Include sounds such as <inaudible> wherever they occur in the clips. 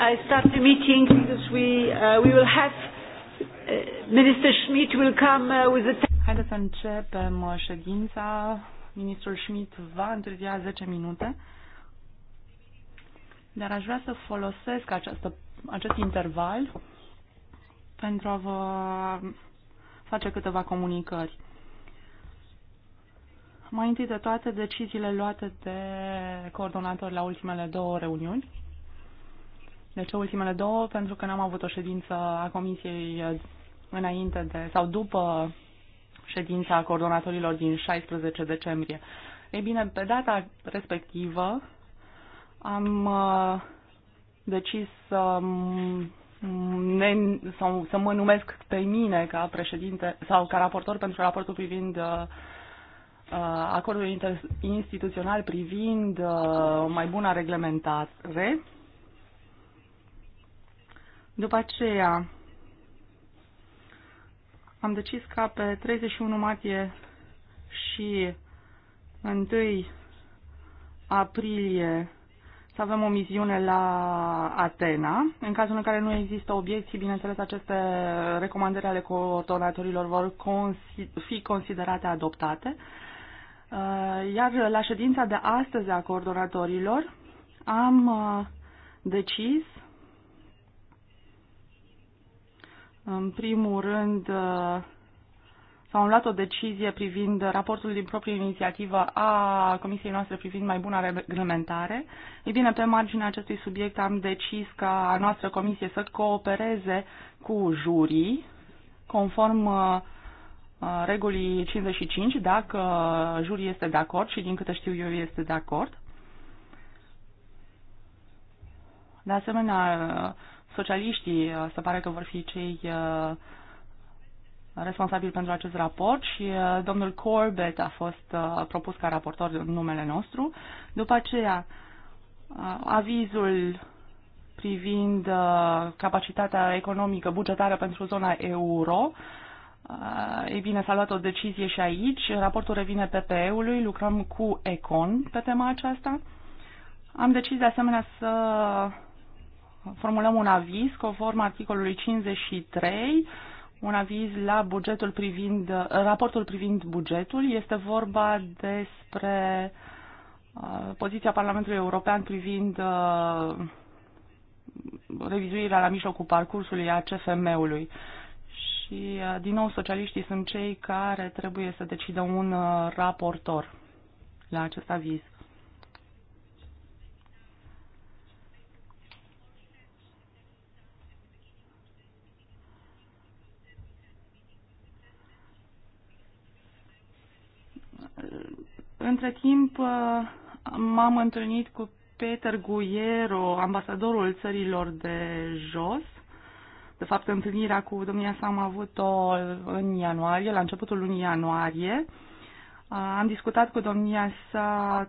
I start the meeting because we, uh, we will have uh, Minister Schmidt will come uh, with the. Haideți să începem uh, ședința. Ministrul Schmidt va întârzia 10 minute, dar aș vrea să folosesc această, acest interval pentru a vă face câteva comunicări. Mai întâi de toate, deciziile luate de coordonatori la ultimele două reuniuni. De deci, ce ultimele două? Pentru că n-am avut o ședință a comisiei eh, înainte de sau după ședința a coordonatorilor din 16 decembrie. Ei bine, pe data respectivă am eh, decis să ne, sau să mă numesc pe mine ca președinte sau ca raportor pentru raportul privind eh, acordul instituțional privind mai bună reglementare după aceea, am decis ca pe 31 martie și 1 aprilie să avem o misiune la Atena. În cazul în care nu există obiecții, bineînțeles, aceste recomandări ale coordonatorilor vor fi considerate adoptate. Uh, iar la ședința de astăzi a coordonatorilor am uh, decis În primul rând, uh, s a luat o decizie privind raportul din proprie inițiativă a comisiei noastre privind mai bună reglementare. Ei bine, pe marginea acestui subiect am decis ca a noastră comisie să coopereze cu jurii, conform uh, uh, regulii 55, dacă jurii este de acord și din câte știu eu este de acord. De asemenea, socialiștii uh, se pare că vor fi cei uh, responsabili pentru acest raport și uh, domnul Corbett a fost propus ca raportor în numele nostru. După aceea, avizul privind capacitatea economică bugetară pentru zona euro. Ei bine, s-a luat o decizie și aici. Raportul revine PPE-ului, lucrăm cu Econ pe tema aceasta. Am decis de asemenea să formulăm un aviz conform articolului 53, un aviz la bugetul privind, raportul privind bugetul. Este vorba despre uh, poziția Parlamentului European privind uh, revizuirea la mijlocul parcursului a CFM-ului. Și, uh, din nou, socialiștii sunt cei care trebuie să decidă un raportor la acest aviz. Între timp uh, m-am întâlnit cu Peter Guiero, ambasadorul țărilor de jos. De fapt, întâlnirea cu domnia sa am avut-o în ianuarie, la începutul lunii ianuarie. Uh, am discutat cu domnia sa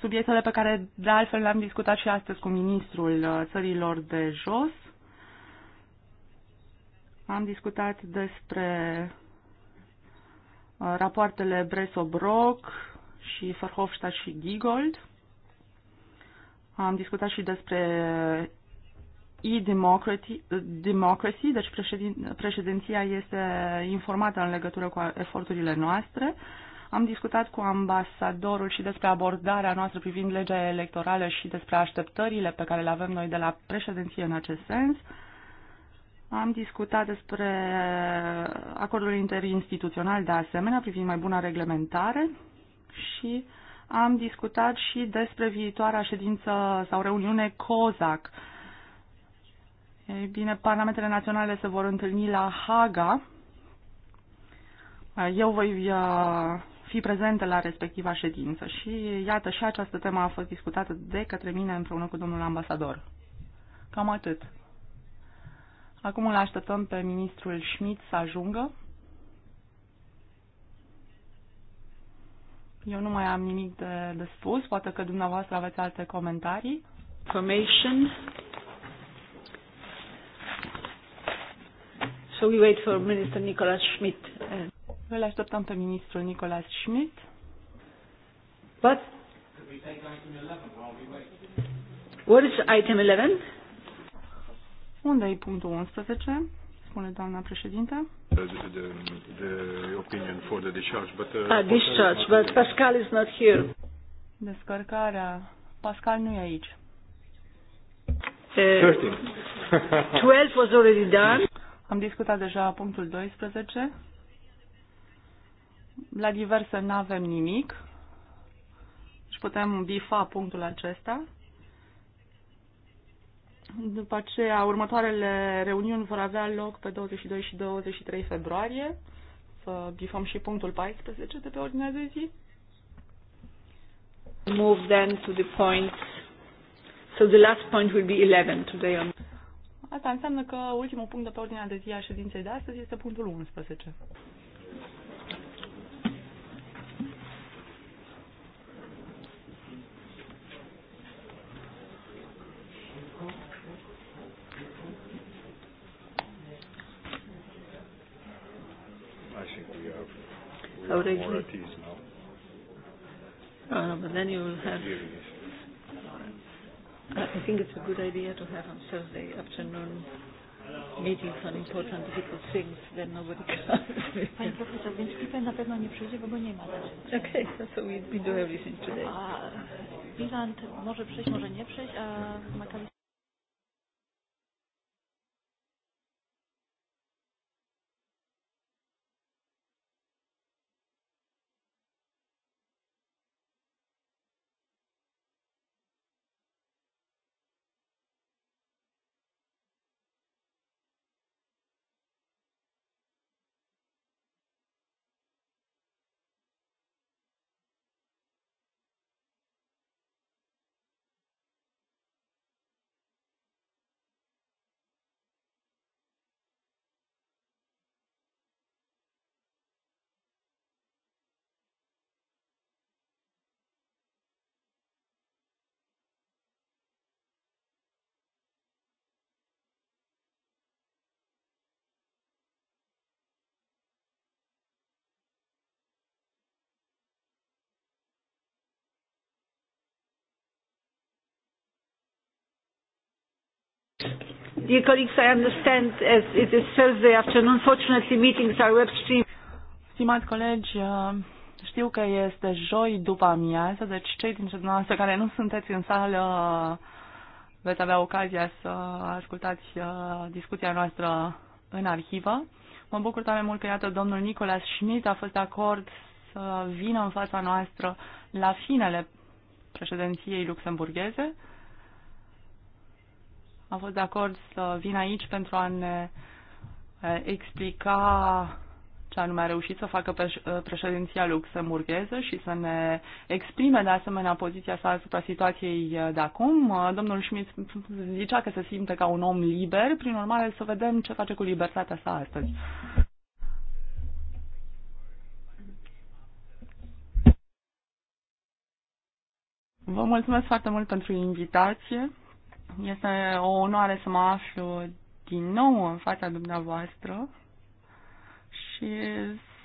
subiectele pe care de altfel le-am discutat și astăzi cu ministrul uh, țărilor de jos. Am discutat despre rapoartele Bresobrock și Verhofstadt și Giegold. Am discutat și despre e-democracy, deci președin, președinția este informată în legătură cu eforturile noastre. Am discutat cu ambasadorul și despre abordarea noastră privind legea electorală și despre așteptările pe care le avem noi de la președinție în acest sens. Uh, am discutat despre acordul interinstituțional de asemenea privind mai bună reglementare și am discutat și despre viitoarea ședință sau reuniune COSAC. Ei bine, parlamentele naționale se vor întâlni la Haga. Eu voi uh, fi prezentă la respectiva ședință și iată și această temă a fost discutată de către mine împreună cu domnul ambasador. Cam atât. Acum îl așteptăm pe ministrul Schmidt să ajungă. Eu nu mai am nimic de, de spus, poate că dumneavoastră aveți alte comentarii. Information. So we wait for Minister Nicolas Schmidt. Îl așteptăm pe ministrul Nicolas Schmidt. But What is item 11? Unde e punctul 11? Spune doamna președinte. The, opinion for the discharge, but, uh, ah, discharge, but Pascal is not here. Descărcarea. Pascal nu e aici. Uh, 13. 12 was already done. Am discutat deja punctul 12. La diverse nu avem nimic. Și deci putem bifa punctul acesta. După aceea, următoarele reuniuni vor avea loc pe 22 și 23 februarie. Să bifăm și punctul 14 de pe ordinea de zi. Move then to the point. So the last point will be 11 today on. Asta înseamnă că ultimul punct de pe ordinea de zi a ședinței de astăzi este punctul 11. voting. Oh, ah, no, but then you will have. I think it's a good idea to have on Thursday afternoon meetings on important difficult things, then nobody <laughs> comes. Pani profesor, więc Pipe na pewno nie przyjdzie, bo go nie ma. Okay, so we, we do everything today. A Wieland może przyjść, może nie przyjść, a Makali Dear colleagues, I understand as it is Thursday afternoon, fortunately meetings are web streamed. Stimați colegi, uh, știu că este joi după amiază, deci cei dintre dumneavoastră care nu sunteți în sală uh, veți avea ocazia să ascultați uh, discuția noastră în arhivă. Mă bucur tare mult că, iată, domnul Nicolas Schmidt a fost de acord să vină în fața noastră la finele președinției luxemburgheze a fost de acord să vin aici pentru a ne eh, explica ce anume a reușit să facă eh, președinția luxemburgheză și să ne exprime de asemenea poziția sa asupra situației eh, de acum. Domnul Schmidt zicea că se simte ca un om liber, prin urmare să vedem ce face cu libertatea sa astăzi. Vă mulțumesc foarte mult pentru invitație. Este o onoare să mă aflu din nou în fața dumneavoastră și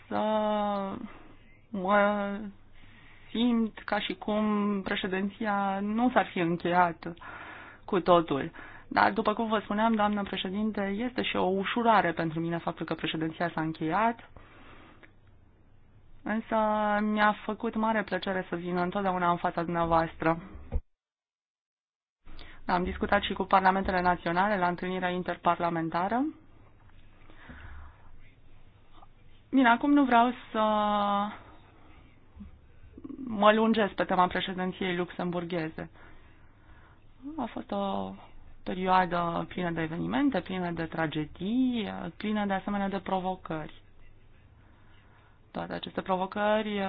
să mă simt ca și cum președinția nu s-ar fi încheiat cu totul. Dar, după cum vă spuneam, doamnă președinte, este și o ușurare pentru mine faptul că președinția s-a încheiat. Însă mi-a făcut mare plăcere să vin întotdeauna în fața dumneavoastră. Am discutat și cu parlamentele naționale la întâlnirea interparlamentară. Bine, acum nu vreau să mă lungesc pe tema președinției luxemburgheze. A fost o perioadă plină de evenimente, plină de tragedii, plină de asemenea de provocări. Toate aceste provocări uh,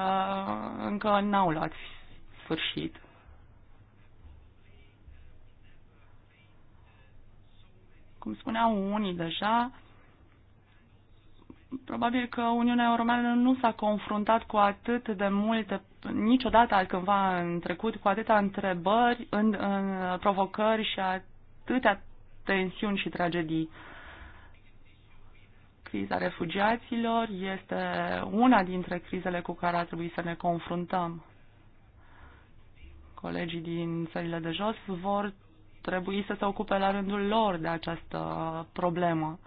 încă n-au luat sfârșit. Cum spuneau unii deja, probabil că Uniunea Europeană nu s-a confruntat cu atât de multe, niciodată altcândva în trecut, cu atâtea întrebări, în, în provocări și atâtea tensiuni și tragedii. Criza refugiaților este una dintre crizele cu care ar trebui să ne confruntăm. Colegii din țările de jos vor trebui să se ocupe la rândul lor de această problemă.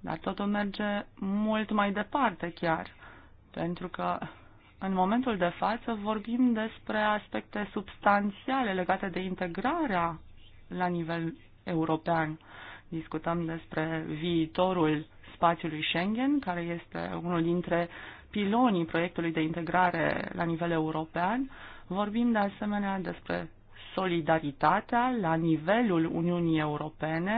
Dar totul merge mult mai departe chiar, pentru că în momentul de față vorbim despre aspecte substanțiale legate de integrarea la nivel european. Discutăm despre viitorul spațiului Schengen, care este unul dintre pilonii proiectului de integrare la nivel european. Vorbim de asemenea despre solidaritatea la nivelul Uniunii Europene,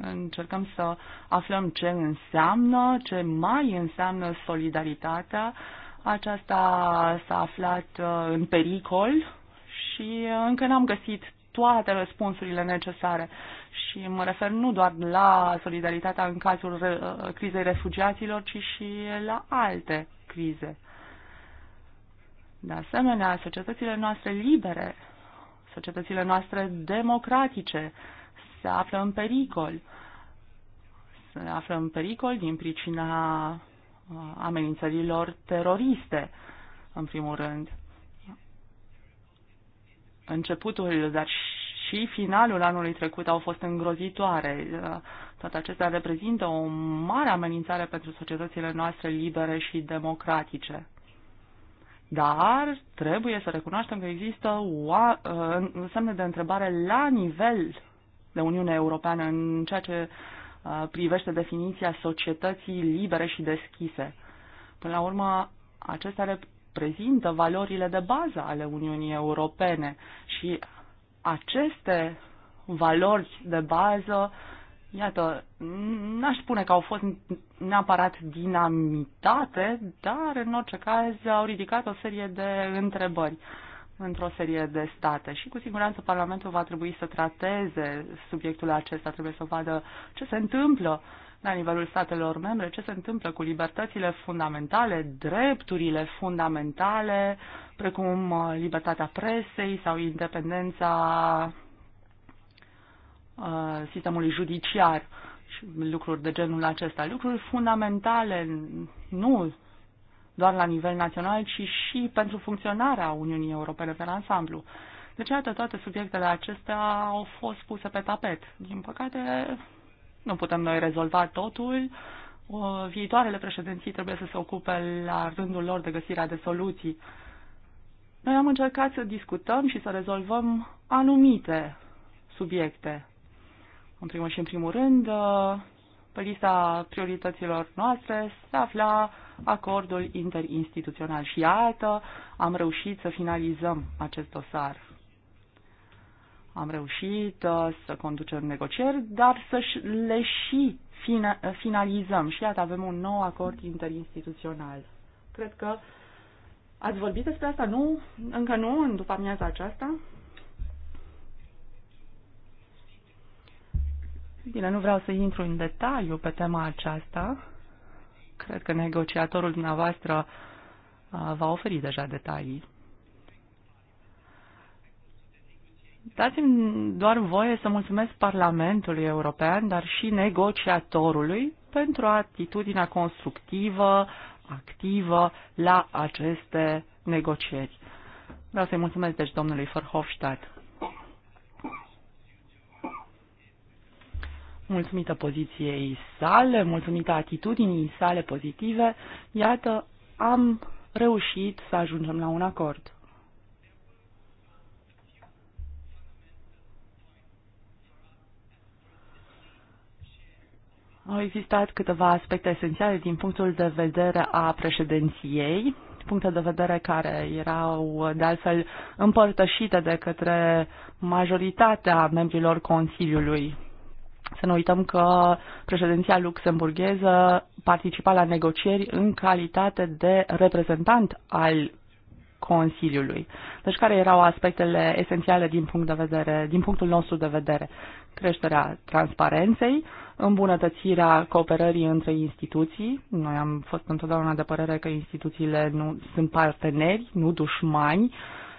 încercăm să aflăm ce înseamnă, ce mai înseamnă solidaritatea. Aceasta s-a aflat uh, în pericol și uh, încă n-am găsit toate răspunsurile necesare. Și mă refer nu doar la solidaritatea în cazul uh, crizei refugiaților, ci și la alte crize. De asemenea, societățile noastre libere societățile noastre democratice se află în pericol. Se află în pericol din pricina uh, amenințărilor teroriste, în primul rând. Începutul, dar și finalul anului trecut au fost îngrozitoare. Uh, toate acestea reprezintă o mare amenințare pentru societățile noastre libere și democratice. Dar trebuie să recunoaștem că există uh, semne de întrebare la nivel de Uniune Europeană în ceea ce uh, privește definiția societății libere și deschise. Până la urmă, acestea reprezintă valorile de bază ale Uniunii Europene și aceste valori de bază uh, Iată, n-aș spune că au fost neapărat dinamitate, dar în orice caz au ridicat o serie de întrebări într-o serie de state și cu siguranță Parlamentul va trebui să trateze subiectul acesta, trebuie să vadă ce se întâmplă la nivelul statelor membre, ce se întâmplă cu libertățile fundamentale, drepturile fundamentale, precum uh, libertatea presei sau independența sistemului judiciar și lucruri de genul acesta. Lucruri fundamentale, nu doar la nivel național, ci și pentru funcționarea Uniunii Europene pe ansamblu. Deci, iată, toate subiectele acestea au fost puse pe tapet. Din păcate, nu putem noi rezolva totul. Viitoarele președinții trebuie să se ocupe la rândul lor de găsirea de soluții. Noi am încercat să discutăm și să rezolvăm anumite subiecte. În primul și în primul rând, uh, pe lista priorităților noastre se afla acordul interinstituțional și iată, am reușit să finalizăm acest dosar. Am reușit uh, să conducem negocieri, dar să le și uh, finalizăm și iată, avem un nou acord interinstituțional. Cred că ați vorbit despre asta, nu? Încă nu, în după amiaza aceasta? Bine, nu vreau să intru în detaliu pe tema aceasta. Cred că negociatorul dumneavoastră uh, va oferi deja detalii. Dați-mi doar voie să mulțumesc Parlamentului European, dar și negociatorului pentru atitudinea constructivă, activă la aceste negocieri. Vreau să-i mulțumesc, deci, domnului Verhofstadt. mulțumită poziției sale, mulțumită atitudinii sale pozitive, iată, am reușit să ajungem la un acord. Au existat câteva aspecte esențiale din punctul de vedere a președinției, puncte de vedere care erau de altfel împărtășite de către majoritatea membrilor Consiliului să nu uităm că președinția luxemburgheză participa la negocieri în calitate de reprezentant al Consiliului. Deci care erau aspectele esențiale din, punct de vedere, din punctul nostru de vedere? Creșterea transparenței, îmbunătățirea cooperării între instituții. Noi am fost întotdeauna de părere că instituțiile nu sunt parteneri, nu dușmani. Uh,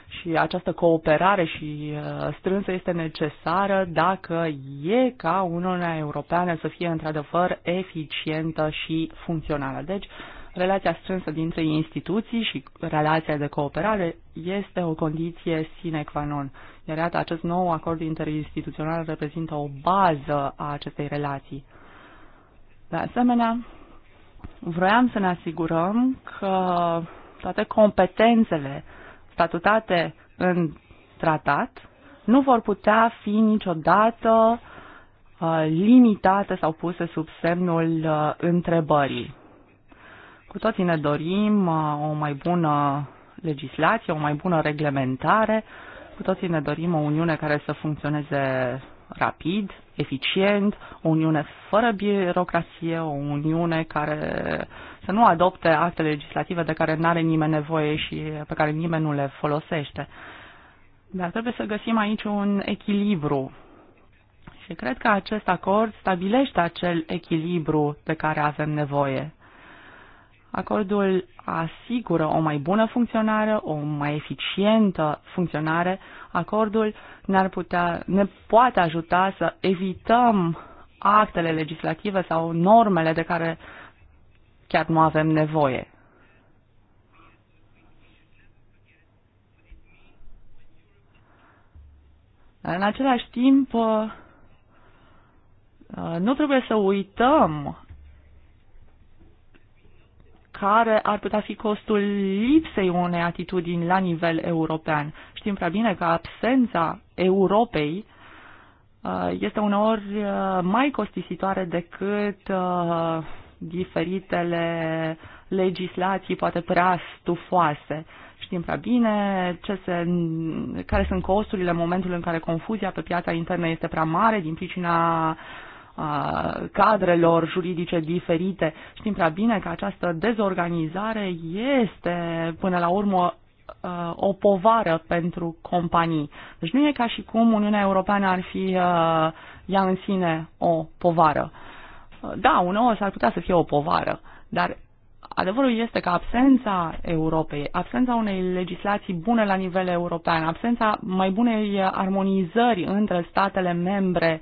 și această cooperare și uh, strânsă este necesară dacă e ca Uniunea Europeană să fie într-adevăr eficientă și funcțională. Deci, relația strânsă dintre instituții și relația de cooperare este o condiție sine qua non. Iar iată, acest nou acord interinstituțional reprezintă o bază a acestei relații. De asemenea, vroiam să ne asigurăm că toate competențele statutate în tratat nu vor putea fi niciodată uh, limitate sau puse sub semnul uh, întrebării. Cu toții ne dorim uh, o mai bună legislație, o mai bună reglementare, cu toții ne dorim o Uniune care să funcționeze rapid, eficient, o Uniune fără birocrație, o Uniune care să nu adopte acte legislative de care nu are nimeni nevoie și pe care nimeni nu le folosește. Dar trebuie să găsim aici un echilibru. Și cred că acest acord stabilește acel echilibru de care avem nevoie. Acordul asigură o mai bună funcționare, o mai eficientă funcționare. Acordul ne-ar putea, ne poate ajuta să evităm actele legislative sau normele de care uh, chiar nu avem nevoie. Dar în același timp, uh, uh, nu trebuie să uităm care ar putea fi costul lipsei unei atitudini la nivel european. Știm prea bine că absența Europei uh, este uneori mai costisitoare decât diferitele legislații poate prea stufoase. Știm prea bine ce se, care sunt costurile în momentul în care confuzia pe piața internă este prea mare din pricina cadrelor juridice diferite. Știm prea bine că această dezorganizare este până la urmă o povară pentru companii. Deci nu e ca și cum Uniunea Europeană ar fi ea în sine o povară. Da, uneori s-ar putea să fie o povară, dar adevărul este că absența Europei, absența unei legislații bune la nivel european, absența mai bunei armonizări între statele membre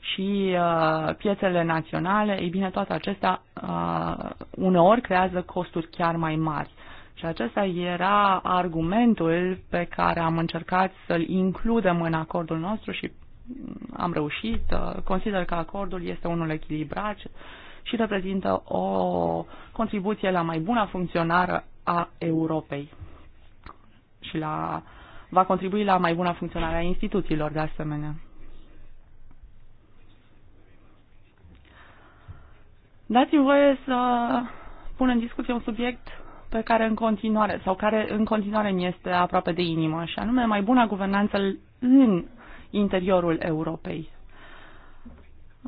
și uh, piețele naționale, ei bine, toate acestea uh, uneori creează costuri chiar mai mari. Și acesta era argumentul pe care am încercat să-l includem în acordul nostru și am reușit. Uh, consider că acordul este unul echilibrat și reprezintă o contribuție la mai bună funcționare a Europei și la, va contribui la mai bună funcționare a instituțiilor de asemenea. Dați-mi voie să pun în discuție un subiect pe care în continuare, sau care în continuare mi este aproape de inimă, și anume mai bună guvernanță în interiorul Europei.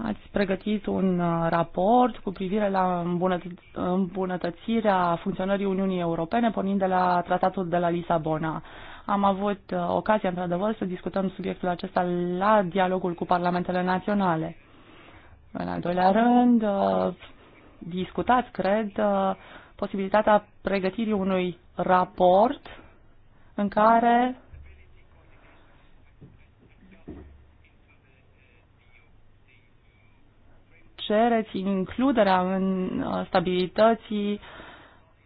Ați pregătit un uh, raport cu privire la îmbunătățirea funcționării Uniunii Europene, pornind de la tratatul de la Lisabona. Am avut uh, ocazia, într-adevăr, să discutăm subiectul acesta la dialogul cu parlamentele naționale. În al doilea rând, uh, discutați, cred, posibilitatea pregătirii unui raport în care cereți includerea în uh, stabilității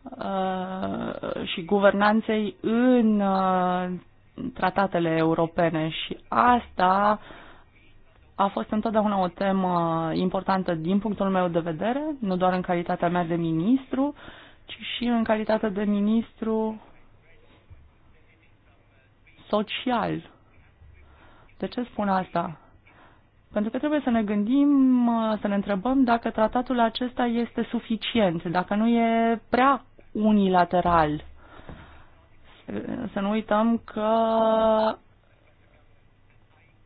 uh, și guvernanței în uh, tratatele europene și asta a fost întotdeauna o temă importantă din punctul meu de vedere, nu doar în calitatea mea de ministru, ci și în calitatea de ministru social. De ce spun asta? Pentru că trebuie să ne gândim, uh, să ne întrebăm dacă tratatul acesta este suficient, dacă nu e prea unilateral. Să nu uităm că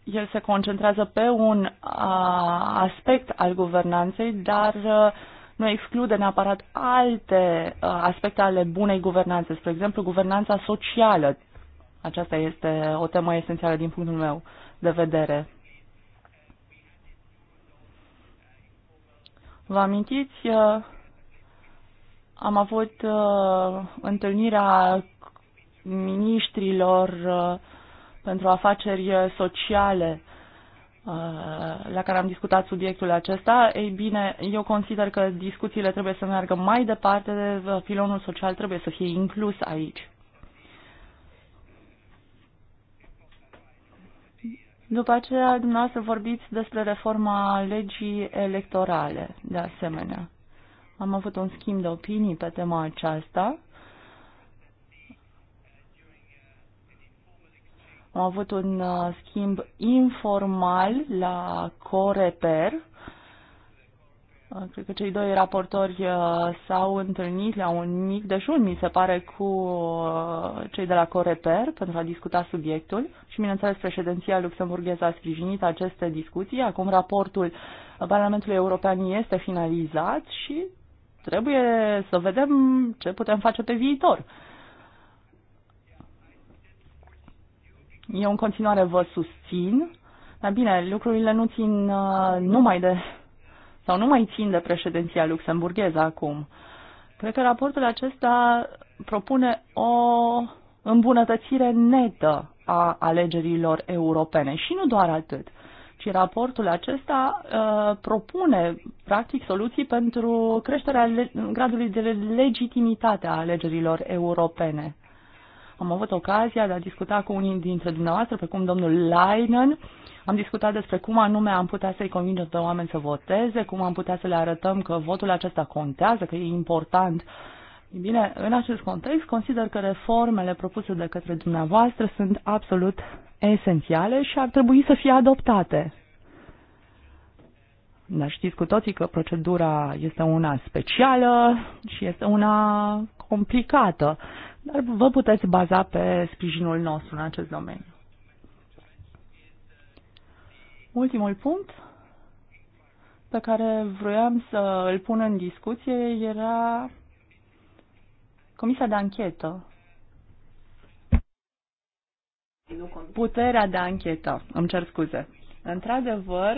el se concentrează pe un aspect al guvernanței, dar uh, nu exclude neapărat alte uh, aspecte ale bunei guvernanțe, spre exemplu guvernanța socială. Aceasta este o temă esențială din punctul meu de vedere. Vă amintiți, uh, am avut uh, întâlnirea ministrilor uh, pentru afaceri sociale la care am discutat subiectul acesta. Ei bine, eu consider că discuțiile trebuie să meargă mai departe, pilonul social trebuie să fie inclus aici. După aceea, dumneavoastră vorbiți despre reforma legii electorale, de asemenea. Am avut un schimb de opinii pe tema aceasta. Am avut un uh, schimb informal la Coreper, Uh, cred că cei doi raportori uh, s-au întâlnit la un mic dejun, mi se pare, cu uh, cei de la Coreper pentru a discuta subiectul și, bineînțeles, președinția luxemburgheză a sprijinit aceste discuții. Acum raportul Parlamentului European este finalizat și trebuie să vedem ce putem face pe viitor. Eu în continuare vă susțin, dar bine, lucrurile nu țin numai de sau nu mai țin de președinția luxemburgheză acum. Cred că raportul acesta propune o îmbunătățire netă a alegerilor europene și nu doar atât, ci raportul acesta uh, propune practic soluții pentru creșterea gradului de legitimitate a alegerilor europene. Am avut ocazia de a discuta cu unii dintre dumneavoastră, precum domnul Leinen. Am discutat despre cum anume am putea să-i convingem pe oameni să voteze, cum am putea să le arătăm că votul acesta contează, că e important. Bine, în acest context, consider că reformele propuse de către dumneavoastră sunt absolut esențiale și ar trebui să fie adoptate. Dar știți cu toții că procedura este una specială și este una complicată dar vă puteți baza pe sprijinul nostru în acest domeniu. Ultimul punct pe care vroiam să îl pun în discuție era comisia de anchetă. Puterea de anchetă, îmi cer scuze. Într-adevăr,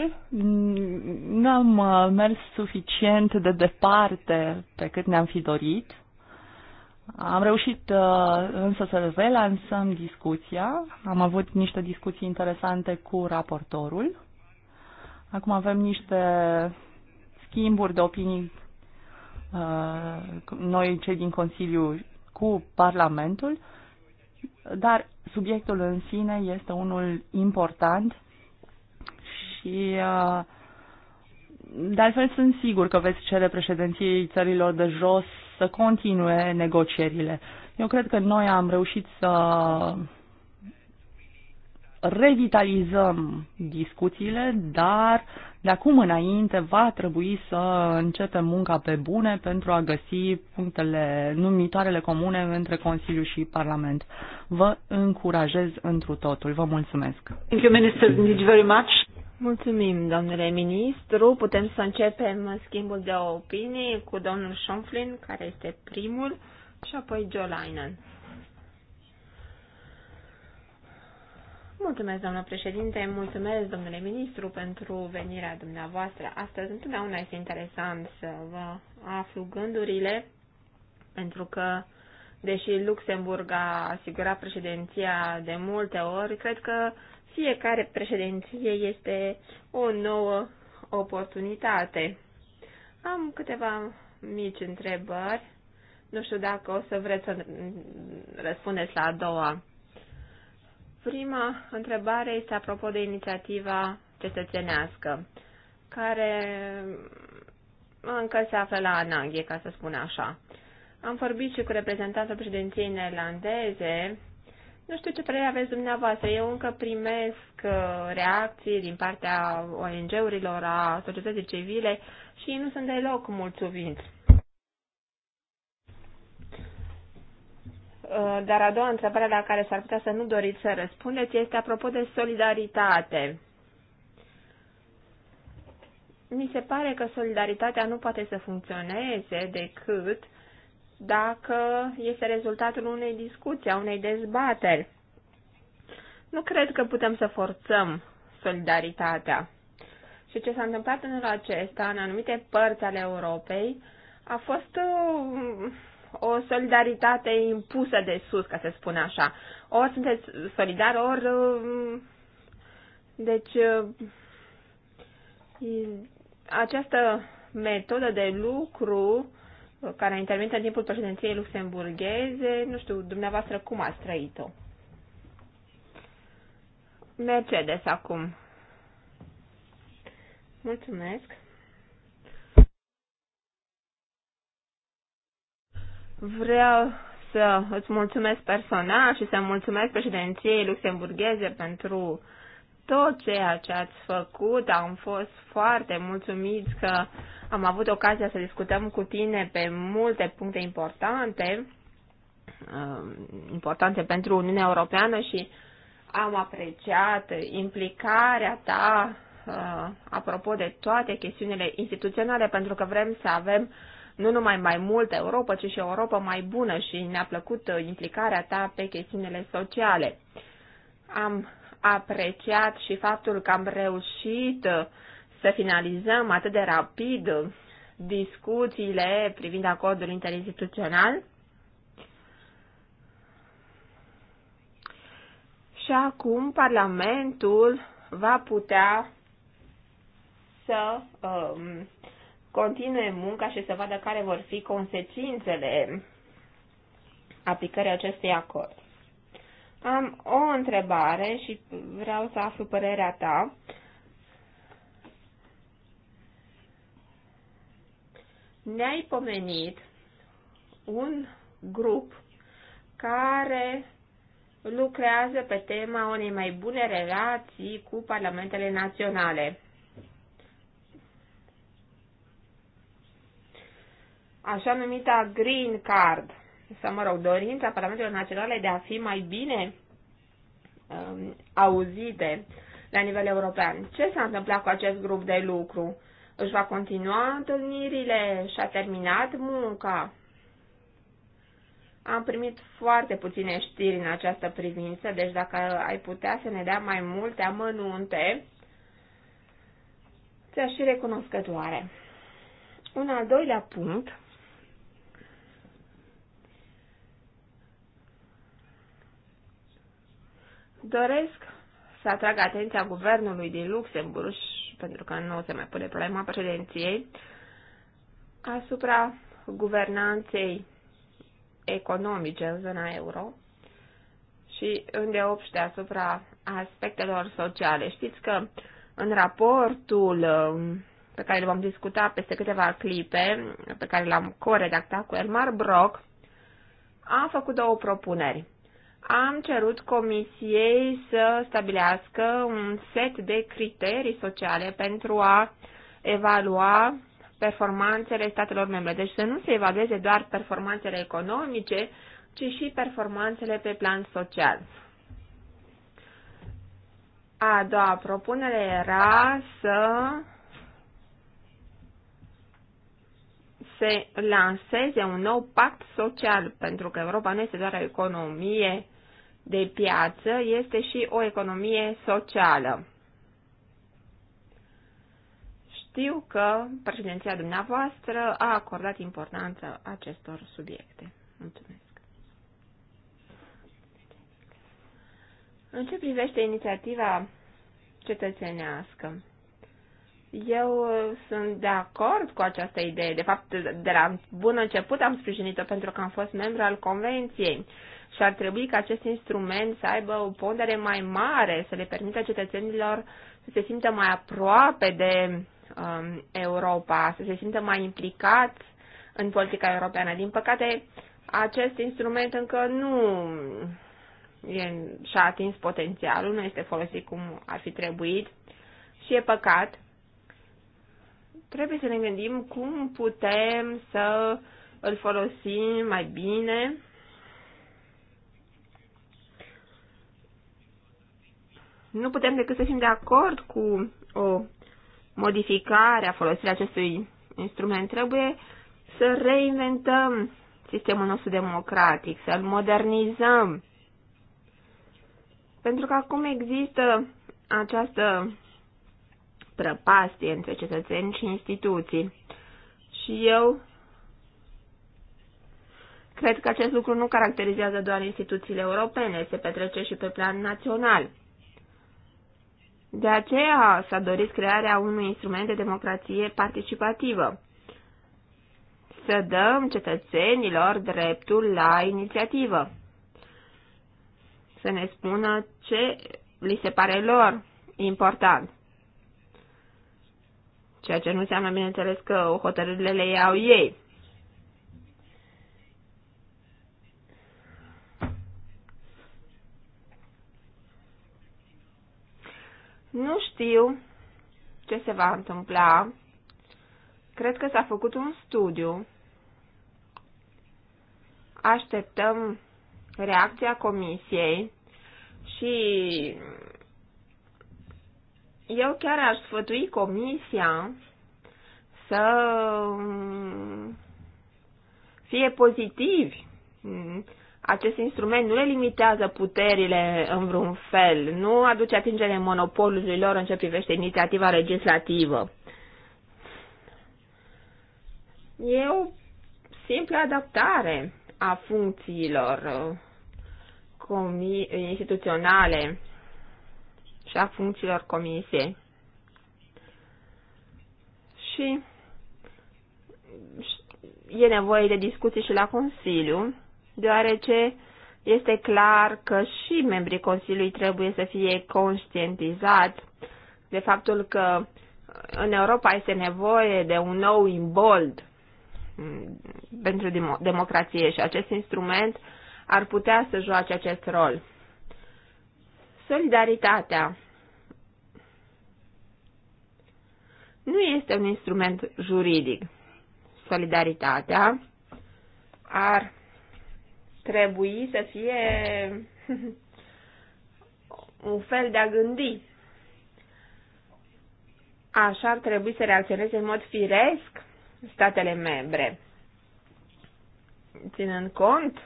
nu am uh, mers suficient de departe pe cât ne-am fi dorit am reușit uh, însă să relansăm discuția. Am avut niște discuții interesante cu raportorul. Acum avem niște schimburi de opinii uh, noi cei din Consiliu cu Parlamentul, dar subiectul în sine este unul important și uh, de altfel sunt sigur că veți cere președinției țărilor de jos să continue negocierile. Eu cred că noi am reușit să revitalizăm discuțiile, dar de acum înainte va trebui să începem munca pe bune pentru a găsi punctele numitoarele comune între Consiliu și Parlament. Vă încurajez întru totul. Vă mulțumesc. Thank you, Minister. Thank you very much. Mulțumim, domnule ministru. Putem să începem schimbul de opinii cu domnul Schonflin, care este primul, și apoi Joe Linen. Mulțumesc, domnule președinte, mulțumesc, domnule ministru, pentru venirea dumneavoastră. Astăzi întotdeauna este interesant să vă aflu gândurile, pentru că, deși Luxemburg a asigurat președinția de multe ori, cred că uh, fiecare președinție este o nouă oportunitate. Am câteva mici întrebări. Nu știu dacă o să vreți să răspundeți la a doua. Prima întrebare este apropo de inițiativa cetățenească, care încă se află la ananghie, ca să spun așa. Am vorbit și cu reprezentantul președinției neerlandeze nu știu ce părere aveți dumneavoastră. Eu încă primesc uh, reacții din partea ONG-urilor, a societății civile și nu sunt deloc mulțumit. Uh, dar a doua întrebare la care s-ar putea să nu doriți să răspundeți este apropo de solidaritate. Mi se pare că solidaritatea nu poate să funcționeze decât dacă este rezultatul unei discuții, a unei dezbateri. Nu cred că putem să forțăm solidaritatea. Și ce s-a întâmplat în anul acesta, în anumite părți ale Europei, a fost uh, o solidaritate impusă de sus, ca să spun așa. Ori sunteți solidari, ori... Uh, deci, uh, această metodă de lucru care a intervenit în timpul președinției luxemburgheze. Nu știu, dumneavoastră, cum ați trăit-o? Mercedes acum. Mulțumesc. Vreau să îți mulțumesc personal și să mulțumesc președinției luxemburgheze pentru tot ceea ce ați făcut. Am fost foarte mulțumiți că am avut ocazia să discutăm cu tine pe multe puncte importante, um, importante pentru Uniunea Europeană și am apreciat implicarea ta uh, apropo de toate chestiunile instituționale, pentru că vrem să avem nu numai mai multă Europa, ci și Europa mai bună și ne-a plăcut implicarea ta pe chestiunile sociale. Am apreciat și faptul că am reușit uh, să finalizăm atât de rapid discuțiile privind acordul interinstituțional. Și acum Parlamentul va putea să um, continue munca și să vadă care vor fi consecințele aplicării acestui acord. Am o întrebare și vreau să aflu părerea ta. Uh, ne-ai pomenit un grup care lucrează pe tema unei mai bune relații cu parlamentele naționale. Așa numita green card, să mă rog, dorința parlamentelor naționale de a fi mai bine um, auzite la nivel european. Ce s-a întâmplat cu acest grup de lucru? își va continua întâlnirile și a terminat munca. Am primit foarte puține știri în această privință, deci dacă ai putea să ne dea mai multe amănunte, ți-aș fi recunoscătoare. Un al doilea punct doresc să atrag atenția guvernului din Luxemburg pentru că nu se mai pune problema președinției, asupra guvernanței economice în zona euro și îndeopște asupra aspectelor sociale. Știți că în raportul um, pe care îl vom discuta peste câteva clipe, pe care l-am coredactat cu Elmar Brock, am făcut două propuneri am cerut comisiei să stabilească un set de criterii sociale pentru a evalua performanțele statelor membre. Deci să nu se evalueze doar performanțele economice, ci și performanțele pe plan social. A doua propunere era să se lanseze un nou pact social, pentru că Europa nu este doar o economie de piață, este și o economie socială. Știu că președinția dumneavoastră a acordat importanță acestor subiecte. Mulțumesc. În ce privește inițiativa cetățenească, eu uh, sunt de acord cu această idee. De fapt, de la bun început am sprijinit-o pentru că am fost membru al Convenției și ar trebui ca acest instrument să aibă o pondere mai mare, să le permită cetățenilor să se simtă mai aproape de um, Europa, să se simtă mai implicați în politica europeană. Din păcate, acest instrument încă nu și-a atins potențialul, nu este folosit cum ar fi trebuit și e păcat trebuie să ne gândim cum putem să îl folosim mai bine. Nu putem decât să fim de acord cu o modificare a folosirii acestui instrument. Trebuie să reinventăm sistemul nostru democratic, să-l modernizăm. Pentru că acum există această prăpastie între cetățeni și instituții. Și eu cred că acest lucru nu caracterizează doar instituțiile europene, se petrece și pe plan național. De aceea s-a dorit crearea unui instrument de democrație participativă. Să dăm cetățenilor dreptul la inițiativă. Să ne spună ce li se pare lor important ceea ce nu înseamnă, bineînțeles, că hotărârile le iau ei. Nu știu ce se va întâmpla. Cred că s-a făcut un studiu. Așteptăm reacția comisiei și eu chiar aș sfătui comisia să mm, fie pozitivi. Mm, acest instrument nu le limitează puterile în vreun fel, nu aduce atingere monopolului lor în ce privește inițiativa legislativă. E o simplă adaptare a funcțiilor uh, instituționale și a funcțiilor comisiei. Și e nevoie de discuții și la Consiliu, deoarece este clar că și membrii Consiliului trebuie să fie conștientizați de faptul că în Europa este nevoie de un nou imbold pentru democrație și acest instrument ar putea să joace acest rol. Solidaritatea Nu este un instrument juridic. Solidaritatea ar trebui să fie <laughs> un fel de a gândi. Așa ar trebui să reacționeze în mod firesc statele membre, ținând cont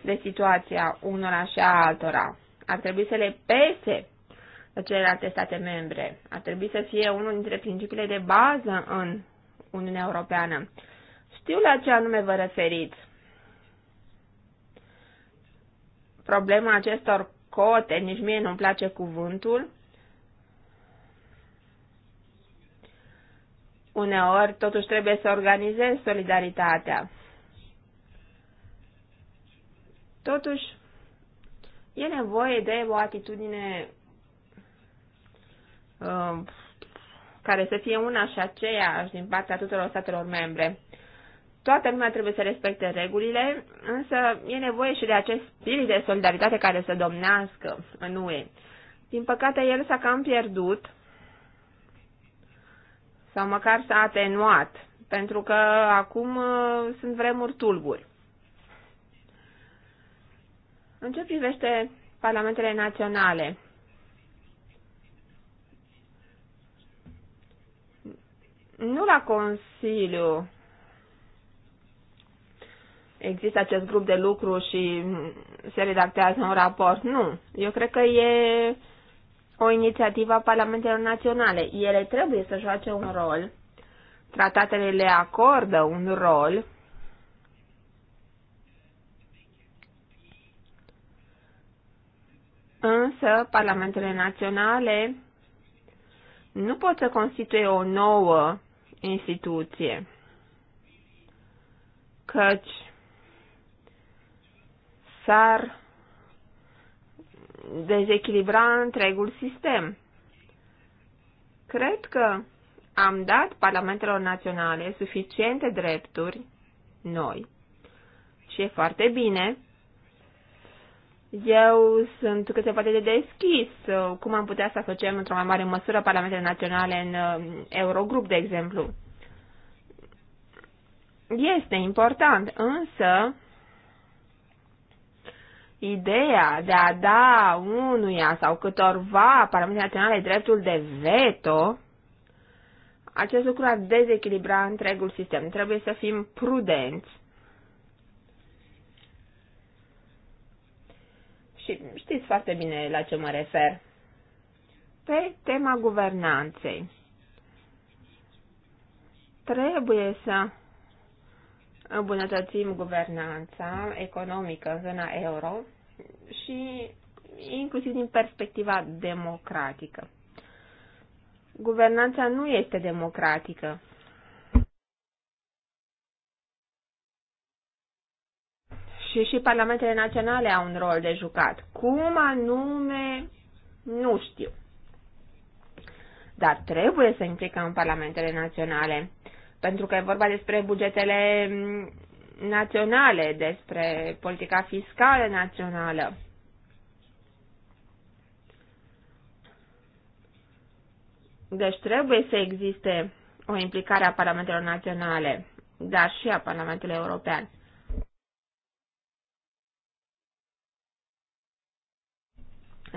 de situația unora și a altora. Ar trebui să le pese celelalte state membre. Ar trebui să fie unul dintre principiile de bază în Uniunea Europeană. Știu la ce anume vă referiți. Problema acestor cote, nici mie nu-mi place cuvântul. Uneori, totuși, trebuie să organizez solidaritatea. Totuși, e nevoie de o atitudine Um, care să fie una și aceeași din partea tuturor statelor membre. Toată lumea trebuie să respecte regulile, însă e nevoie și de acest spirit de solidaritate care să domnească în UE. Din păcate, el s-a cam pierdut sau măcar s-a atenuat, pentru că acum uh, sunt vremuri tulburi. În ce privește parlamentele naționale, Nu la Consiliu există acest grup de lucru și se redactează un raport. Nu. Eu cred că e o inițiativă a Parlamentelor Naționale. Ele trebuie să joace un rol. Tratatele le acordă un rol. Însă, Parlamentele Naționale nu pot să constituie o nouă instituție. Căci s-ar dezechilibra întregul sistem. Cred că am dat parlamentelor naționale suficiente drepturi noi. Și e foarte bine eu sunt cât se poate de deschis. Uh, cum am putea să asociem într-o mai mare măsură parlamentele naționale în uh, Eurogrup, de exemplu? Este important, însă ideea de a da unuia sau câtorva parlamentele naționale dreptul de veto, acest lucru ar dezechilibra întregul sistem. Trebuie să fim prudenți Și știți foarte bine la ce mă refer. Pe tema guvernanței. Trebuie să îmbunătățim guvernanța economică în zona euro și inclusiv din perspectiva democratică. Guvernanța nu este democratică și și parlamentele naționale au un rol de jucat. Cum anume, nu știu. Dar trebuie să implicăm parlamentele naționale, pentru că e vorba despre bugetele naționale, despre politica fiscală națională. Deci trebuie să existe o implicare a parlamentelor naționale, dar și a Parlamentului European.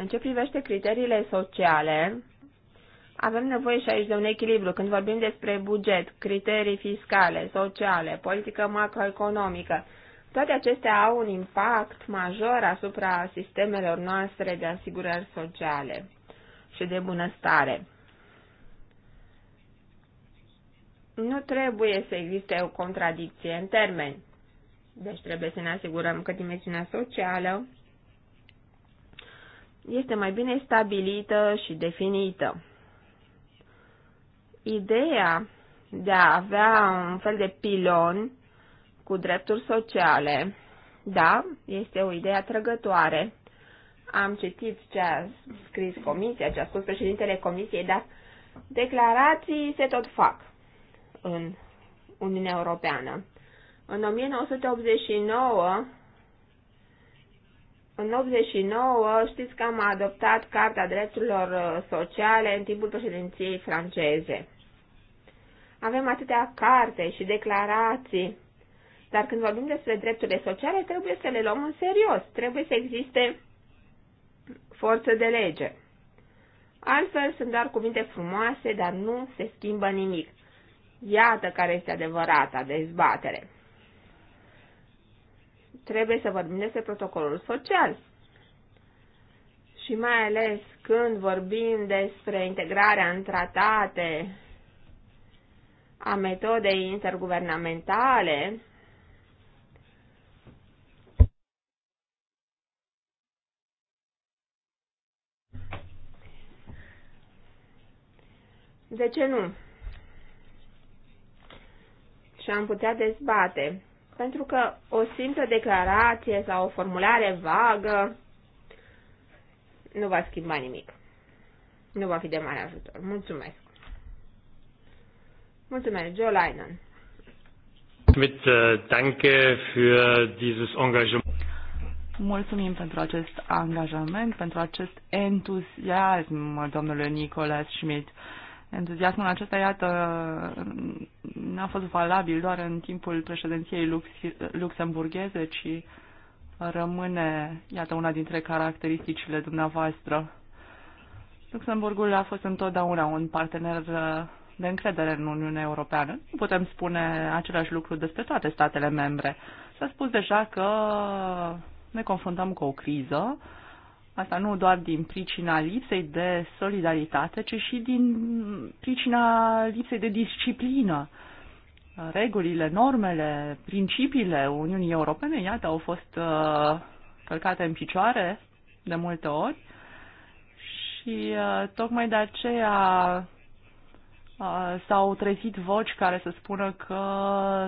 În ce privește criteriile sociale, avem nevoie și aici de un echilibru. Când vorbim despre buget, criterii fiscale, sociale, politică macroeconomică, toate acestea au un impact major asupra sistemelor noastre de asigurări sociale și de bunăstare. Nu trebuie să existe o contradicție în termeni. Deci trebuie să ne asigurăm că dimensiunea socială este mai bine stabilită și definită. Ideea de a avea un fel de pilon cu drepturi sociale, da, este o idee atrăgătoare. Am citit ce a scris comisia, ce a spus președintele comisiei, dar declarații se tot fac în Uniunea Europeană. În 1989 în 89 știți că am adoptat Carta Drepturilor uh, Sociale în timpul președinției franceze. Avem atâtea carte și declarații, dar când vorbim despre drepturile sociale trebuie să le luăm în serios, trebuie să existe forță de lege. Altfel sunt doar cuvinte frumoase, dar nu se schimbă nimic. Iată care este adevărata dezbatere trebuie să vorbim despre protocolul social. Și mai ales când vorbim despre integrarea în tratate a metodei interguvernamentale, De ce nu? Și am putea dezbate pentru că o simplă declarație sau o formulare vagă nu va schimba nimic. Nu va fi de mare ajutor. Mulțumesc. Mulțumesc, Joe Linen. Mit, uh, danke für dieses Engagement. Mulțumim pentru acest angajament, pentru acest entuziasm, domnule Nicolas Schmidt. Entuziasmul acesta, iată, n-a fost valabil doar în timpul președinției lux luxemburgheze, ci rămâne, iată, una dintre caracteristicile dumneavoastră. Luxemburgul a fost întotdeauna un partener de încredere în Uniunea Europeană. Nu putem spune același lucru despre toate statele membre. S-a spus deja că ne confruntăm cu o criză Asta nu doar din pricina lipsei de solidaritate, ci și din pricina lipsei de disciplină. Regulile, normele, principiile Uniunii Europene, iată, au fost uh, călcate în picioare de multe ori și uh, tocmai de aceea uh, s-au trezit voci care să spună că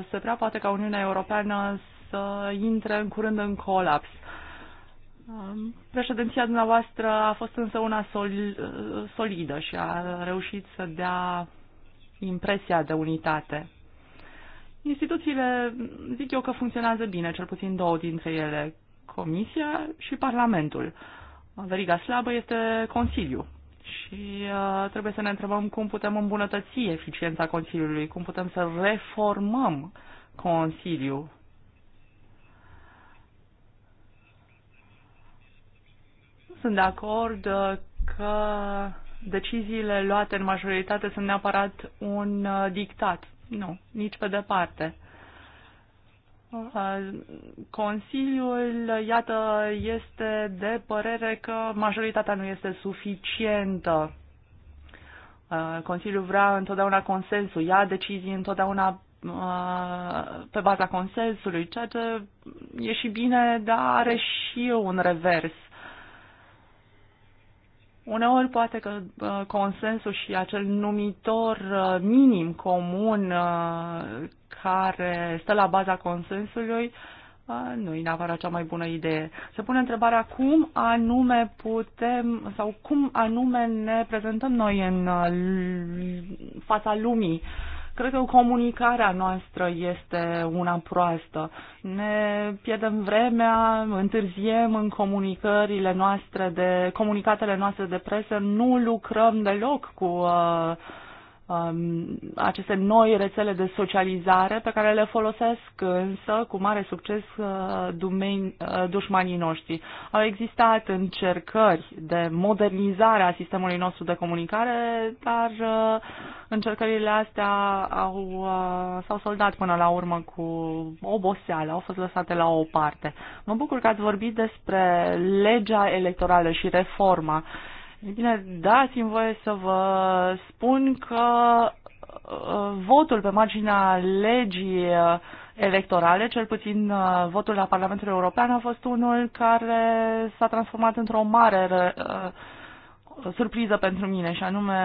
se prea poate ca Uniunea Europeană să intre în curând în colaps. Um, președinția dumneavoastră a fost însă una sol, uh, solidă și a reușit să dea impresia de unitate. Instituțiile, zic eu că funcționează bine, cel puțin două dintre ele, Comisia și Parlamentul. Veriga slabă este Consiliu și uh, trebuie să ne întrebăm cum putem îmbunătăți eficiența Consiliului, cum putem să reformăm Consiliul sunt de acord uh, că deciziile luate în majoritate sunt neapărat un uh, dictat. Nu, nici pe departe. Uh, Consiliul, iată, este de părere că majoritatea nu este suficientă. Consiliul vrea întotdeauna consensul, ia decizii întotdeauna pe baza consensului, ceea ce e și bine, dar are și un revers. Uneori poate că consensul și acel numitor uh, minim comun uh, care stă la baza consensului uh, nu e neapărat cea mai bună idee. Se pune întrebarea cum anume putem sau cum anume ne prezentăm noi în fața lumii uh, Cred că comunicarea noastră este una proastă. Ne pierdem vremea, întârziem în comunicările noastre de comunicatele noastre de presă, nu lucrăm deloc cu uh, Um, aceste noi rețele de socializare pe care le folosesc însă cu mare succes uh, dumeni, uh, dușmanii noștri. Au existat încercări de modernizare a sistemului nostru de comunicare, dar uh, încercările astea au, s-au soldat până la urmă cu oboseală, au fost lăsate la o parte. Mă bucur că ați vorbit despre legea electorală și reforma. Uh, E bine, dați-mi voie să vă spun că uh, votul pe marginea legii uh, electorale, cel puțin uh, votul la Parlamentul European, a fost unul care s-a transformat într-o mare surpriză pentru mine, și anume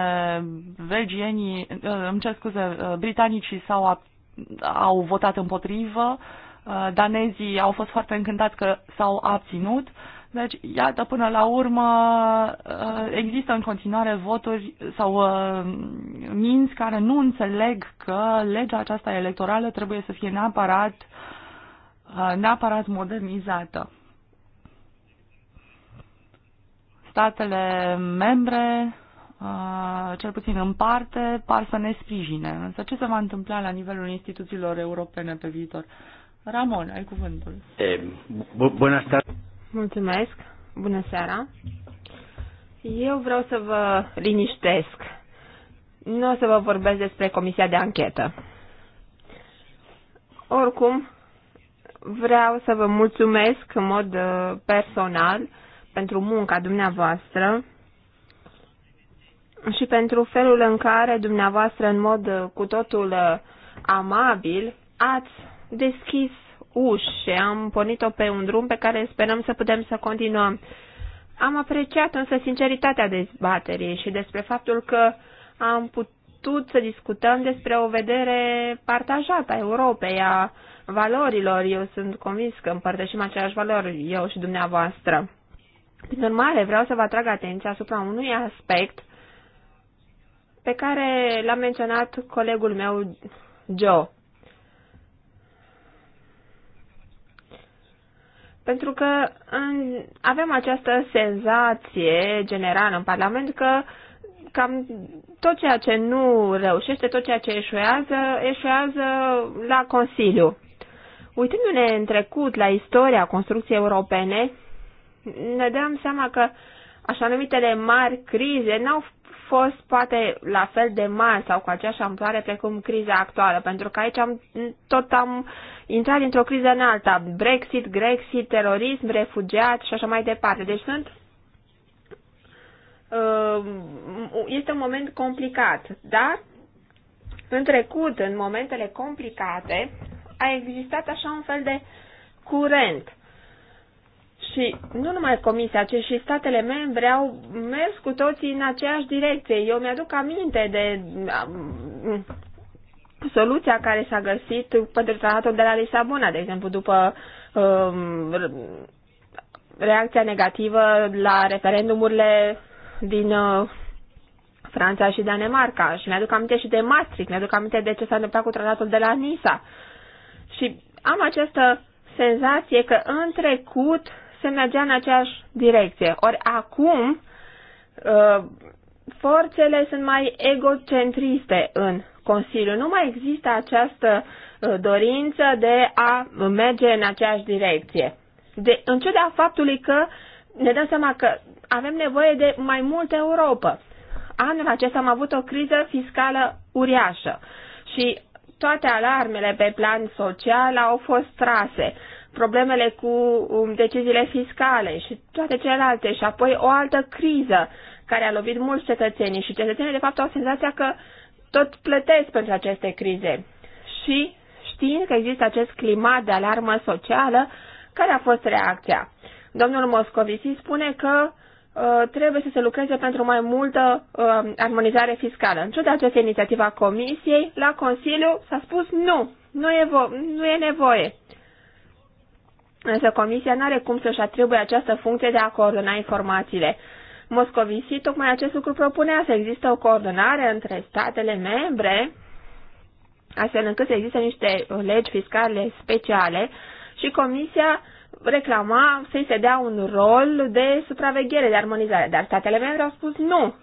belgienii, îmi cer scuze, britanicii s-au au votat împotrivă, danezii au fost foarte încântați că s-au abținut, uh, deci, iată, până la urmă, uh, există în continuare voturi sau uh, minți care nu înțeleg că legea aceasta electorală trebuie să fie neapărat, uh, neapărat modernizată. Statele membre, cel puțin în parte, par să ne sprijine. Însă ce se va întâmpla la nivelul instituțiilor europene pe viitor? Ramon, ai cuvântul. Eh, Bună seara. Mulțumesc. Bună seara. Eu vreau să vă liniștesc. Nu o să vă vorbesc despre comisia de anchetă. Oricum, vreau să vă mulțumesc în mod uh, personal pentru munca dumneavoastră și pentru felul în care dumneavoastră, în mod uh, cu totul uh, amabil, ați deschis uși și am pornit-o pe un drum pe care sperăm să putem să continuăm. Am apreciat însă sinceritatea dezbaterii și despre faptul că am putut să discutăm despre o vedere partajată a Europei, a valorilor. Eu sunt convins că împărtășim aceleași valori, eu și dumneavoastră. Prin urmare, vreau să vă atrag atenția asupra unui aspect pe care l-a menționat colegul meu, Joe. Pentru că în, avem această senzație generală în Parlament că cam tot ceea ce nu reușește, tot ceea ce eșuează, eșuează la Consiliu. Uitându-ne în trecut la istoria construcției europene, ne dăm seama că așa numitele mari crize n-au fost poate la fel de mari sau cu aceeași amploare precum criza actuală, pentru că aici am, tot am uh, intra dintr-o criză în alta, Brexit, Grexit, terorism, refugiați și așa mai departe. Deci sunt um, este un moment complicat, dar în trecut, în momentele complicate, a existat așa un fel de curent. Și nu numai Comisia, ci și statele membre au mers cu toții în aceeași direcție. Eu mi-aduc aminte de um, soluția care s-a găsit pentru tratatul de la Lisabona, de exemplu, după um, reacția negativă la referendumurile din uh, Franța și Danemarca. Și mi-aduc aminte și de Maastricht, mi-aduc aminte de ce s-a întâmplat cu tratatul de la Nisa. Și am această senzație că în trecut se mergea în aceeași direcție. Ori acum uh, forțele sunt mai egocentriste în Consiliu. Nu mai există această uh, dorință de a merge în aceeași direcție. De, în ciuda faptului că ne dăm seama că avem nevoie de mai multă Europa. Anul acesta am avut o criză fiscală uriașă și toate alarmele pe plan social au fost trase problemele cu um, deciziile fiscale și toate celelalte și apoi o altă criză care a lovit mulți cetățenii și cetățenii de fapt au senzația că tot plătesc pentru aceste crize. Și știind că există acest climat de alarmă socială, care a fost reacția? Domnul Moscovici spune că uh, trebuie să se lucreze pentru mai multă uh, armonizare fiscală. În ciuda acestei inițiative a Comisiei, la Consiliu s-a spus nu, nu e, nu e nevoie. Însă Comisia nu are cum să-și atribuie această funcție de a coordona informațiile. Moscovici, tocmai acest lucru propunea să există o coordonare între statele membre, astfel încât să existe niște uh, legi fiscale speciale și Comisia reclama să-i se dea un rol de supraveghere, de armonizare, dar statele membre au spus nu.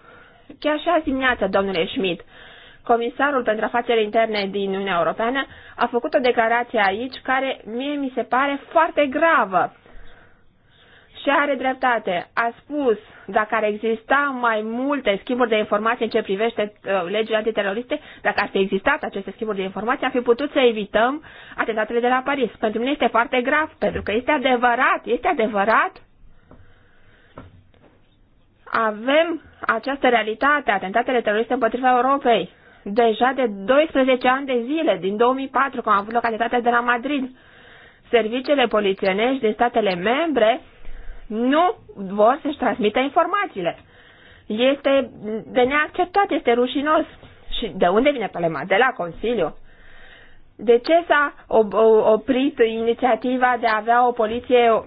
Chiar și azi dimineață, domnule Schmidt, comisarul pentru afaceri interne din Uniunea Europeană a făcut o declarație aici care mie mi se pare foarte gravă. Și are dreptate. A spus, dacă ar exista mai multe schimburi de informații în ce privește uh, legile antiteroriste, dacă ar fi existat aceste schimburi de informații, am fi putut să evităm atentatele de la Paris. Pentru mine este foarte grav, pentru că este adevărat, este adevărat avem această realitate, atentatele teroriste împotriva Europei, deja de 12 ani de zile, din 2004, când am avut localitatea de la Madrid. Serviciile polițienești din statele membre nu vor să-și transmită informațiile. Este de neacceptat, este rușinos. Și de unde vine problema? De la Consiliu. De ce s-a oprit inițiativa de a avea o poliție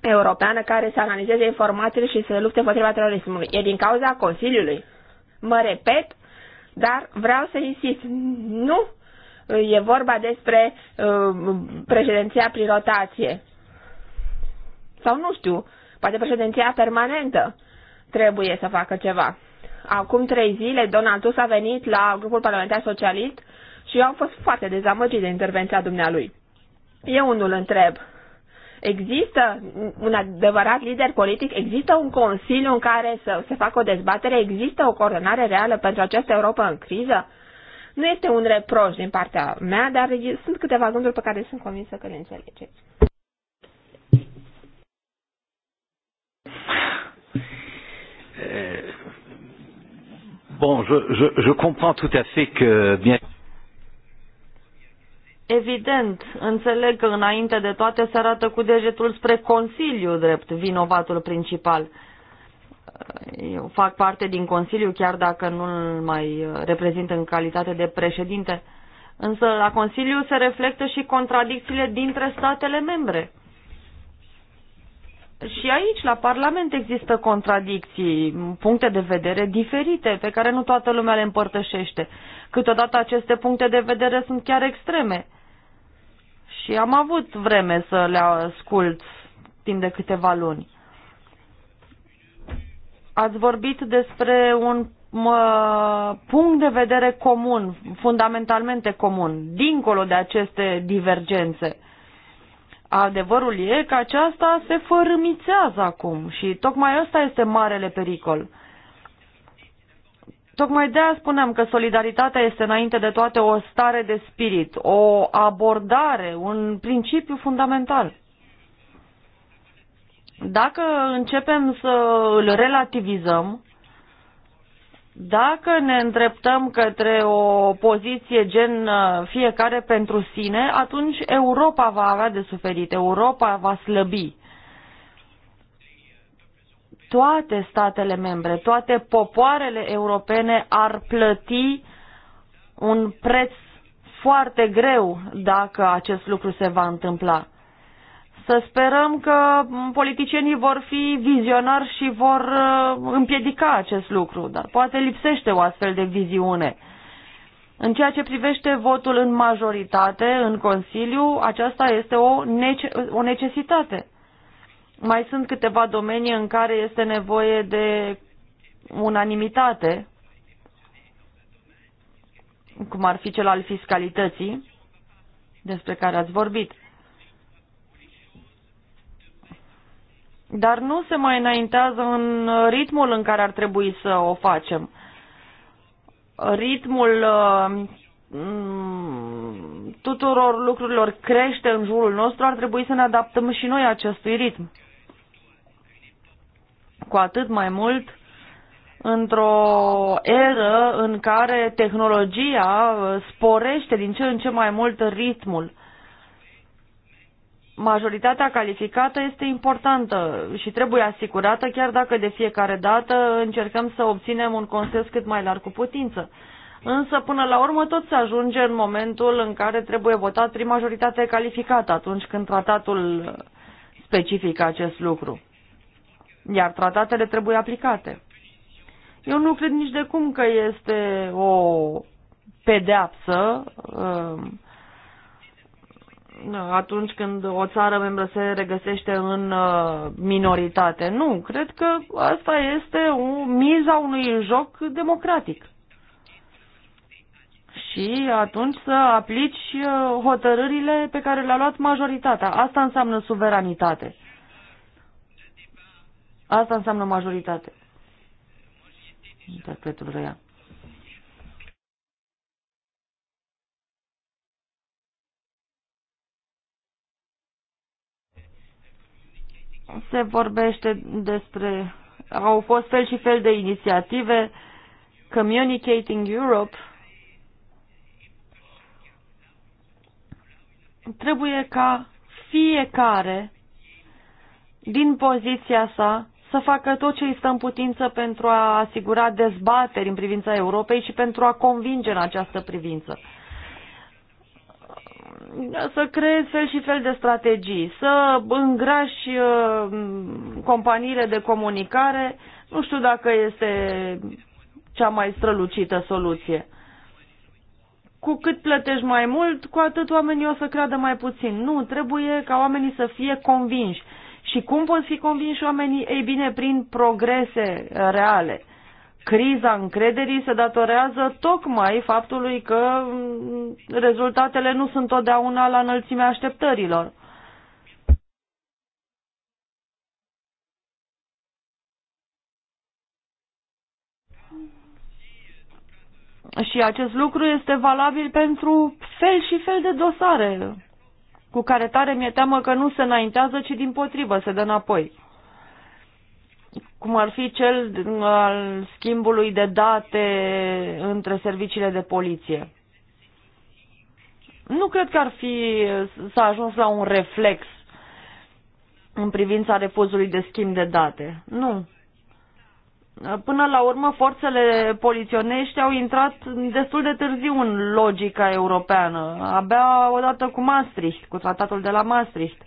europeană care să analizeze informațiile și să lupte împotriva terorismului? E din cauza Consiliului. Mă repet, dar vreau să insist. Nu e vorba despre uh, președinția prin rotație. Sau nu știu, poate președinția permanentă trebuie să facă ceva. Acum trei zile Donald Tusk a venit la grupul parlamentar socialist și eu am fost foarte dezamăgit de intervenția dumnealui. Eu unul întreb, există un adevărat lider politic, există un consiliu în care să se facă o dezbatere, există o coordonare reală pentru această Europa în criză? Nu este un reproș din partea mea, dar sunt câteva gânduri pe care sunt convinsă că le înțelegeți. Euh, bon, je, je, je comprends tout à fait que bien Evident, înțeleg că înainte de toate se arată cu degetul spre Consiliu drept vinovatul principal. Eu fac parte din Consiliu, chiar dacă nu-l mai uh, reprezint în calitate de președinte. Însă la Consiliu se reflectă și contradicțiile dintre statele membre. Și aici, la Parlament, există contradicții, puncte de vedere diferite, pe care nu toată lumea le împărtășește. Câteodată aceste puncte de vedere sunt chiar extreme. Și am avut vreme să le ascult timp de câteva luni. Ați vorbit despre un mă, punct de vedere comun, fundamentalmente comun, dincolo de aceste divergențe. Adevărul e că aceasta se fărâmițează acum și tocmai ăsta este marele pericol. Tocmai de aia spuneam că solidaritatea este înainte de toate o stare de spirit, o abordare, un principiu fundamental. Dacă începem să îl relativizăm, dacă ne îndreptăm către o poziție gen uh, fiecare pentru sine, atunci Europa va avea de suferit, Europa va slăbi. Toate statele membre, toate popoarele europene ar plăti un preț foarte greu dacă acest lucru se va întâmpla. Să sperăm că politicienii vor fi vizionari și vor uh, împiedica acest lucru, dar poate lipsește o astfel de viziune. În ceea ce privește votul în majoritate în Consiliu, aceasta este o, nece- o necesitate. Mai sunt câteva domenii în care este nevoie de unanimitate, cum ar fi cel al fiscalității, despre care ați vorbit. dar nu se mai înaintează în ritmul în care ar trebui să o facem. Ritmul uh, tuturor lucrurilor crește în jurul nostru, ar trebui să ne adaptăm și noi acestui ritm. Cu atât mai mult într-o eră în care tehnologia uh, sporește din ce în ce mai mult ritmul majoritatea calificată este importantă și trebuie asigurată, chiar dacă de fiecare dată încercăm să obținem un consens cât mai larg cu putință. Însă, până la urmă, tot se ajunge în momentul în care trebuie votat prin majoritate calificată, atunci când tratatul specifică acest lucru. Iar tratatele trebuie aplicate. Eu nu cred nici de cum că este o pedeapsă um, atunci când o țară membră se regăsește în uh, minoritate. Nu, cred că asta este o miza unui joc democratic. Și atunci să aplici uh, hotărârile pe care le-a luat majoritatea. Asta înseamnă suveranitate. Asta înseamnă majoritate. Interpretul răia. se vorbește despre... Au fost fel și fel de inițiative, Communicating Europe. Trebuie ca fiecare din poziția sa să facă tot ce îi stă în putință pentru a asigura dezbateri în privința Europei și pentru a convinge în această privință să creezi fel și fel de strategii, să îngrași uh, companiile de comunicare, nu știu dacă este cea mai strălucită soluție. Cu cât plătești mai mult, cu atât oamenii o să creadă mai puțin. Nu, trebuie ca oamenii să fie convinși. Și cum pot fi convinși oamenii? Ei bine, prin progrese reale criza încrederii se datorează tocmai faptului că mm, rezultatele nu sunt totdeauna la înălțimea așteptărilor. Și acest lucru este valabil pentru fel și fel de dosare, cu care tare mi-e teamă că nu se înaintează, ci din potrivă se dă înapoi cum ar fi cel al schimbului de date între serviciile de poliție. Nu cred că ar fi s-a ajuns la un reflex în privința refuzului de schimb de date. Nu. Până la urmă, forțele poliționești au intrat destul de târziu în logica europeană, abia odată cu Maastricht, cu tratatul de la Maastricht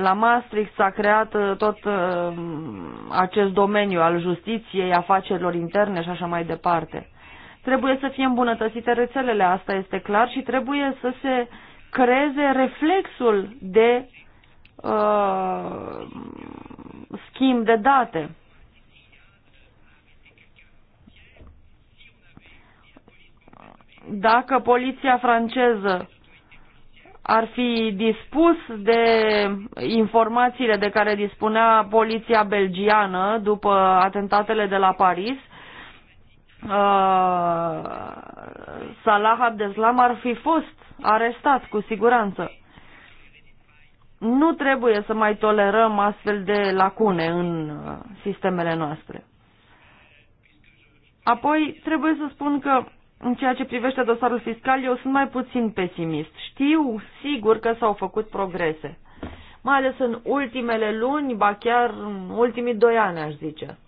la Maastricht s-a creat uh, tot uh, acest domeniu al justiției, afacerilor interne și așa mai departe. Trebuie să fie îmbunătățite rețelele, asta este clar, și trebuie să se creeze reflexul de uh, schimb de date. Dacă poliția franceză ar fi dispus de informațiile de care dispunea poliția belgiană după atentatele de la Paris, uh, Salah Abdeslam ar fi fost arestat cu siguranță. Nu trebuie să mai tolerăm astfel de lacune în uh, sistemele noastre. Apoi, trebuie să spun că în ceea ce privește dosarul fiscal, eu sunt mai puțin pesimist. Știu sigur că s-au făcut progrese, mai ales în ultimele luni, ba chiar în ultimii doi ani, aș zice.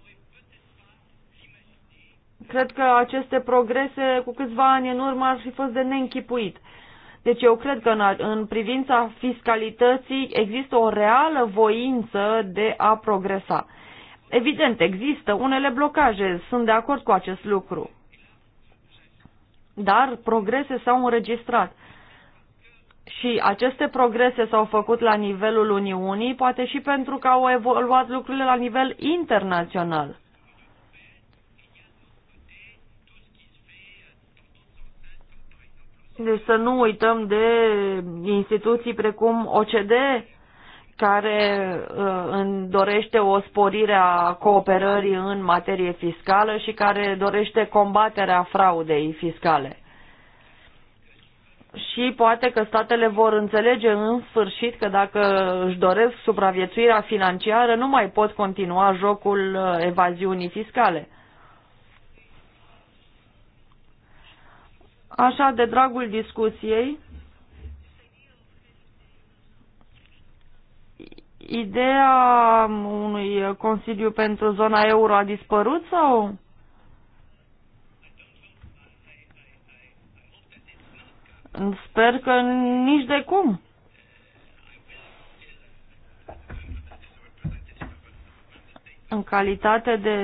Cred că aceste progrese cu câțiva ani în urmă ar fi fost de neînchipuit. Deci eu cred că în, în privința fiscalității există o reală voință de a progresa. Evident, există unele blocaje, sunt de acord cu acest lucru dar progrese s-au înregistrat. Și aceste progrese s-au făcut la nivelul Uniunii, poate și pentru că au evoluat lucrurile la nivel internațional. Deci să nu uităm de instituții precum OCDE, care uh, dorește o sporire a cooperării în materie fiscală și care dorește combaterea fraudei fiscale. Și poate că statele vor înțelege în sfârșit că dacă își doresc supraviețuirea financiară, nu mai pot continua jocul uh, evaziunii fiscale. Așa, de dragul discuției, Ideea unui Consiliu pentru zona euro a dispărut sau? Sper că nici de cum. În calitate de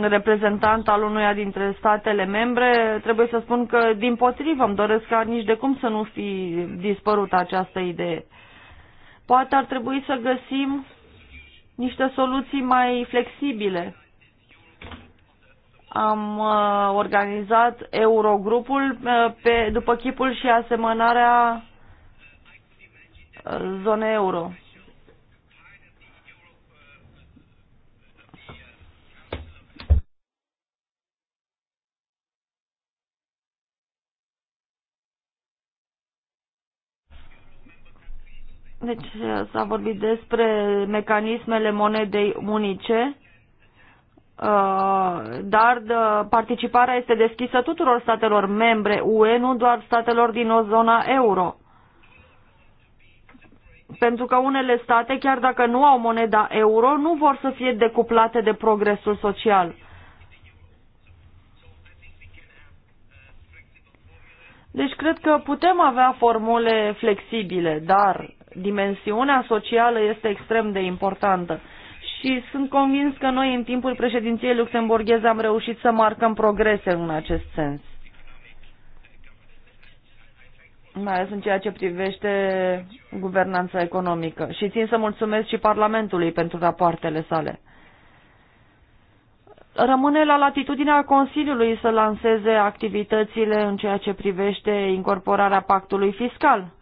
reprezentant al unuia dintre statele membre, trebuie să spun că, din potrivă, îmi doresc ca nici de cum să nu fi dispărut această idee. Poate ar trebui să găsim niște soluții mai flexibile. Am uh, organizat Eurogrupul uh, pe, după chipul și asemănarea uh, zonei euro. Deci s-a vorbit despre mecanismele monedei unice, uh, dar uh, participarea este deschisă tuturor statelor membre UE, nu doar statelor din o zona euro. Pentru că unele state, chiar dacă nu au moneda euro, nu vor să fie decuplate de progresul social. Deci cred că putem avea formule flexibile, dar dimensiunea socială este extrem de importantă. Și sunt convins că noi, în timpul președinției luxemburgheze, am reușit să marcăm progrese în acest sens. Mai ales în ceea ce privește guvernanța economică. Și țin să mulțumesc și Parlamentului pentru rapoartele sale rămâne la latitudinea Consiliului să lanseze activitățile în ceea ce privește incorporarea pactului fiscal.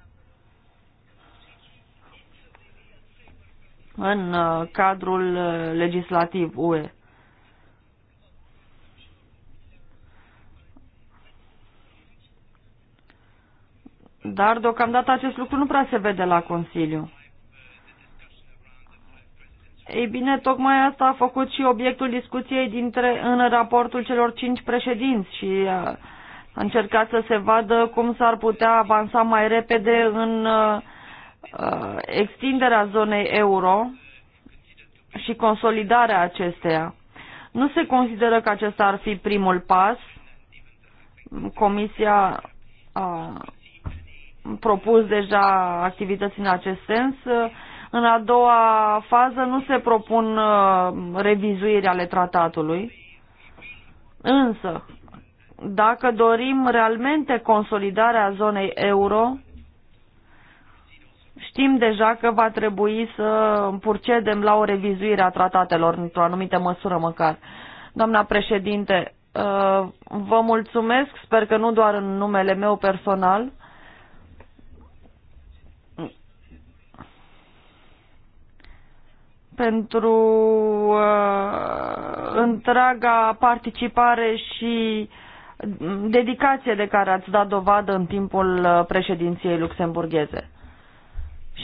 în uh, cadrul uh, legislativ UE. Dar deocamdată acest lucru nu prea se vede la Consiliu. Ei bine, tocmai asta a făcut și obiectul discuției dintre, în raportul celor cinci președinți și uh, a încercat să se vadă cum s-ar putea avansa mai repede în uh, Uh, extinderea zonei euro și consolidarea acesteia. Nu se consideră că acesta ar fi primul pas. Comisia a propus deja activități în acest sens. În a doua fază nu se propun uh, revizuiri ale tratatului. Însă, dacă dorim realmente consolidarea zonei euro, Știm deja că va trebui să procedem la o revizuire a tratatelor, într-o anumită măsură măcar. Doamna președinte, uh, vă mulțumesc, sper că nu doar în numele meu personal. pentru uh, întreaga participare și dedicație de care ați dat dovadă în timpul uh, președinției luxemburgheze.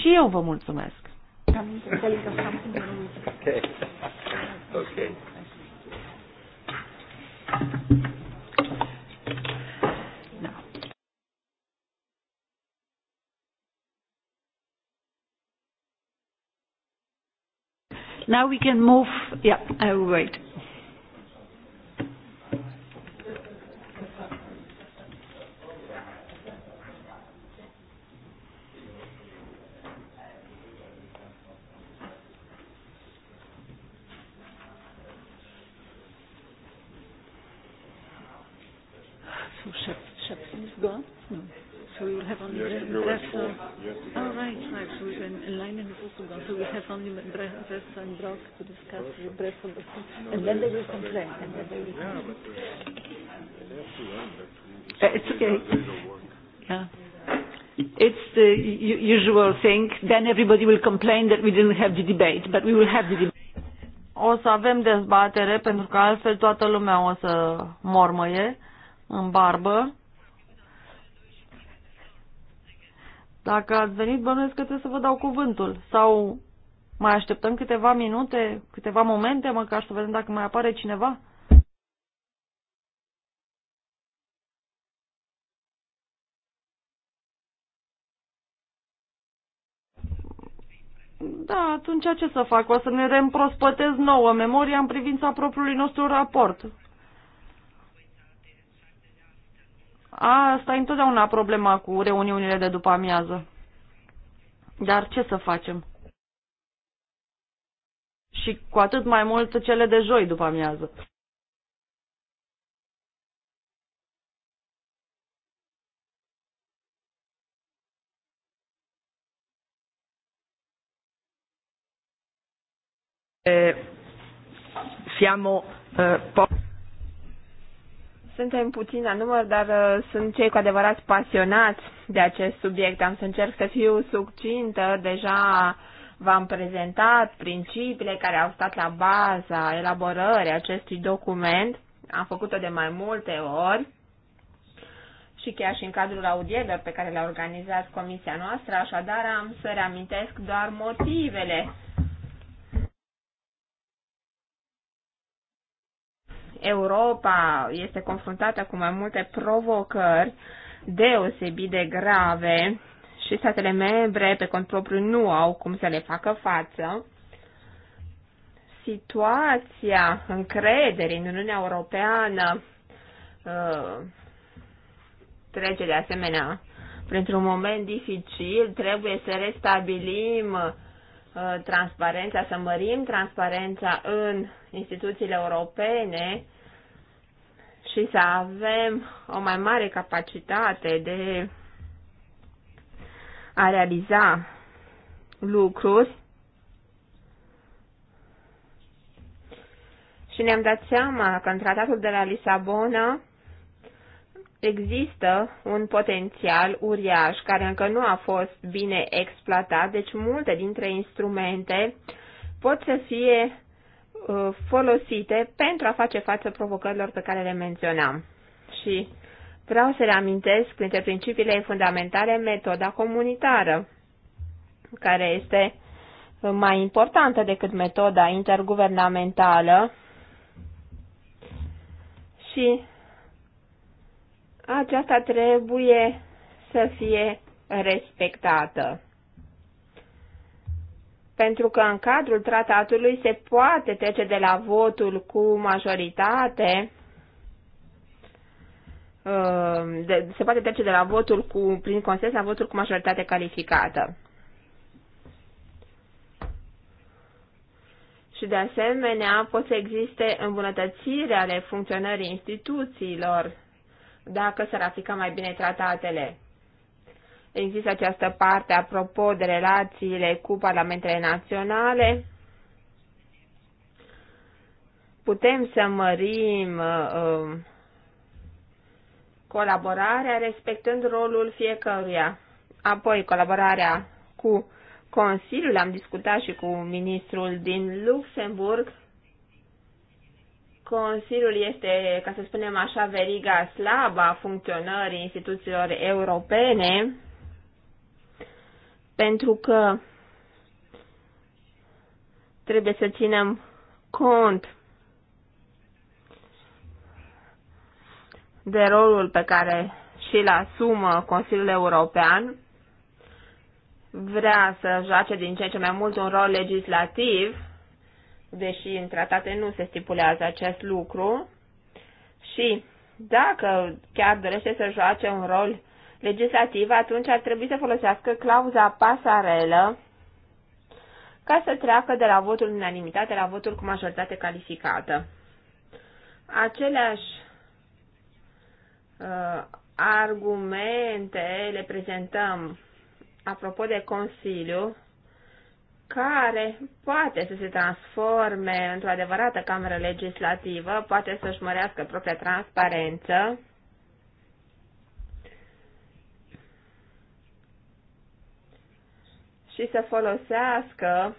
Și eu vă mulțumesc. Okay. Okay. Da. Now we can move. Yeah, I oh, will wait. go on? No. So we will have only yes, Bressa. Yes, oh, right, right. So we can, and Leinen is also gone. So we have only Bressa and Brock to discuss the Bressa. No, and then they will complain. And then they will yeah, but uh, they have to learn that. Uh, it's okay. Yeah. It's the usual thing. Then everybody will complain that we didn't have the debate, but we will have the debate. O să avem dezbatere pentru că altfel toată lumea o să mormăie în barbă. Dacă ați venit, bănuiesc că trebuie să vă dau cuvântul. Sau mai așteptăm câteva minute, câteva momente, măcar să vedem dacă mai apare cineva? Da, atunci ce să fac? O să ne reîmprospătez nouă memoria în privința propriului nostru raport. Asta e întotdeauna problema cu reuniunile de după amiază. Dar ce să facem? Și cu atât mai mult cele de joi după amiază. Eh, siamo eh, suntem puțini la număr, dar uh, sunt cei cu adevărat pasionați de acest subiect. Am să încerc să fiu succintă. Deja v-am prezentat principiile care au stat la baza elaborării acestui document. Am făcut-o de mai multe ori și chiar și în cadrul audierilor pe care le-a organizat comisia noastră, așadar am să reamintesc doar motivele Europa este confruntată cu mai multe provocări deosebit de grave și statele membre pe cont propriu nu au cum să le facă față, situația încrederii în Uniunea Europeană uh, trece de asemenea printr-un moment dificil, trebuie să restabilim uh, transparența, să mărim transparența în instituțiile europene și să avem o mai mare capacitate de a realiza lucruri și ne-am dat seama că în tratatul de la Lisabona există un potențial uriaș care încă nu a fost bine exploatat, deci multe dintre instrumente pot să fie Uh, folosite pentru a face față provocărilor pe care le menționam. Și vreau să reamintesc printre principiile fundamentale metoda comunitară, care este mai importantă decât metoda interguvernamentală și aceasta trebuie să fie respectată pentru că în cadrul tratatului se poate trece de la votul cu majoritate, uh, se poate trece de la votul cu, prin consens la votul cu majoritate calificată. Și de asemenea pot să existe îmbunătățiri ale funcționării instituțiilor dacă s-ar aplica mai bine tratatele. Există această parte apropo de relațiile cu parlamentele naționale. Putem să mărim uh, colaborarea respectând rolul fiecăruia. Apoi colaborarea cu Consiliul, am discutat și cu ministrul din Luxemburg. Consiliul este, ca să spunem așa, veriga slabă a funcționării instituțiilor europene pentru că trebuie să ținem cont de rolul pe care și-l asumă Consiliul European, vrea să joace din ce ce mai mult un rol legislativ, deși în tratate nu se stipulează acest lucru, și dacă chiar dorește să joace un rol legislativ, atunci ar trebui să folosească clauza pasarelă ca să treacă de la votul unanimitate la votul cu majoritate calificată. Aceleași uh, argumente le prezentăm apropo de Consiliu, care poate să se transforme într-o adevărată cameră legislativă, poate să-și mărească propria transparență, și să folosească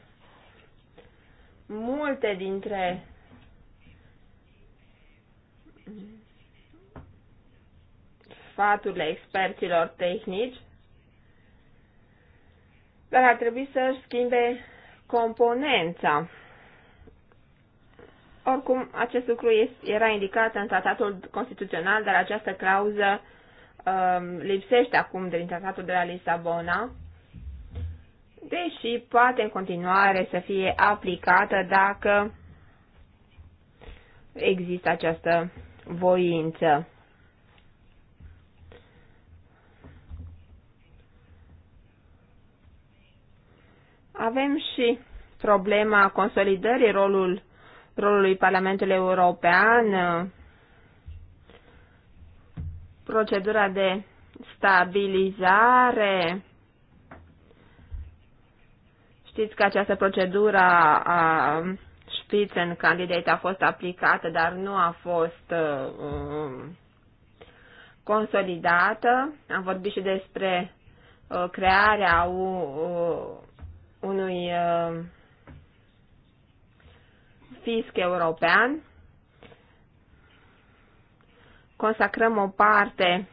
multe dintre sfaturile experților tehnici, dar ar trebui să-și schimbe componența. Oricum, acest lucru era indicat în tratatul constituțional, dar această clauză um, lipsește acum din tratatul de la Lisabona deși poate în continuare să fie aplicată dacă există această voință. Avem și problema consolidării rolul, rolului Parlamentului European, procedura de stabilizare, Știți că această procedură a Spitzen candidate a fost aplicată, dar nu a fost uh, um, consolidată. Am vorbit și despre uh, crearea uh, unui uh, fisc european. Consacrăm o parte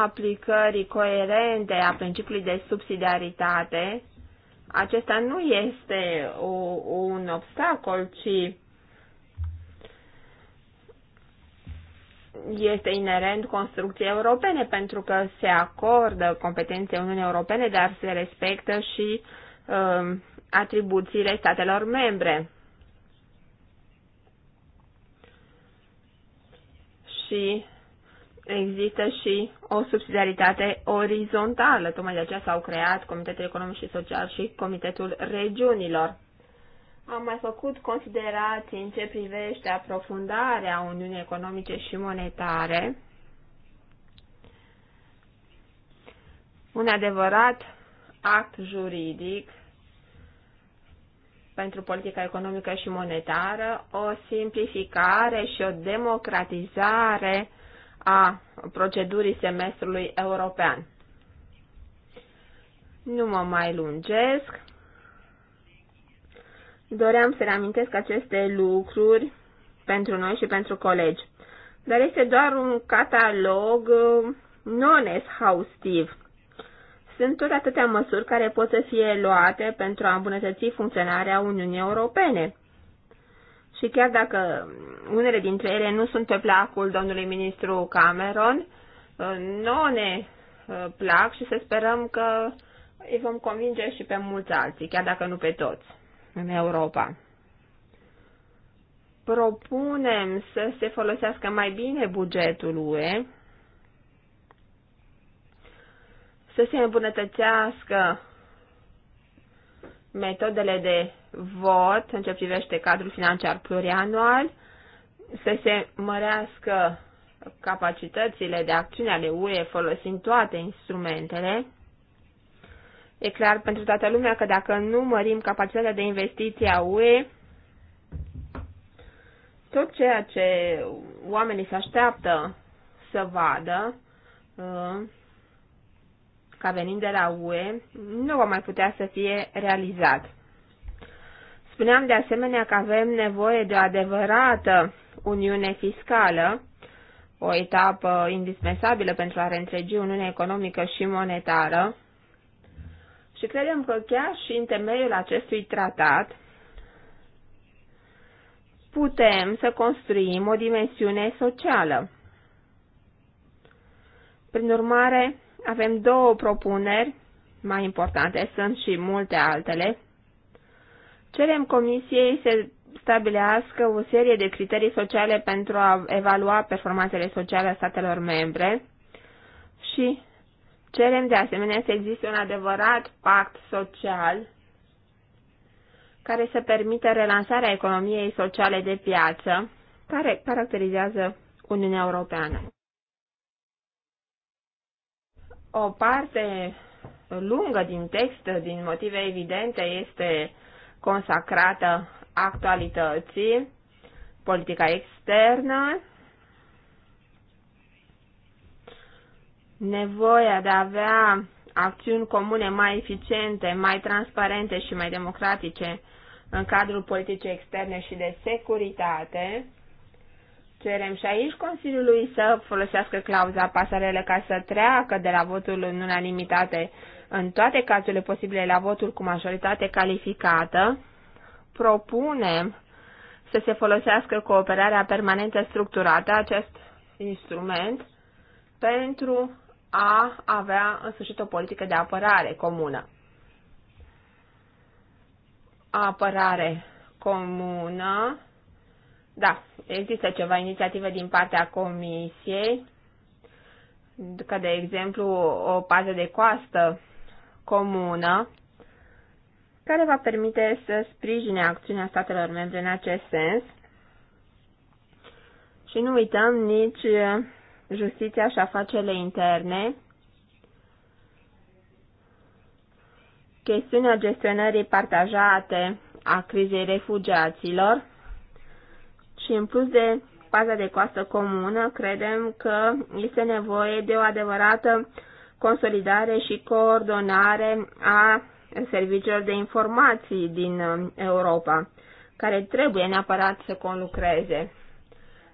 aplicării coerente a principiului de subsidiaritate, acesta nu este o, un obstacol, ci este inerent construcției europene, pentru că se acordă competențe Uniunii Europene, dar se respectă și uh, atribuțiile statelor membre. Și există și o subsidiaritate orizontală. Tocmai de aceea s-au creat Comitetul Economic și Social și Comitetul Regiunilor. Am mai făcut considerații în ce privește aprofundarea Uniunii Economice și Monetare. Un adevărat act juridic pentru politica economică și monetară, o simplificare și o democratizare a procedurii semestrului european. Nu mă mai lungesc. Doream să reamintesc aceste lucruri pentru noi și pentru colegi. Dar este doar un catalog uh, non-exhaustiv. Sunt tot atâtea măsuri care pot să fie luate pentru a îmbunătăți funcționarea Uniunii Europene și chiar dacă unele dintre ele nu sunt pe placul domnului ministru Cameron, uh, nouă ne uh, plac și să sperăm că îi vom convinge și pe mulți alții, chiar dacă nu pe toți, în Europa. Propunem să se folosească mai bine bugetul UE, să se îmbunătățească metodele de vot în ce privește cadrul financiar plurianual, să se mărească capacitățile de acțiune ale UE folosind toate instrumentele. E clar pentru toată lumea că dacă nu mărim capacitatea de investiție a UE, tot ceea ce oamenii se așteaptă să vadă uh, ca venind de la UE, nu va mai putea să fie realizat. Spuneam de asemenea că avem nevoie de o adevărată uniune fiscală, o etapă indispensabilă pentru a reîntregi uniunea economică și monetară. Și credem că chiar și în temeiul acestui tratat putem să construim o dimensiune socială. Prin urmare, avem două propuneri mai importante, sunt și multe altele, Cerem Comisiei să stabilească o serie de criterii sociale pentru a evalua performanțele sociale a statelor membre și cerem de asemenea să existe un adevărat pact social care să permită relansarea economiei sociale de piață care caracterizează Uniunea Europeană. O parte lungă din text, din motive evidente, este consacrată actualității, politica externă, nevoia de a avea acțiuni comune mai eficiente, mai transparente și mai democratice în cadrul politicii externe și de securitate. Cerem și aici Consiliului să folosească clauza pasarele ca să treacă de la votul în unanimitate în toate cazurile posibile la votul cu majoritate calificată, propunem să se folosească cooperarea permanentă structurată, acest instrument, pentru a avea în sfârșit o politică de apărare comună. Apărare comună. Da, există ceva inițiative din partea Comisiei, ca de exemplu o pază de coastă comună care va permite să sprijine acțiunea statelor membre în acest sens. Și nu uităm nici uh, justiția și afacerile interne, chestiunea gestionării partajate a crizei refugiaților și în plus de paza de coastă comună, credem că este nevoie de o adevărată consolidare și coordonare a serviciilor de informații din uh, Europa, care trebuie neapărat să conlucreze.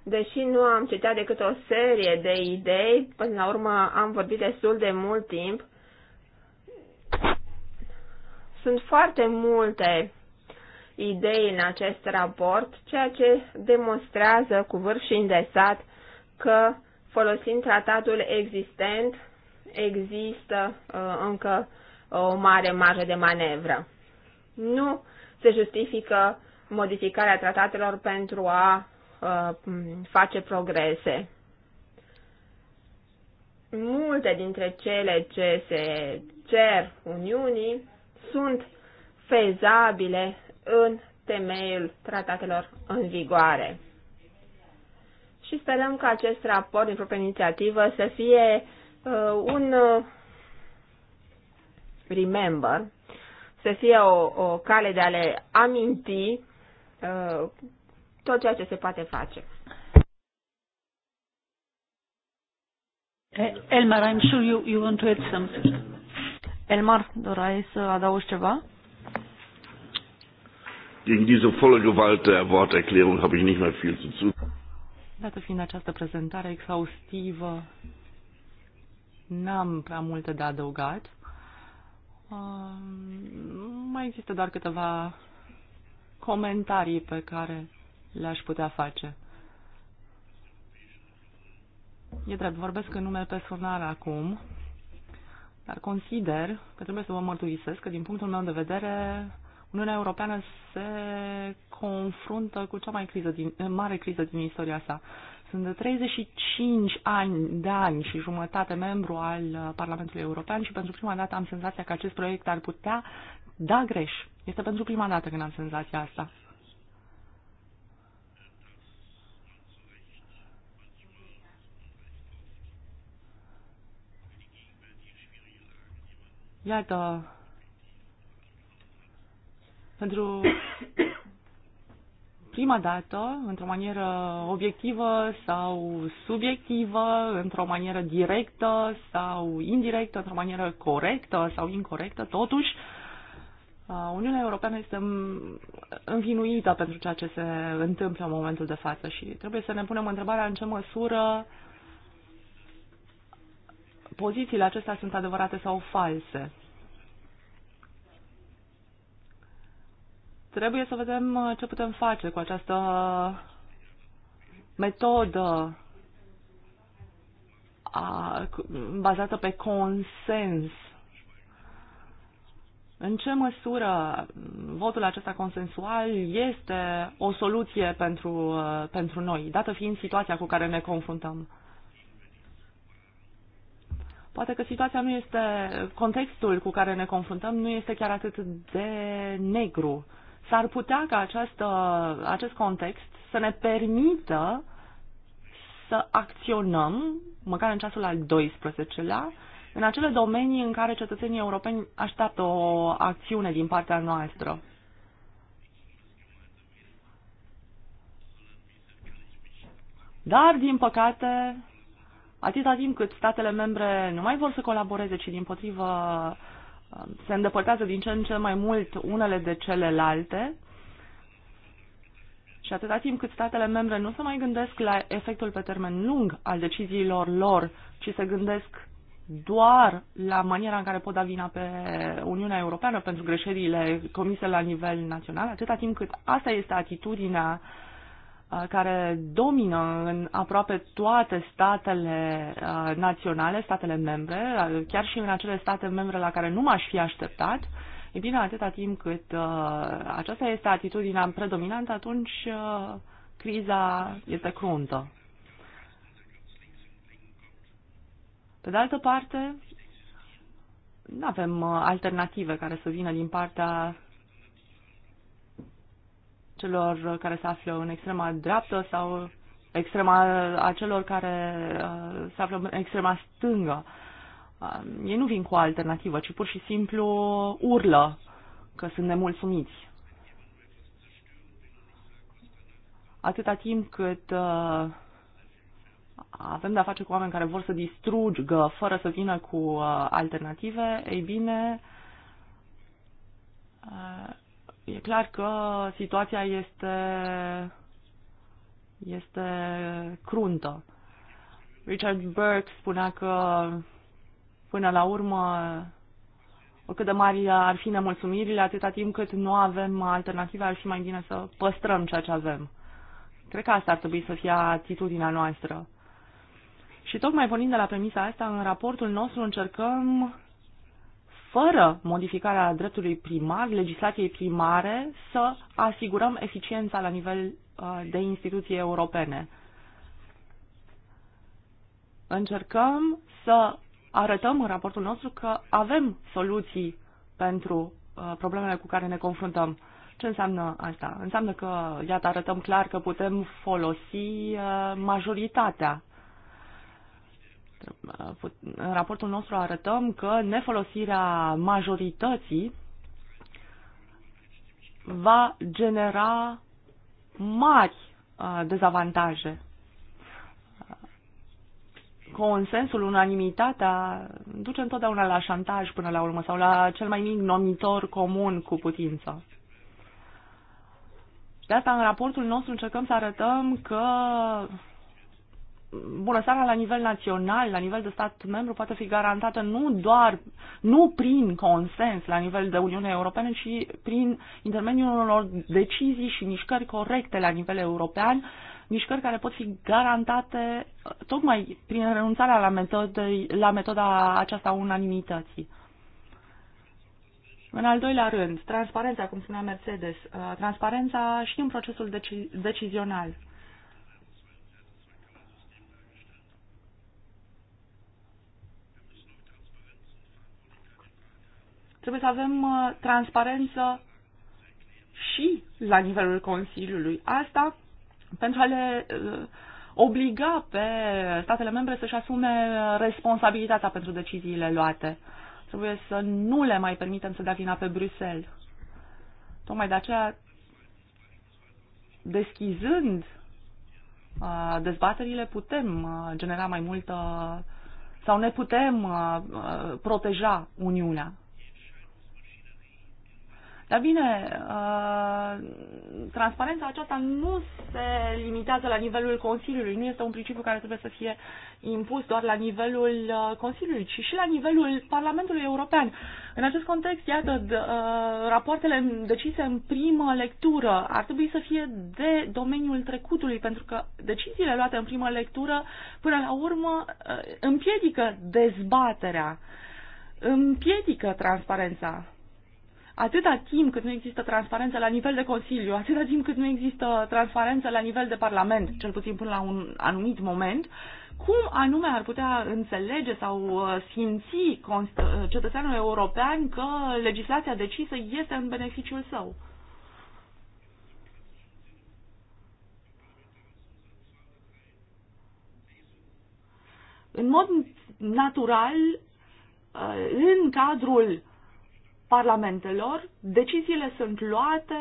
Deși nu am citat decât o serie de idei, până la urmă am vorbit destul de mult timp, sunt foarte multe idei în acest raport, ceea ce demonstrează cu vârf și îndesat că folosind tratatul existent există uh, încă o mare marjă de manevră. Nu se justifică modificarea tratatelor pentru a uh, face progrese. Multe dintre cele ce se cer Uniunii sunt fezabile în temeiul tratatelor în vigoare. Și sperăm că acest raport din propria inițiativă să fie uh, un uh, remember, să fie o, o cale de a le aminti uh, tot ceea ce se poate face. Eh, Elmar, I'm sure you, you want to add something. Elmar, dorai să adaugi ceva? Gegen diese volle Gewalt der Worterklärung habe ich nicht mehr viel zu tun. Dacă fiind această prezentare exhaustivă N-am prea multe de adăugat. Um, mai există doar câteva comentarii pe care le-aș putea face. E drept, vorbesc în nume personal acum, dar consider că trebuie să vă mărturisesc că, din punctul meu de vedere, Uniunea Europeană se confruntă cu cea mai criză din, mare criză din istoria sa. Sunt de 35 ani, de ani și jumătate membru al Parlamentului European și pentru prima dată am senzația că acest proiect ar putea da greș. Este pentru prima dată când am senzația asta. Iată, pentru prima dată, într-o manieră obiectivă sau subiectivă, într-o manieră directă sau indirectă, într-o manieră corectă sau incorrectă, totuși, uh, Uniunea Europeană este învinuită pentru ceea ce se întâmplă în momentul de față și trebuie să ne punem întrebarea în ce măsură pozițiile acestea sunt adevărate sau false. Trebuie să vedem uh, ce putem face cu această metodă a, bazată pe consens. În ce măsură votul acesta consensual este o soluție pentru, uh, pentru noi, dată fiind situația cu care ne confruntăm? Poate că situația nu este, contextul cu care ne confruntăm nu este chiar atât de negru. S-ar putea ca acest, acest context să ne permită să acționăm, măcar în ceasul al 12-lea, în acele domenii în care cetățenii europeni așteaptă o acțiune din partea noastră. Dar, din păcate, atâta timp cât statele membre nu mai vor să colaboreze, ci din potrivă Um, se îndepărtează din ce în ce mai mult unele de celelalte și atâta timp cât statele membre nu se mai gândesc la efectul pe termen lung al deciziilor lor, ci se gândesc doar la maniera în care pot da vina pe Uniunea Europeană pentru greșelile comise la nivel național, atâta timp cât asta este atitudinea uh, Uh, care domină în aproape toate statele uh, naționale, statele membre, uh, chiar și în acele state membre la care nu m-aș fi așteptat, e bine, atâta timp cât aceasta este atitudinea predominantă, atunci criza este cruntă. Pe de altă parte, nu avem alternative care să vină din partea celor care se află în extrema dreaptă sau extrema, a celor care uh, se află în extrema stângă. Uh, ei nu vin cu o alternativă, ci pur și simplu urlă că sunt nemulțumiți. Atâta timp cât uh, avem de-a face cu oameni care vor să distrugă fără să vină cu uh, alternative, ei bine, uh, e clar că situația este, este cruntă. Richard Burke spunea că până la urmă oricât de mari ar fi nemulțumirile, atâta timp cât nu avem alternative, ar fi mai bine să păstrăm ceea ce avem. Cred că asta ar trebui să fie atitudinea noastră. Și tocmai pornind de la premisa asta, în raportul nostru încercăm fără modificarea dreptului primar, legislației primare, să asigurăm eficiența la nivel uh, de instituții europene. Încercăm să arătăm în raportul nostru că avem soluții pentru uh, problemele cu care ne confruntăm. Ce înseamnă asta? Înseamnă că, iată, arătăm clar că putem folosi uh, majoritatea în raportul nostru arătăm că nefolosirea majorității va genera mari uh, dezavantaje. Consensul, unanimitatea duce întotdeauna la șantaj până la urmă sau la cel mai mic nomitor comun cu putință. De asta, în raportul nostru încercăm să arătăm că bunăstarea la nivel național, la nivel de stat membru, poate fi garantată nu doar, nu prin consens la nivel de Uniunea Europeană, ci prin intermediul unor decizii și mișcări corecte la nivel european, mișcări care pot fi garantate uh, tocmai prin renunțarea la, metodei, la metoda aceasta unanimității. În al doilea rând, transparența, cum spunea Mercedes, uh, transparența și în procesul deci- decizional. Trebuie să avem uh, transparență și la nivelul Consiliului. Asta pentru a le uh, obliga pe statele membre să-și asume uh, responsabilitatea pentru deciziile luate. Trebuie să nu le mai permitem să dea vina pe Bruxelles. Tocmai de aceea, deschizând dezbaterile, putem genera mai multă sau ne putem proteja Uniunea dar bine, uh, transparența aceasta nu se limitează la nivelul Consiliului, nu este un principiu care trebuie să fie impus doar la nivelul uh, Consiliului, ci și la nivelul Parlamentului European. În acest context, iată, uh, rapoartele decise în primă lectură ar trebui să fie de domeniul trecutului, pentru că deciziile luate în primă lectură, până la urmă, împiedică dezbaterea, împiedică transparența. Atâta timp cât nu există transparență la nivel de Consiliu, atâta timp cât nu există transparență la nivel de Parlament, cel puțin până la un anumit moment, cum anume ar putea înțelege sau uh, simți cetățeanul european că legislația decisă este în beneficiul său? În mod natural, uh, în cadrul parlamentelor, deciziile sunt luate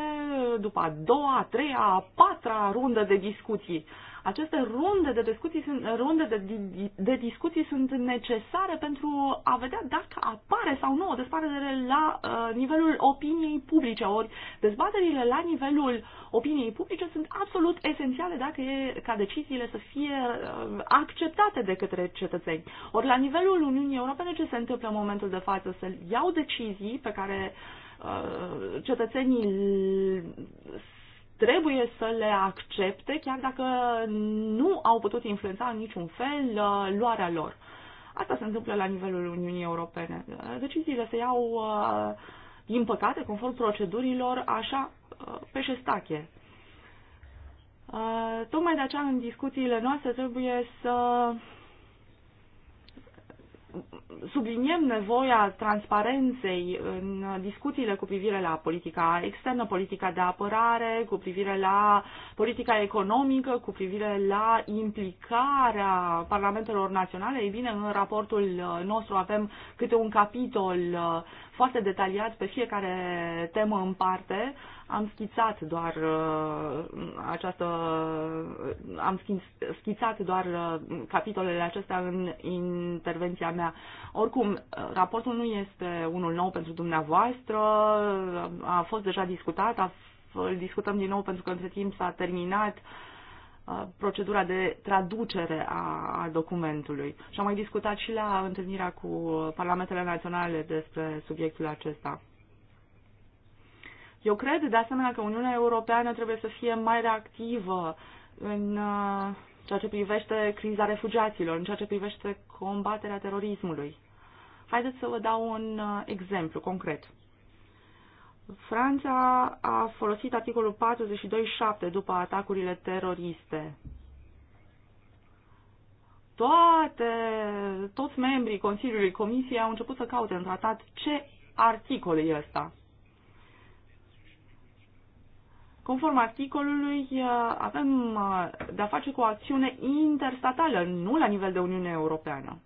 după a doua, a treia, a patra rundă de discuții. Aceste runde de discuții sunt, runde de, de discuții sunt necesare pentru a vedea dacă apare sau nu o dezbatere la uh, nivelul opiniei publice. Ori dezbaterile la nivelul opiniei publice sunt absolut esențiale dacă e ca deciziile să fie uh, acceptate de către cetățeni. Ori la nivelul Uniunii Europene ce se întâmplă în momentul de față? Se iau decizii pe care uh, cetățenii trebuie să le accepte, chiar dacă nu au putut influența în niciun fel uh, luarea lor. Asta se întâmplă la nivelul Uniunii Europene. Deciziile se iau, uh, din păcate, conform procedurilor, așa, uh, pe șestache. Tocmai de aceea, în discuțiile noastre, trebuie să subliniem nevoia transparenței în discuțiile cu privire la politica externă, politica de apărare, cu privire la politica economică, cu privire la implicarea parlamentelor naționale. Ei bine, în raportul nostru avem câte un capitol foarte detaliat pe fiecare temă în parte am schițat doar uh, această, am schițat doar uh, capitolele acestea în intervenția mea. Oricum, uh, raportul nu este unul nou pentru dumneavoastră, a fost deja discutat, a, îl discutăm din nou pentru că între timp s-a terminat procedura de traducere a documentului. Și am mai discutat și la întâlnirea cu Parlamentele Naționale despre subiectul acesta. Eu cred, de asemenea, că Uniunea Europeană trebuie să fie mai reactivă în uh, ceea ce privește criza refugiaților, în ceea ce privește combaterea terorismului. Haideți să vă dau un uh, exemplu concret. Franța a folosit articolul 42.7 după atacurile teroriste. Toate, toți membrii Consiliului Comisiei au început să caute în tratat ce articol e ăsta. Conform articolului, uh, avem uh, de-a face cu o acțiune interstatală, nu la nivel de Uniune Europeană.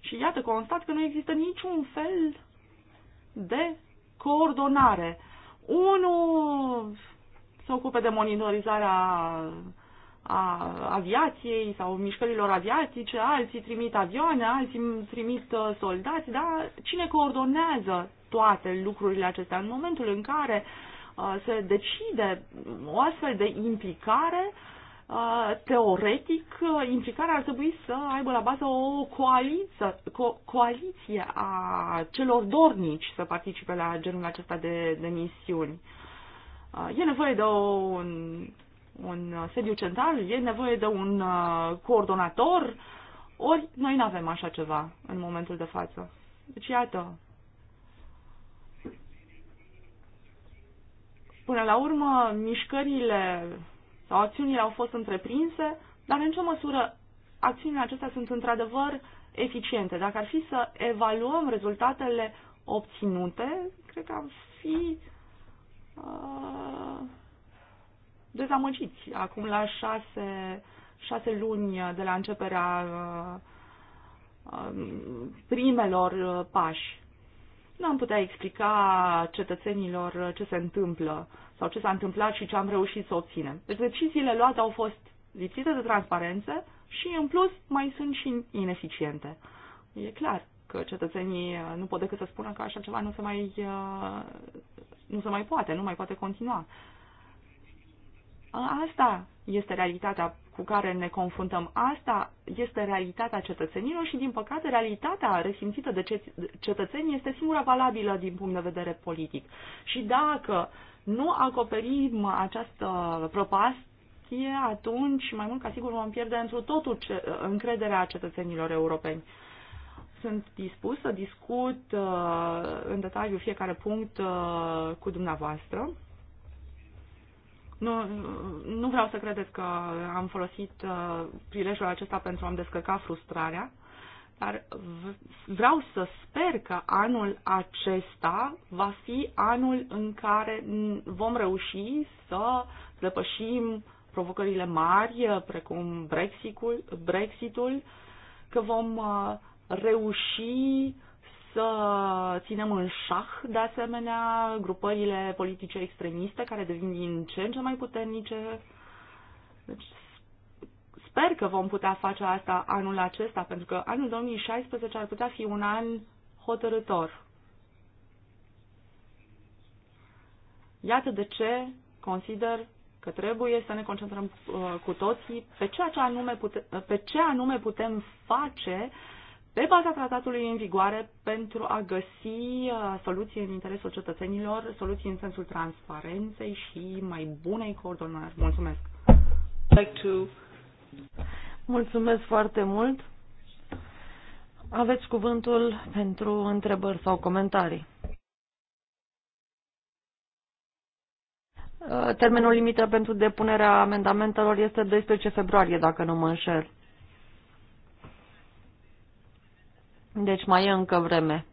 Și iată, constat că nu există niciun fel de coordonare. Unul se ocupe de monitorizarea a aviației sau mișcărilor aviatice, alții trimit avioane, alții trimit uh, soldați, dar cine coordonează toate lucrurile acestea. În momentul în care uh, se decide o astfel de implicare, uh, teoretic, uh, implicarea ar trebui să aibă la bază o coaliță, co- coaliție a celor dornici să participe la genul acesta de, de misiuni. E nevoie de un, un sediu central, e nevoie de un coordonator, ori noi nu avem așa ceva în momentul de față. Deci, iată, Până la urmă, mișcările sau acțiunile au fost întreprinse, dar în ce măsură acțiunile acestea sunt într-adevăr eficiente? Dacă ar fi să evaluăm rezultatele obținute, cred că am fi uh, dezamăgiți acum la șase, șase luni de la începerea uh, uh primelor uh, pași nu am putea explica cetățenilor ce se întâmplă sau ce s-a întâmplat și ce am reușit să obținem. Deci deciziile luate au fost lipsite de transparență și, în plus, mai sunt și ineficiente. E clar că cetățenii nu pot decât să spună că așa ceva nu se mai, uh, nu se mai poate, nu mai poate continua. Asta este realitatea cu care ne confruntăm. Asta este realitatea cetățenilor și, din păcate, realitatea resimțită de cetățeni este singura valabilă din punct de vedere politic. Și dacă nu acoperim această propastie, atunci, mai mult ca sigur, vom pierde întru totul ce, încrederea cetățenilor europeni. Sunt dispus să discut uh, în detaliu fiecare punct uh, cu dumneavoastră nu, nu vreau să credeți că am folosit uh, prilejul acesta pentru a-mi descărca frustrarea, dar vreau să sper că anul acesta va fi anul în care vom reuși să depășim provocările mari, uh, precum Brexitul, Brexitul că vom uh, reuși să ținem în șah, de asemenea, grupările politice extremiste care devin din ce în ce mai puternice. Deci, sper că vom putea face asta anul acesta, pentru că anul 2016 ar putea fi un an hotărător. Iată de ce consider că trebuie să ne concentrăm uh, cu toții pe, ceea ce anume pute, pe ce anume putem face uh, pe baza tratatului în vigoare pentru a găsi uh, soluții în interesul cetățenilor, soluții în sensul transparenței și mai bunei coordonări. Mulțumesc! Mulțumesc foarte mult! Aveți cuvântul pentru întrebări sau comentarii. Uh, termenul limită pentru depunerea amendamentelor este 12 februarie, dacă nu mă înșel. Deci mai e încă vreme.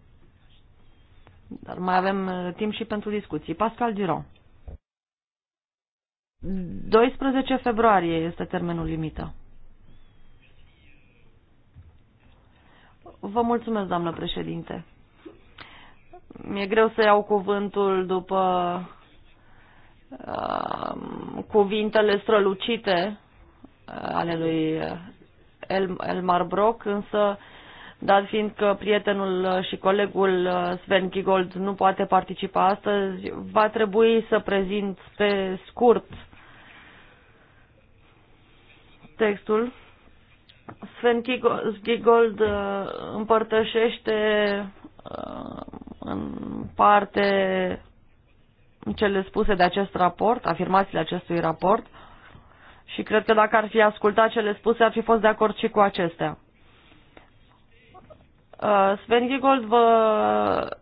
Dar mai avem uh, timp și pentru discuții. Pascal Giron. 12 februarie este termenul limită. Vă mulțumesc, doamnă președinte. Mi-e greu să iau cuvântul după uh, cuvintele strălucite uh, ale lui uh, El Elmar Brock, însă uh, dar fiind că prietenul uh, și colegul uh, Sven Kigold nu poate participa astăzi, va trebui să prezint pe scurt textul. Sven Kigold uh, împărtășește în parte cele spuse de acest raport, afirmațiile acestui raport și cred că dacă ar fi ascultat cele spuse, ar fi fost de acord și cu acestea. Uh, Sven Giegold vă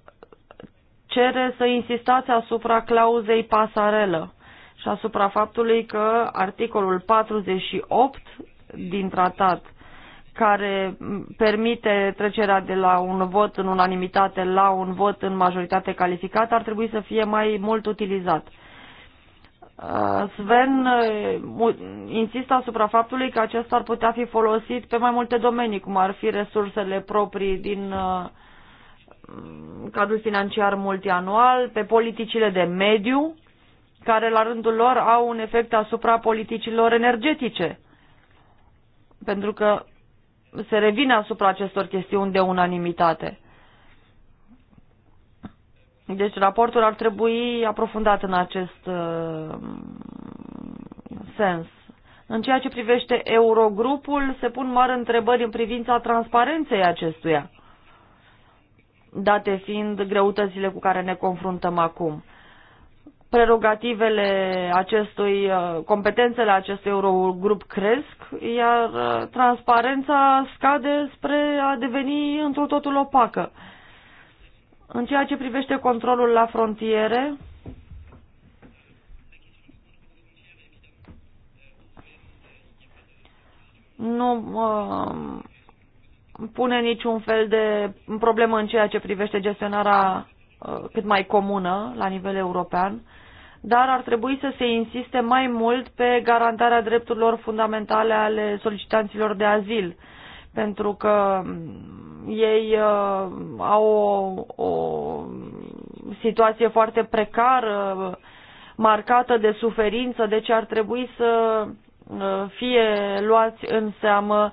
cere să insistați asupra clauzei pasarelă și asupra faptului că articolul 48 din tratat care permite trecerea de la un vot în unanimitate la un vot în majoritate calificată ar trebui să fie mai mult utilizat. Uh, Sven uh, insistă asupra faptului că acesta ar putea fi folosit pe mai multe domenii, cum ar fi resursele proprii din uh, cadrul financiar multianual, pe politicile de mediu, care la rândul lor au un efect asupra politicilor energetice. Pentru că se revine asupra acestor chestiuni de unanimitate. Deci raportul ar trebui aprofundat în acest uh, sens. În ceea ce privește Eurogrupul, se pun mari întrebări în privința transparenței acestuia, date fiind greutățile cu care ne confruntăm acum. Prerogativele acestui, uh, competențele acestui Eurogrup cresc, iar uh, transparența scade spre a deveni într totul opacă. În ceea ce privește controlul la frontiere, nu uh, pune niciun fel de problemă în ceea ce privește gestionarea uh, cât mai comună la nivel european, dar ar trebui să se insiste mai mult pe garantarea drepturilor fundamentale ale solicitanților de azil, pentru că ei uh, au o, o situație foarte precară, marcată de suferință, deci ar trebui să uh, fie luați în seamă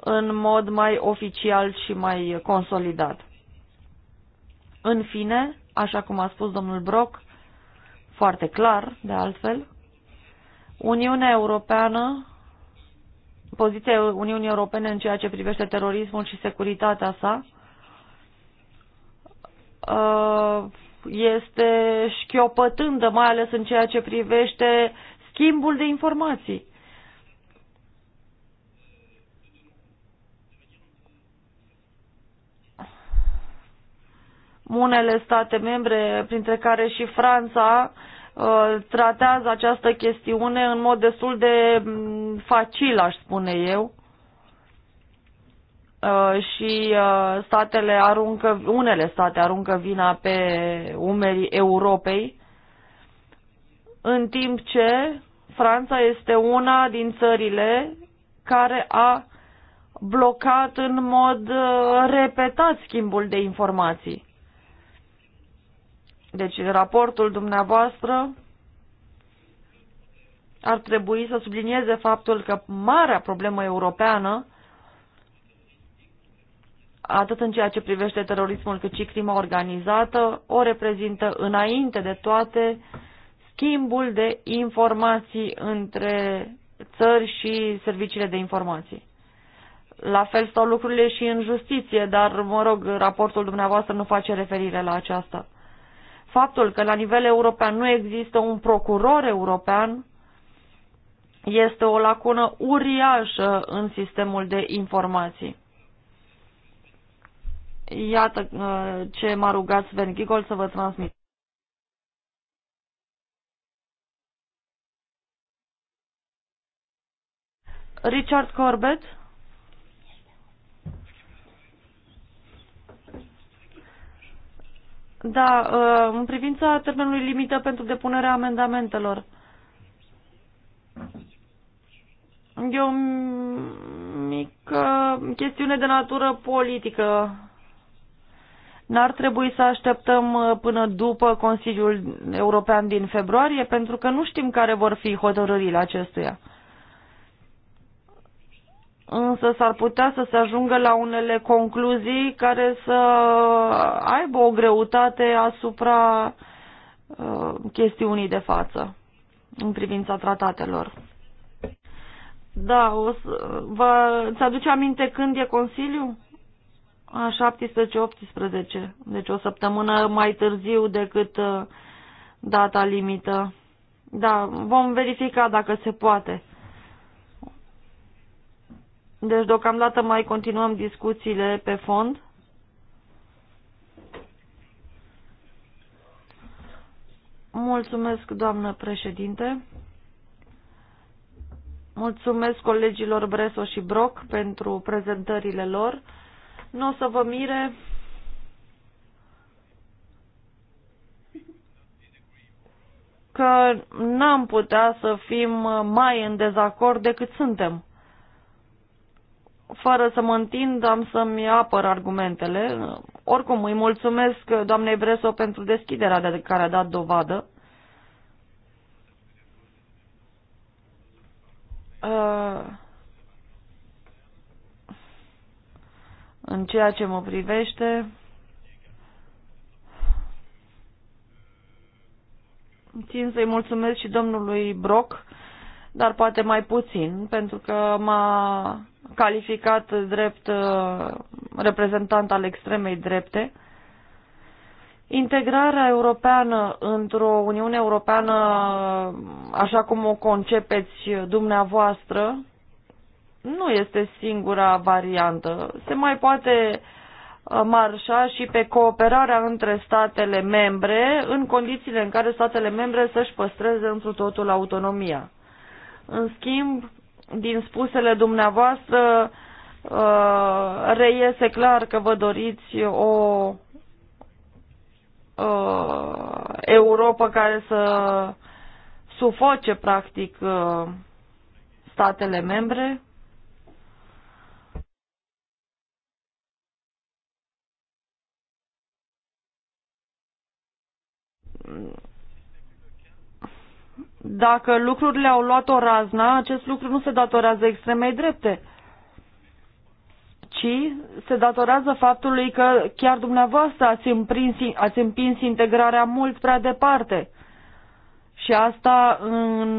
în mod mai oficial și mai consolidat. În fine, așa cum a spus domnul Brock, foarte clar, de altfel, Uniunea Europeană poziția Uniunii Europene în ceea ce privește terorismul și securitatea sa uh, este șchiopătândă, mai ales în ceea ce privește schimbul de informații. Unele state membre, printre care și Franța, uh, Uh, tratează această chestiune în mod destul de mm, facil, aș spune eu. Uh, și uh, statele aruncă, unele state aruncă vina pe umerii Europei, în timp ce Franța este una din țările care a blocat în mod repetat schimbul de informații. Deci raportul dumneavoastră ar trebui să sublinieze faptul că marea problemă europeană, atât în ceea ce privește terorismul cât și crima organizată, o reprezintă înainte de toate schimbul de informații între țări și serviciile de informații. La fel stau lucrurile și în justiție, dar, mă rog, raportul dumneavoastră nu face referire la aceasta. Faptul că la nivel european nu există un procuror european este o lacună uriașă în sistemul de informații. Iată uh, ce m-a rugat Sven Gigol să vă transmit. Richard Corbett Da, uh, în privința termenului limită pentru depunerea amendamentelor. E o mică chestiune de natură politică. N-ar trebui să așteptăm uh, până după Consiliul European din februarie, pentru că nu știm care vor fi hotărârile acestuia însă s-ar putea să se ajungă la unele concluzii care să aibă o greutate asupra uh, chestiunii de față în privința tratatelor. Da, o să, vă, ți-aduce aminte când e Consiliu? A 17-18, deci o săptămână mai târziu decât uh, data limită. Da, vom verifica dacă se poate. Deci, deocamdată mai continuăm discuțiile pe fond. Mulțumesc, doamnă președinte. Mulțumesc colegilor Breso și Broc pentru prezentările lor. Nu o să vă mire. că n-am putea să fim mai în dezacord decât suntem fără să mă întind, am să-mi apăr argumentele. Oricum, îi mulțumesc doamnei Breso pentru deschiderea de care a dat dovadă. Uh, în ceea ce mă privește, țin să-i mulțumesc și domnului Brock, dar poate mai puțin, pentru că m-a calificat drept uh, reprezentant al extremei drepte. Integrarea europeană într-o Uniune Europeană, uh, așa cum o concepeți dumneavoastră, nu este singura variantă. Se mai poate uh, marșa și pe cooperarea între statele membre în condițiile în care statele membre să-și păstreze întru totul autonomia. În schimb, din spusele dumneavoastră uh, reiese clar că vă doriți o uh, Europa care să sufoce practic uh, statele membre. Mm dacă lucrurile au luat o razna, acest lucru nu se datorează extremei drepte, ci se datorează faptului că chiar dumneavoastră ați, împrins, ați împins integrarea mult prea departe. Și asta în...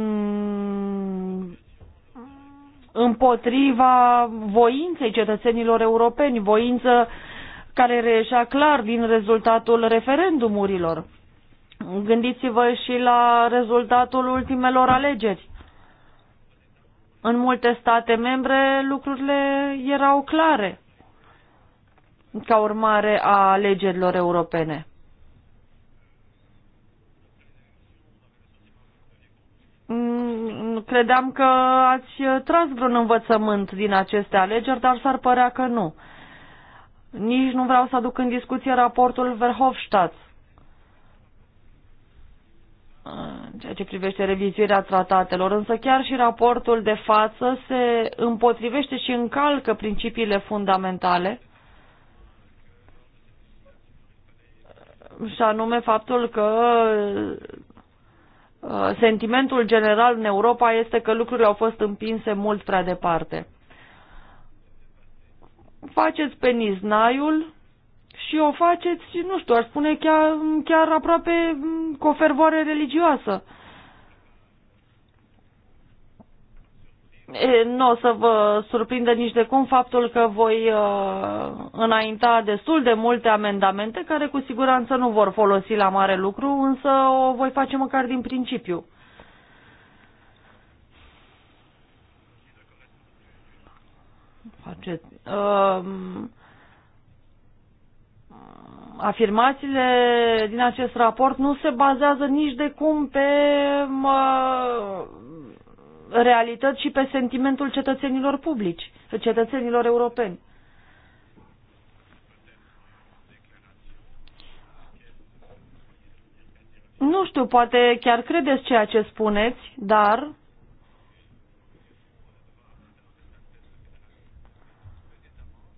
împotriva voinței cetățenilor europeni, voință care reieșea clar din rezultatul referendumurilor. Gândiți-vă și la rezultatul ultimelor alegeri. În multe state membre lucrurile erau clare ca urmare a alegerilor europene. Credeam că ați tras vreun învățământ din aceste alegeri, dar s-ar părea că nu. Nici nu vreau să aduc în discuție raportul Verhofstadt ceea ce privește revizuirea tratatelor, însă chiar și raportul de față se împotrivește și încalcă principiile fundamentale, și anume faptul că uh, sentimentul general în Europa este că lucrurile au fost împinse mult prea departe. Faceți pe niznaiul și o faceți, nu știu, aș spune chiar, chiar aproape mm, cu o fervoare religioasă. Nu o să vă surprindă nici de cum faptul că voi uh, înainta destul de multe amendamente care cu siguranță nu vor folosi la mare lucru, însă o voi face măcar din principiu. Faceți. Uh, afirmațiile din acest raport nu se bazează nici de cum pe mă, realități și pe sentimentul cetățenilor publici, cetățenilor europeni. Nu știu, poate chiar credeți ceea ce spuneți, dar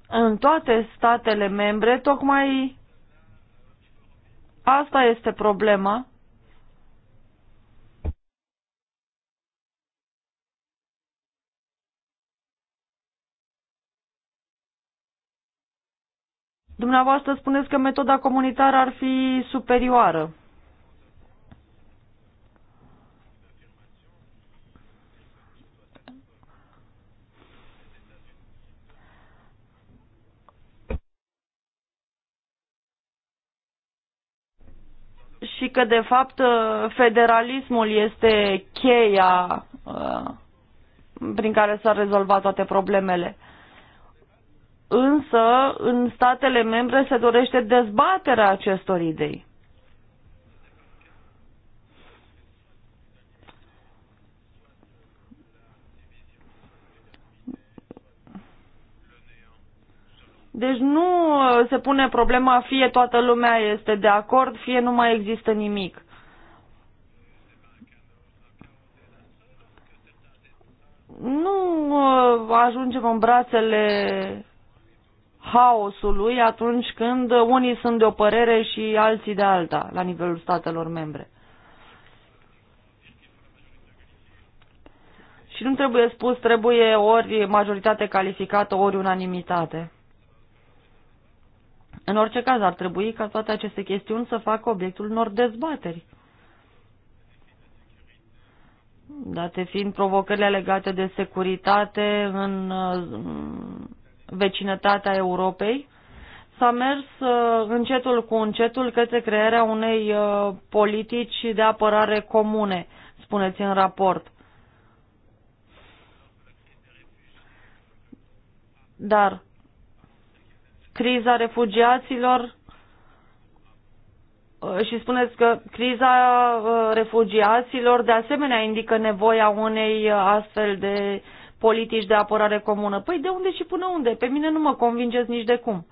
în toate statele membre, tocmai Asta este problema. Dumneavoastră spuneți că metoda comunitară ar fi superioară. și că, de fapt, uh, federalismul este cheia uh, prin care s-ar rezolva toate problemele. Însă, în statele membre se dorește dezbaterea acestor idei. Deci nu uh, se pune problema fie toată lumea este de acord, fie nu mai există nimic. Nu uh, ajungem în brațele haosului atunci când unii sunt de o părere și alții de alta la nivelul statelor membre. Și nu trebuie spus, trebuie ori majoritate calificată, ori unanimitate. În orice caz, ar trebui ca toate aceste chestiuni să facă obiectul unor dezbateri. Date fiind provocările legate de securitate în uh, vecinătatea Europei, s-a mers uh, încetul cu încetul către crearea unei uh, politici de apărare comune, spuneți în raport. Dar criza refugiaților uh, și spuneți că criza uh, refugiaților de asemenea indică nevoia unei uh, astfel de politici de apărare comună. Păi de unde și până unde? Pe mine nu mă convingeți nici de cum.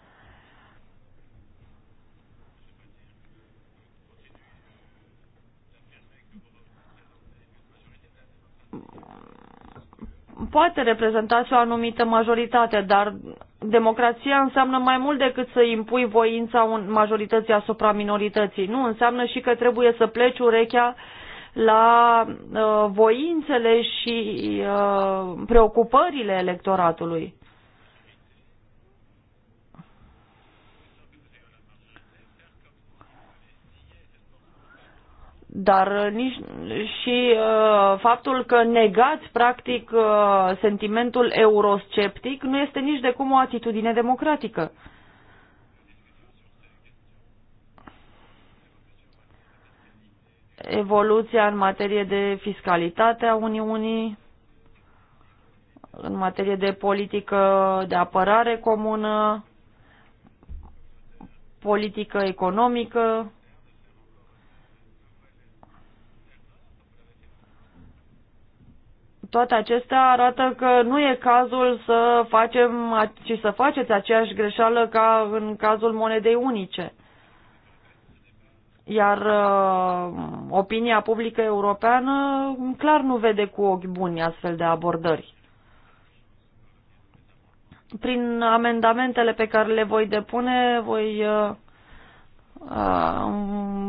poate reprezenta și o anumită majoritate, dar democrația înseamnă mai mult decât să impui voința majorității asupra minorității. Nu, înseamnă și că trebuie să pleci urechea la uh, voințele și uh, preocupările electoratului. dar uh, nici și uh, faptul că negați practic uh, sentimentul eurosceptic nu este nici de cum o atitudine democratică. Evoluția în materie de fiscalitate a Uniunii, în materie de politică de apărare comună, politică economică, Toate acestea arată că nu e cazul să facem și să faceți aceeași greșeală ca în cazul monedei unice. Iar uh, opinia publică europeană clar nu vede cu ochi buni astfel de abordări. Prin amendamentele pe care le voi depune, voi, uh, uh,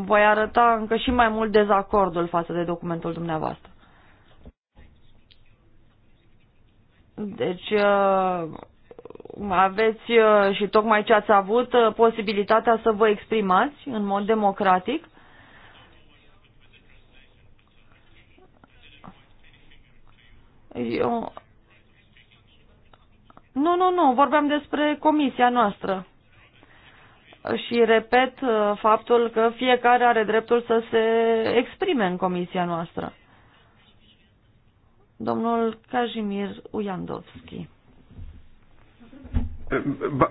voi arăta încă și mai mult dezacordul față de documentul dumneavoastră. Deci uh, aveți uh, și tocmai ce ați avut uh, posibilitatea să vă exprimați în mod democratic. Eu... Nu, nu, nu, vorbeam despre comisia noastră. Și repet faptul că fiecare are dreptul să se exprime în comisia noastră domnul Kazimir Ujandowski.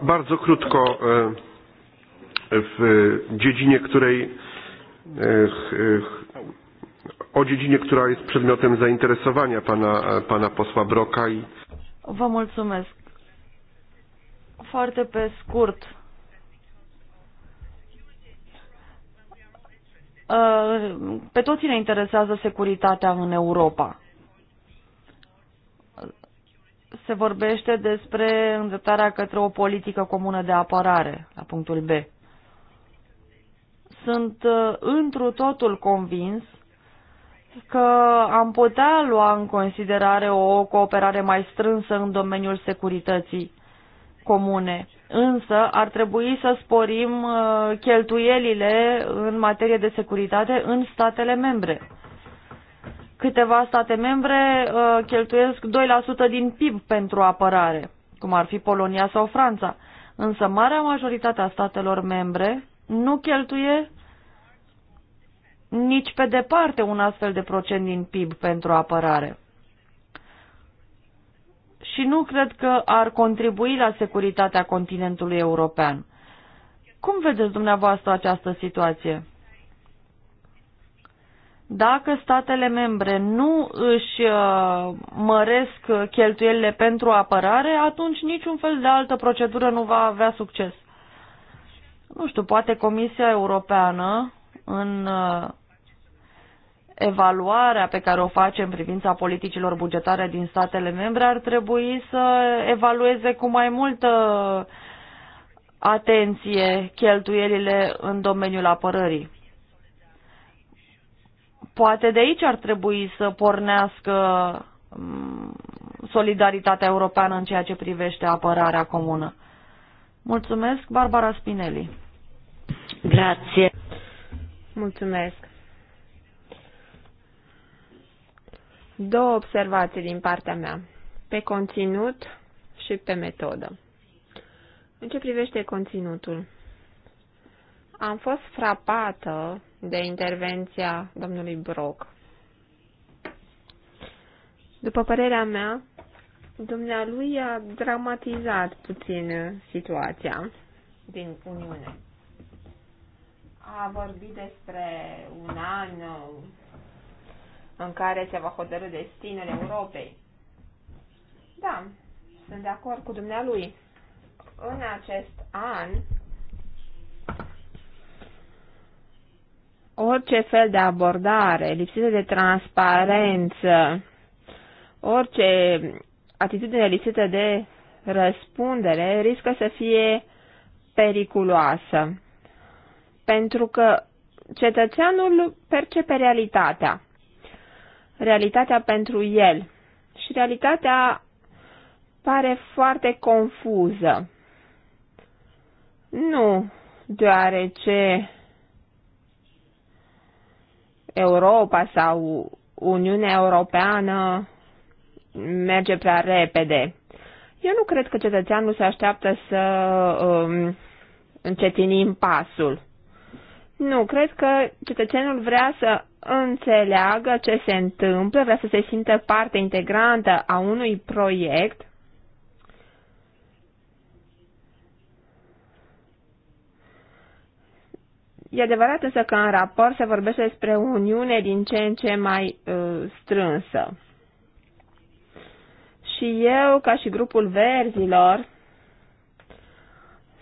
Bardzo krótko w dziedzinie, której o dziedzinie, która jest przedmiotem zainteresowania pana, pana posła Broka i Vă mulțumesc. Foarte pe scurt. Pe toți ne interesează securitatea în Europa se vorbește despre îndreptarea către o politică comună de apărare, la punctul B. Sunt uh, întru totul convins că am putea lua în considerare o cooperare mai strânsă în domeniul securității comune. Însă ar trebui să sporim uh, cheltuielile în materie de securitate în statele membre Câteva state membre uh, cheltuiesc 2% din PIB pentru apărare, cum ar fi Polonia sau Franța, însă marea majoritate a statelor membre nu cheltuie nici pe departe un astfel de procent din PIB pentru apărare. Și nu cred că ar contribui la securitatea continentului european. Cum vedeți dumneavoastră această situație? Dacă statele membre nu își uh, măresc cheltuielile pentru apărare, atunci niciun fel de altă procedură nu va avea succes. Nu știu, poate Comisia Europeană în uh, evaluarea pe care o face în privința politicilor bugetare din statele membre ar trebui să evalueze cu mai multă atenție cheltuielile în domeniul apărării. Poate de aici ar trebui să pornească mm, solidaritatea europeană în ceea ce privește apărarea comună. Mulțumesc, Barbara Spinelli. Grație. Mulțumesc. Două observații din partea mea, pe conținut și pe metodă. În ce privește conținutul? Am fost frapată de intervenția domnului Brock. După părerea mea, dumnealui a dramatizat puțin situația din Uniune. A vorbit despre un an în care se va hotărâ destinul Europei. Da, sunt de acord cu dumnealui. În acest an, orice fel de abordare lipsită de transparență, orice atitudine lipsită de răspundere riscă să fie periculoasă. Pentru că cetățeanul percepe realitatea. Realitatea pentru el. Și realitatea pare foarte confuză. Nu deoarece Europa sau Uniunea Europeană merge prea repede. Eu nu cred că cetățeanul se așteaptă să um, încetinim pasul. Nu, cred că cetățenul vrea să înțeleagă ce se întâmplă, vrea să se simtă parte integrantă a unui proiect E adevărat însă că în raport se vorbește despre o uniune din ce în ce mai uh, strânsă. Și eu, ca și grupul verzilor,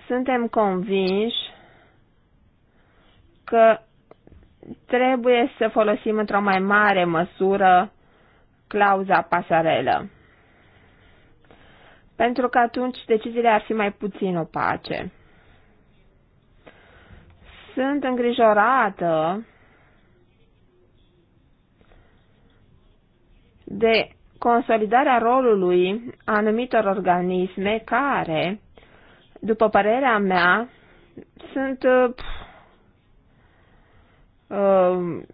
suntem convinși că trebuie să folosim într-o mai mare măsură clauza pasarelă. Pentru că atunci deciziile ar fi mai puțin opace. Sunt îngrijorată de consolidarea rolului anumitor organisme care, după părerea mea, sunt pf, uh, um,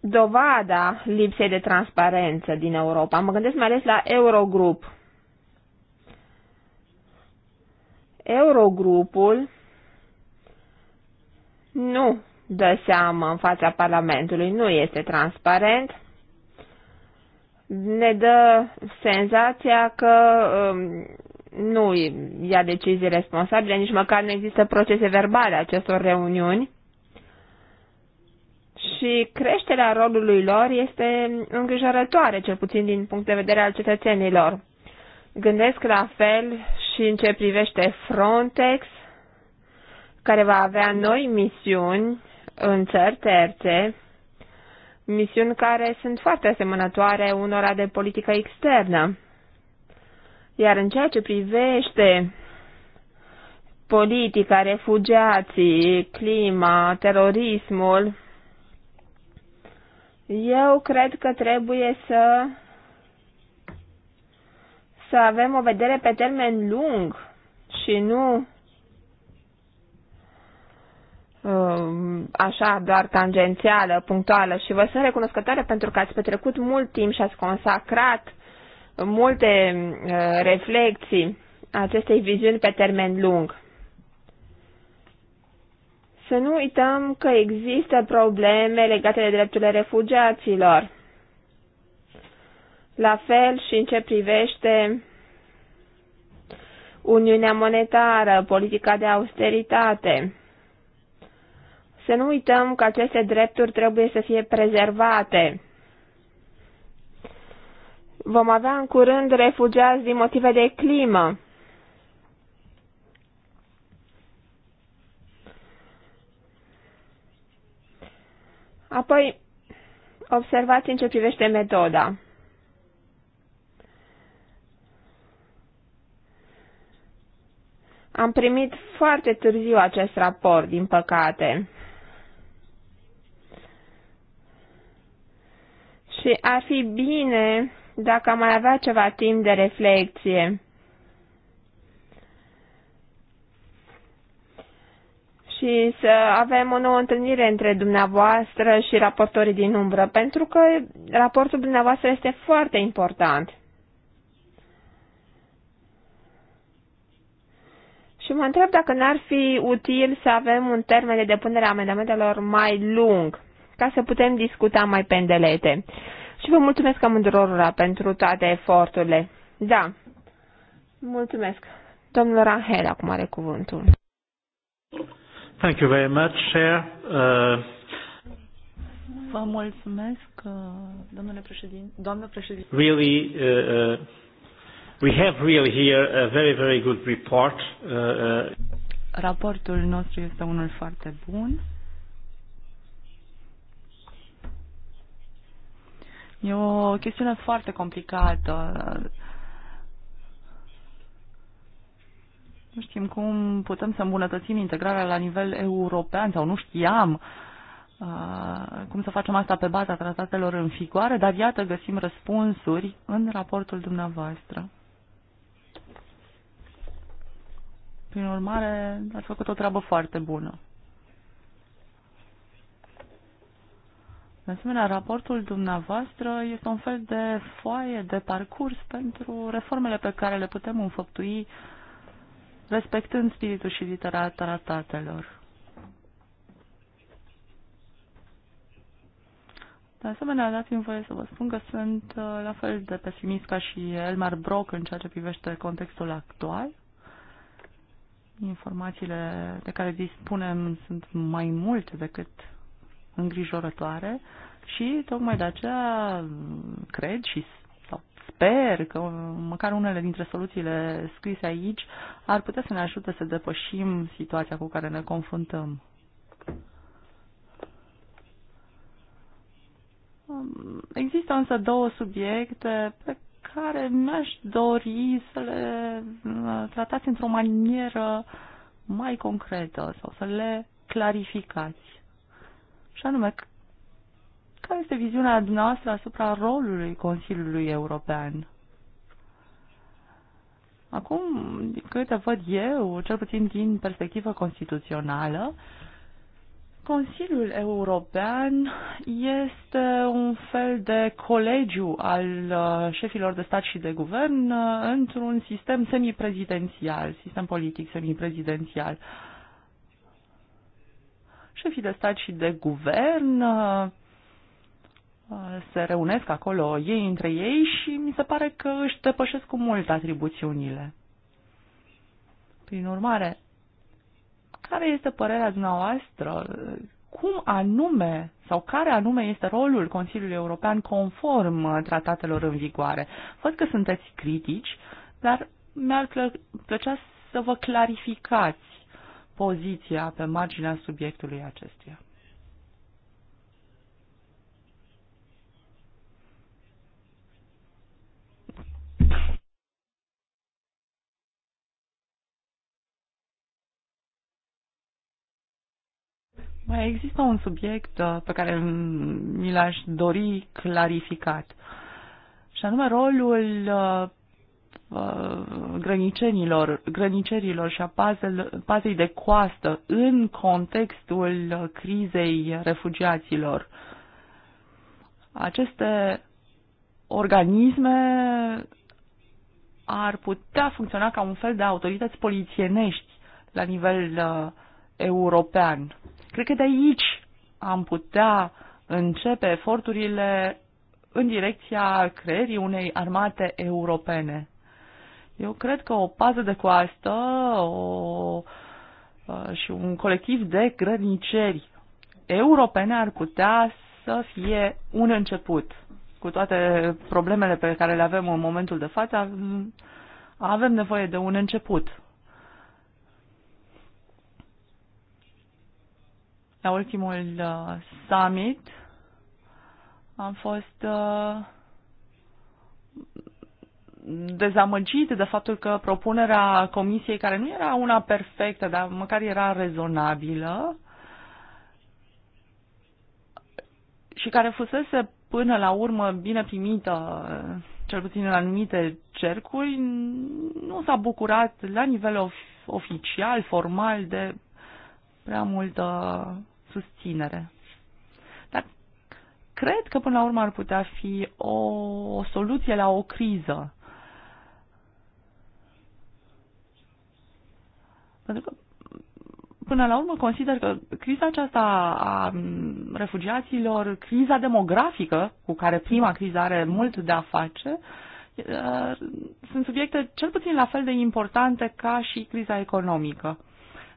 dovada lipsei de transparență din Europa. Mă gândesc mai ales la Eurogrup. Eurogrupul nu dă seamă în fața Parlamentului, nu este transparent, ne dă senzația că um, nu ia decizii responsabile, nici măcar nu există procese verbale acestor reuniuni și creșterea rolului lor este îngrijorătoare, cel puțin din punct de vedere al cetățenilor. Gândesc la fel și în ce privește Frontex, care va avea noi misiuni în țări terțe, misiuni care sunt foarte asemănătoare unora de politică externă. Iar în ceea ce privește politica, refugiații, clima, terorismul, eu cred că trebuie să să avem o vedere pe termen lung și nu Um, așa doar tangențială, punctuală și vă sunt recunoscătoare pentru că ați petrecut mult timp și ați consacrat multe uh, reflexii acestei viziuni pe termen lung. Să nu uităm că există probleme legate de drepturile refugiaților. La fel și în ce privește Uniunea Monetară, politica de austeritate. Să nu uităm că aceste drepturi trebuie să fie prezervate. Vom avea în curând refugiați din motive de climă. Apoi, observați în ce privește metoda. Am primit foarte târziu acest raport, din păcate. Și ar fi bine dacă am mai avea ceva timp de reflecție și să avem o nouă întâlnire între dumneavoastră și raportorii din umbră, pentru că raportul dumneavoastră este foarte important. Și mă întreb dacă n-ar fi util să avem un termen de depunere a amendamentelor mai lung ca să putem discuta mai pendelete. Și vă mulțumesc amândurora pentru toate eforturile. Da, mulțumesc. Domnul Rahel acum are cuvântul. Thank you very much, Chair. Uh... Vă mulțumesc, uh, domnule președinte, doamnă președinte. Really, uh, uh, we have really here a very, very good report. Uh, uh... Raportul nostru este unul foarte bun. E o chestiune foarte complicată. Nu știm cum putem să îmbunătățim integrarea la nivel european sau nu știam uh, cum să facem asta pe baza tratatelor în figoare, dar iată găsim răspunsuri în raportul dumneavoastră. Prin urmare, ați făcut o treabă foarte bună. De asemenea, raportul dumneavoastră este un fel de foaie de parcurs pentru reformele pe care le putem înfăptui respectând spiritul și litera tratatelor. De asemenea, dați-mi voie să vă spun că sunt uh, la fel de pesimist ca și Elmar Brock în ceea ce privește contextul actual. Informațiile de care dispunem sunt mai multe decât îngrijorătoare și tocmai de aceea cred și sau sper că măcar unele dintre soluțiile scrise aici ar putea să ne ajute să depășim situația cu care ne confruntăm. Există însă două subiecte pe care mi-aș dori să le uh, tratați într-o manieră mai concretă sau să le clarificați și anume, care este viziunea dumneavoastră asupra rolului Consiliului European? Acum, din câte văd eu, cel puțin din perspectivă constituțională, Consiliul European este un fel de colegiu al uh, șefilor de stat și de guvern uh, într-un sistem semiprezidențial, sistem politic semiprezidențial șefii de stat și de guvern uh, se reunesc acolo ei între ei și mi se pare că își depășesc cu mult atribuțiunile. Prin urmare, care este părerea dumneavoastră? Cum anume sau care anume este rolul Consiliului European conform uh, tratatelor în vigoare? Văd că sunteți critici, dar mi-ar plăcea să vă clarificați poziția pe marginea subiectului acestuia. Mai există un subiect uh, pe care mi l-aș dori clarificat, și anume rolul uh, Uh, grănicenilor, grănicerilor și a pazei de coastă în contextul crizei refugiaților. Aceste organisme ar putea funcționa ca un fel de autorități polițienești la nivel uh, european. Cred că de aici am putea începe eforturile în direcția creierii unei armate europene. Eu cred că o pază de coastă o, și un colectiv de grădiniceri europene ar putea să fie un început. Cu toate problemele pe care le avem în momentul de față, avem nevoie de un început. La ultimul summit am fost dezamăgit de faptul că propunerea comisiei, care nu era una perfectă, dar măcar era rezonabilă, și care fusese până la urmă bine primită, cel puțin în anumite cercuri, nu s-a bucurat la nivel of- oficial, formal, de prea multă susținere. Dar cred că până la urmă ar putea fi o soluție la o criză. Pentru că, până la urmă, consider că criza aceasta a refugiaților, criza demografică, cu care prima criză are mult de a face, eh, sunt subiecte cel puțin la fel de importante ca și criza economică.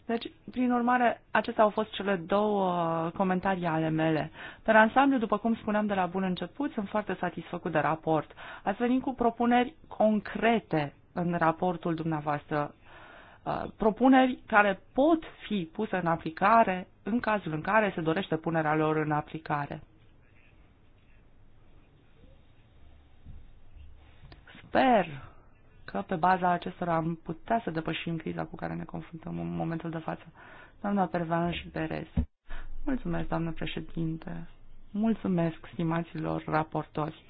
Deci, prin urmare, acestea au fost cele două eh, comentarii ale mele. Dar ansamblu, după cum spuneam de la bun început, sunt foarte satisfăcut de raport. Ați venit cu propuneri concrete în raportul dumneavoastră. Uh, propuneri care pot fi puse în aplicare în cazul în care se dorește punerea lor în aplicare. Sper că pe baza acestora am putea să depășim criza cu care ne confruntăm în momentul de față. Doamna Pervan și Perez. Mulțumesc, doamnă președinte. Mulțumesc, stimaților raportori.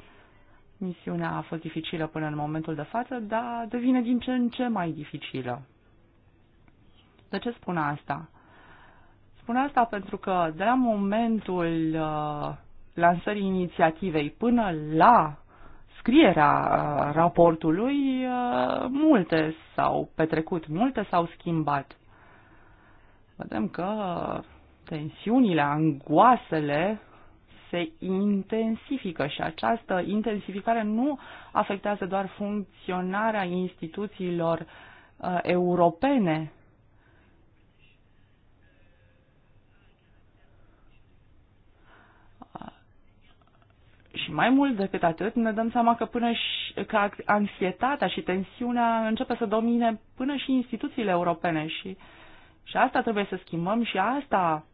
Misiunea a fost dificilă până în momentul de față, dar devine din ce în ce mai dificilă. De ce spun asta? Spun asta pentru că de la momentul uh, lansării inițiativei până la scrierea uh, raportului, uh, multe s-au petrecut, multe s-au schimbat. Vedem că tensiunile, angoasele se intensifică și această intensificare nu afectează doar funcționarea instituțiilor uh, europene, Și mai mult decât atât, ne dăm seama că până și, că anxietatea și tensiunea începe să domine până și instituțiile europene și, și asta trebuie să schimbăm și asta,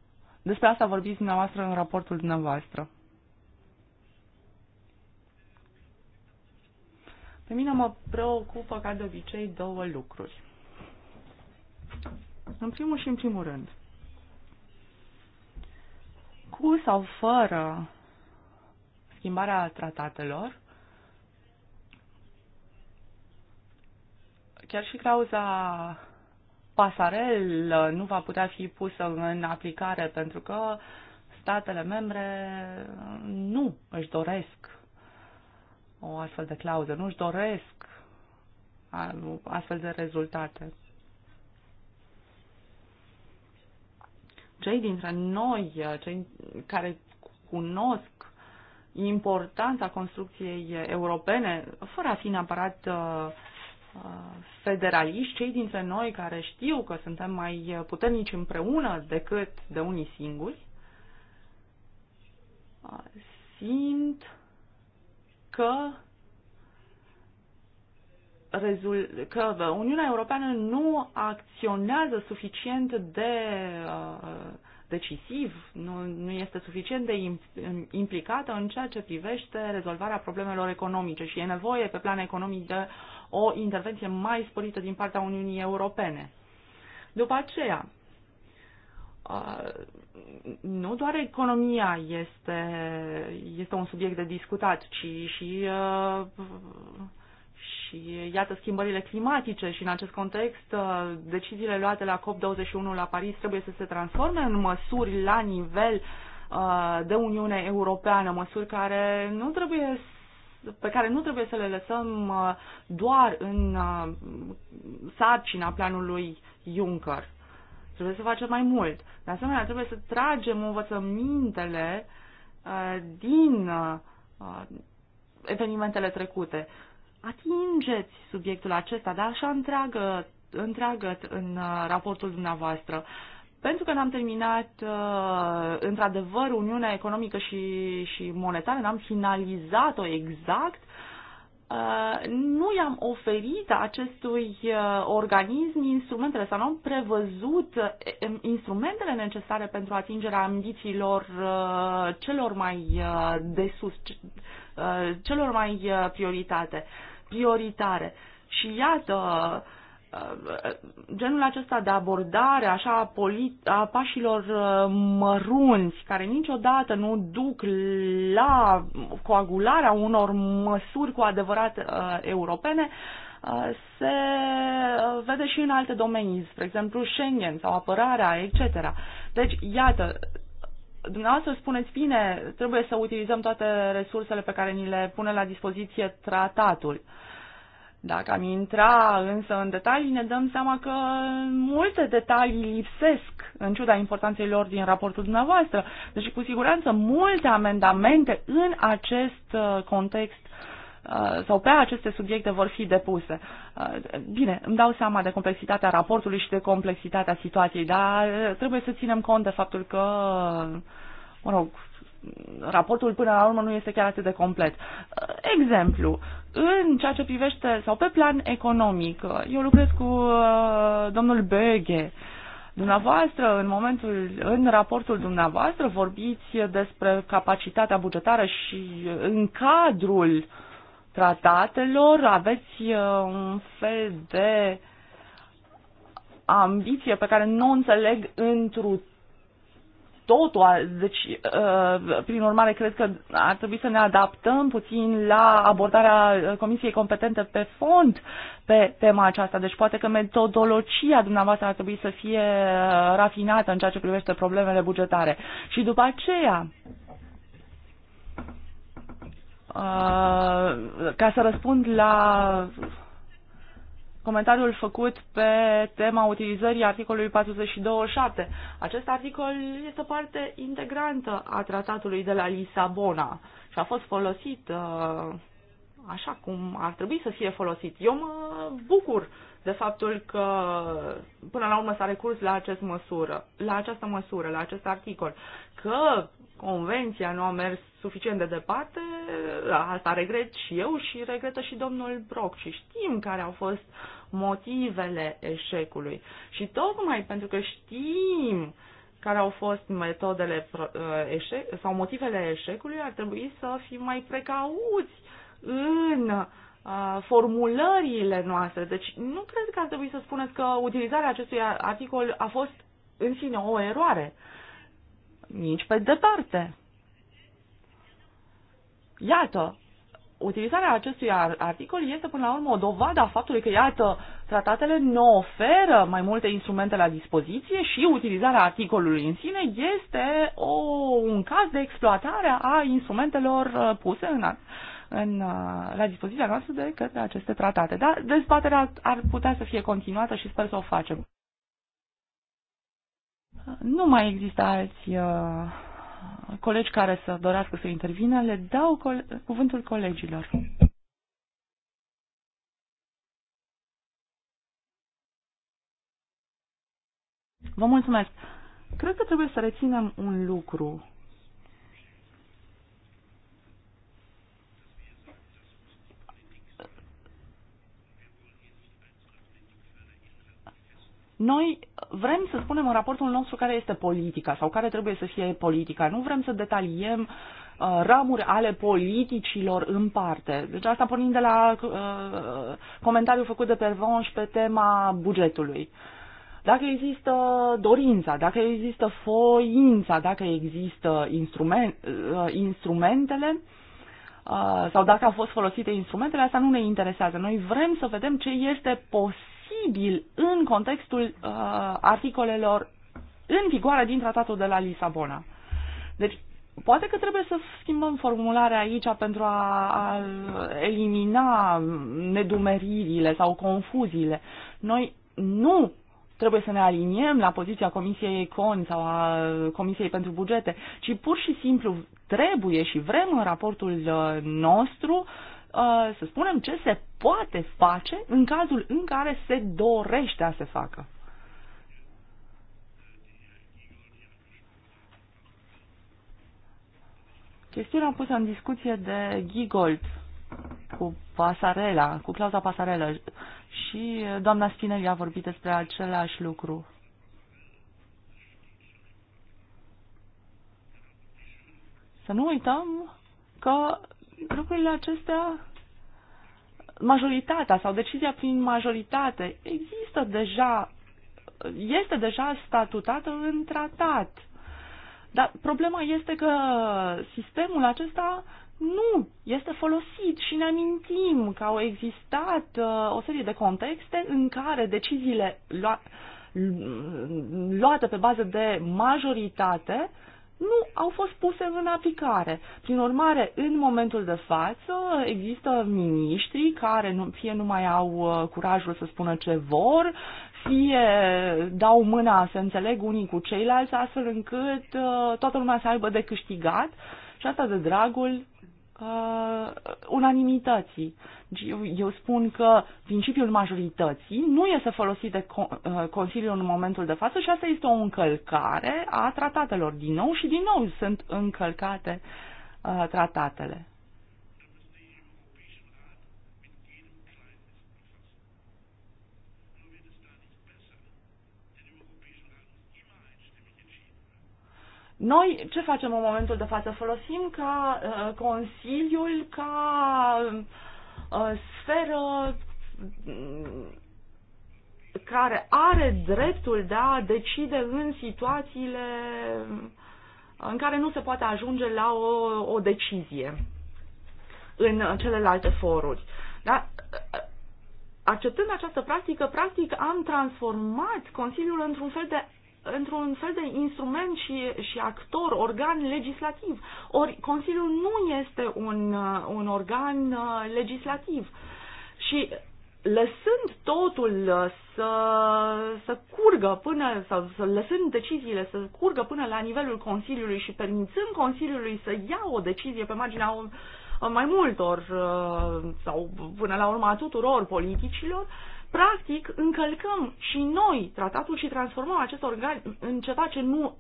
despre asta vorbiți dumneavoastră în raportul dumneavoastră. Pe mine mă preocupă, ca de obicei, două lucruri. În primul și în primul rând, cu sau fără schimbarea tratatelor, chiar și clauza pasarel nu va putea fi pusă în aplicare pentru că statele membre nu își doresc o astfel de clauză, nu își doresc astfel de rezultate. Cei dintre noi, cei care cunosc importanța construcției europene, fără a fi neapărat uh, uh, federaliști, cei dintre noi care știu că suntem mai puternici împreună decât de unii singuri, uh, simt că că Uniunea Europeană nu acționează suficient de uh, decisiv, nu, nu este suficient de implicată în ceea ce privește rezolvarea problemelor economice și e nevoie pe plan economic de o intervenție mai sporită din partea Uniunii Europene. După aceea, nu doar economia este, este un subiect de discutat, ci și uh, și iată schimbările climatice și în acest context uh, deciziile luate la COP21 la Paris trebuie să se transforme în măsuri la nivel uh, de Uniune Europeană, măsuri care nu trebuie pe care nu trebuie să le lăsăm uh, doar în sarcina planului Juncker. Trebuie să facem mai mult. De asemenea, trebuie să tragem învățămintele din evenimentele trecute atingeți subiectul acesta, dar așa întreagă, întreagă în uh, raportul dumneavoastră. Pentru că n-am terminat, uh, într-adevăr, Uniunea Economică și, și Monetară, n-am finalizat-o exact, uh, nu i-am oferit acestui organism instrumentele sau nu am prevăzut instrumentele necesare pentru atingerea ambițiilor celor mai de sus, celor mai prioritate prioritare. Și iată, genul acesta de abordare așa a pașilor uh, mărunți, care niciodată nu duc la coagularea unor măsuri cu adevărat uh, europene, uh, se vede și în alte domenii, spre exemplu Schengen sau apărarea, etc. Deci, iată, Dumneavoastră spuneți bine, trebuie să utilizăm toate resursele pe care ni le pune la dispoziție tratatul. Dacă am intra însă în detalii, ne dăm seama că multe detalii lipsesc, în ciuda importanței lor din raportul dumneavoastră. Deci, cu siguranță, multe amendamente în acest uh, context Uh, sau pe aceste subiecte vor fi depuse. Uh, bine, îmi dau seama de complexitatea raportului și de complexitatea situației, dar uh, trebuie să ținem cont de faptul că, mă rog, raportul până la urmă nu este chiar atât de complet. Exemplu, în ceea ce privește, sau pe plan economic, eu lucrez cu domnul Beghe. Dumneavoastră, în momentul, în raportul dumneavoastră, vorbiți despre capacitatea bugetară și în cadrul uh, tratatelor, aveți uh, un fel de ambiție pe care nu o înțeleg întru totul. Deci, uh, prin urmare, cred că ar trebui să ne adaptăm puțin la abordarea Comisiei competente pe fond pe tema aceasta. Deci, poate că metodologia dumneavoastră ar trebui să fie uh, rafinată în ceea ce privește problemele bugetare. Și după aceea, Uh, ca să răspund la comentariul făcut pe tema utilizării articolului 42.7. Acest articol este parte integrantă a tratatului de la Lisabona și a fost folosit uh, așa cum ar trebui să fie folosit. Eu mă bucur de faptul că până la urmă s-a recurs la, acest măsură, la această măsură, la acest articol, că convenția nu a mers suficient de departe, asta regret și eu și regretă și domnul Brock și știm care au fost motivele eșecului. Și tocmai pentru că știm care au fost metodele uh, eșec, sau motivele eșecului, ar trebui să fim mai precauți în uh, formulările noastre. Deci nu cred că ar trebui să spuneți că utilizarea acestui articol a fost în sine o eroare. Uh, nici pe departe. Iată, utilizarea acestui articol este până la urmă o dovadă a faptului că, iată, tratatele nu oferă mai multe instrumente la dispoziție și utilizarea articolului în sine este o, un caz de exploatare a instrumentelor uh, puse în, în, uh, la dispoziția noastră de către aceste tratate. Dar dezbaterea ar putea să fie continuată și sper să o facem. Nu mai există alți uh, colegi care să dorească să intervină. Le dau cuvântul colegilor. Vă mulțumesc. Cred că trebuie să reținem un lucru Noi vrem să spunem în raportul nostru care este politica sau care trebuie să fie politica. Nu vrem să detaliem uh, ramuri ale politicilor în parte. Deci asta pornind de la uh, comentariul făcut de Pervonș pe tema bugetului. Dacă există dorința, dacă există foința, dacă există instrument, uh, instrumentele, uh, sau dacă au fost folosite instrumentele, asta nu ne interesează. Noi vrem să vedem ce este posibil posibil în contextul uh, articolelor în vigoare din tratatul de la Lisabona. Deci, poate că trebuie să schimbăm formularea aici pentru a, a elimina nedumeririle sau confuziile. Noi nu trebuie să ne aliniem la poziția Comisiei Econ sau a Comisiei pentru Bugete, ci pur și simplu trebuie și vrem în raportul uh, nostru uh, Uh, să spunem ce se poate face în cazul în care se dorește a se facă. Chestiunea pusă în discuție de Gigold cu pasarela, cu clauza pasarela și uh, doamna Spinelli a vorbit despre același lucru. Să nu uităm că lucrurile acestea, majoritatea sau decizia prin majoritate există deja, este deja statutată în tratat. Dar problema este că sistemul acesta nu este folosit și ne amintim că au existat uh, o serie de contexte în care deciziile lua, luate pe bază de majoritate nu au fost puse în aplicare. Prin urmare, în momentul de față există miniștri care nu, fie nu mai au uh, curajul să spună ce vor, fie dau mâna să înțeleg unii cu ceilalți astfel încât uh, toată lumea să aibă de câștigat și asta de dragul uh, unanimității. Eu spun că principiul majorității nu este folosit de uh, Consiliul în momentul de față și asta este o încălcare a tratatelor din nou și din nou sunt încălcate uh, tratatele. Noi ce facem în momentul de față? Folosim ca uh, Consiliul, ca uh, sferă mm, care are dreptul de a decide în situațiile în care nu se poate ajunge la o, o decizie în celelalte foruri. Dar uh, Acceptând această practică, practic am transformat Consiliul într-un fel de într-un fel de instrument și, și actor, organ legislativ. Ori Consiliul nu este un, uh, un organ uh, legislativ. Și lăsând totul uh, să, să curgă până, sau să lăsând deciziile să curgă până la nivelul Consiliului și permițând Consiliului să ia o decizie pe marginea mai multor sau până la urma tuturor politicilor, practic încălcăm și noi tratatul și transformăm acest organ în ceva ce nu,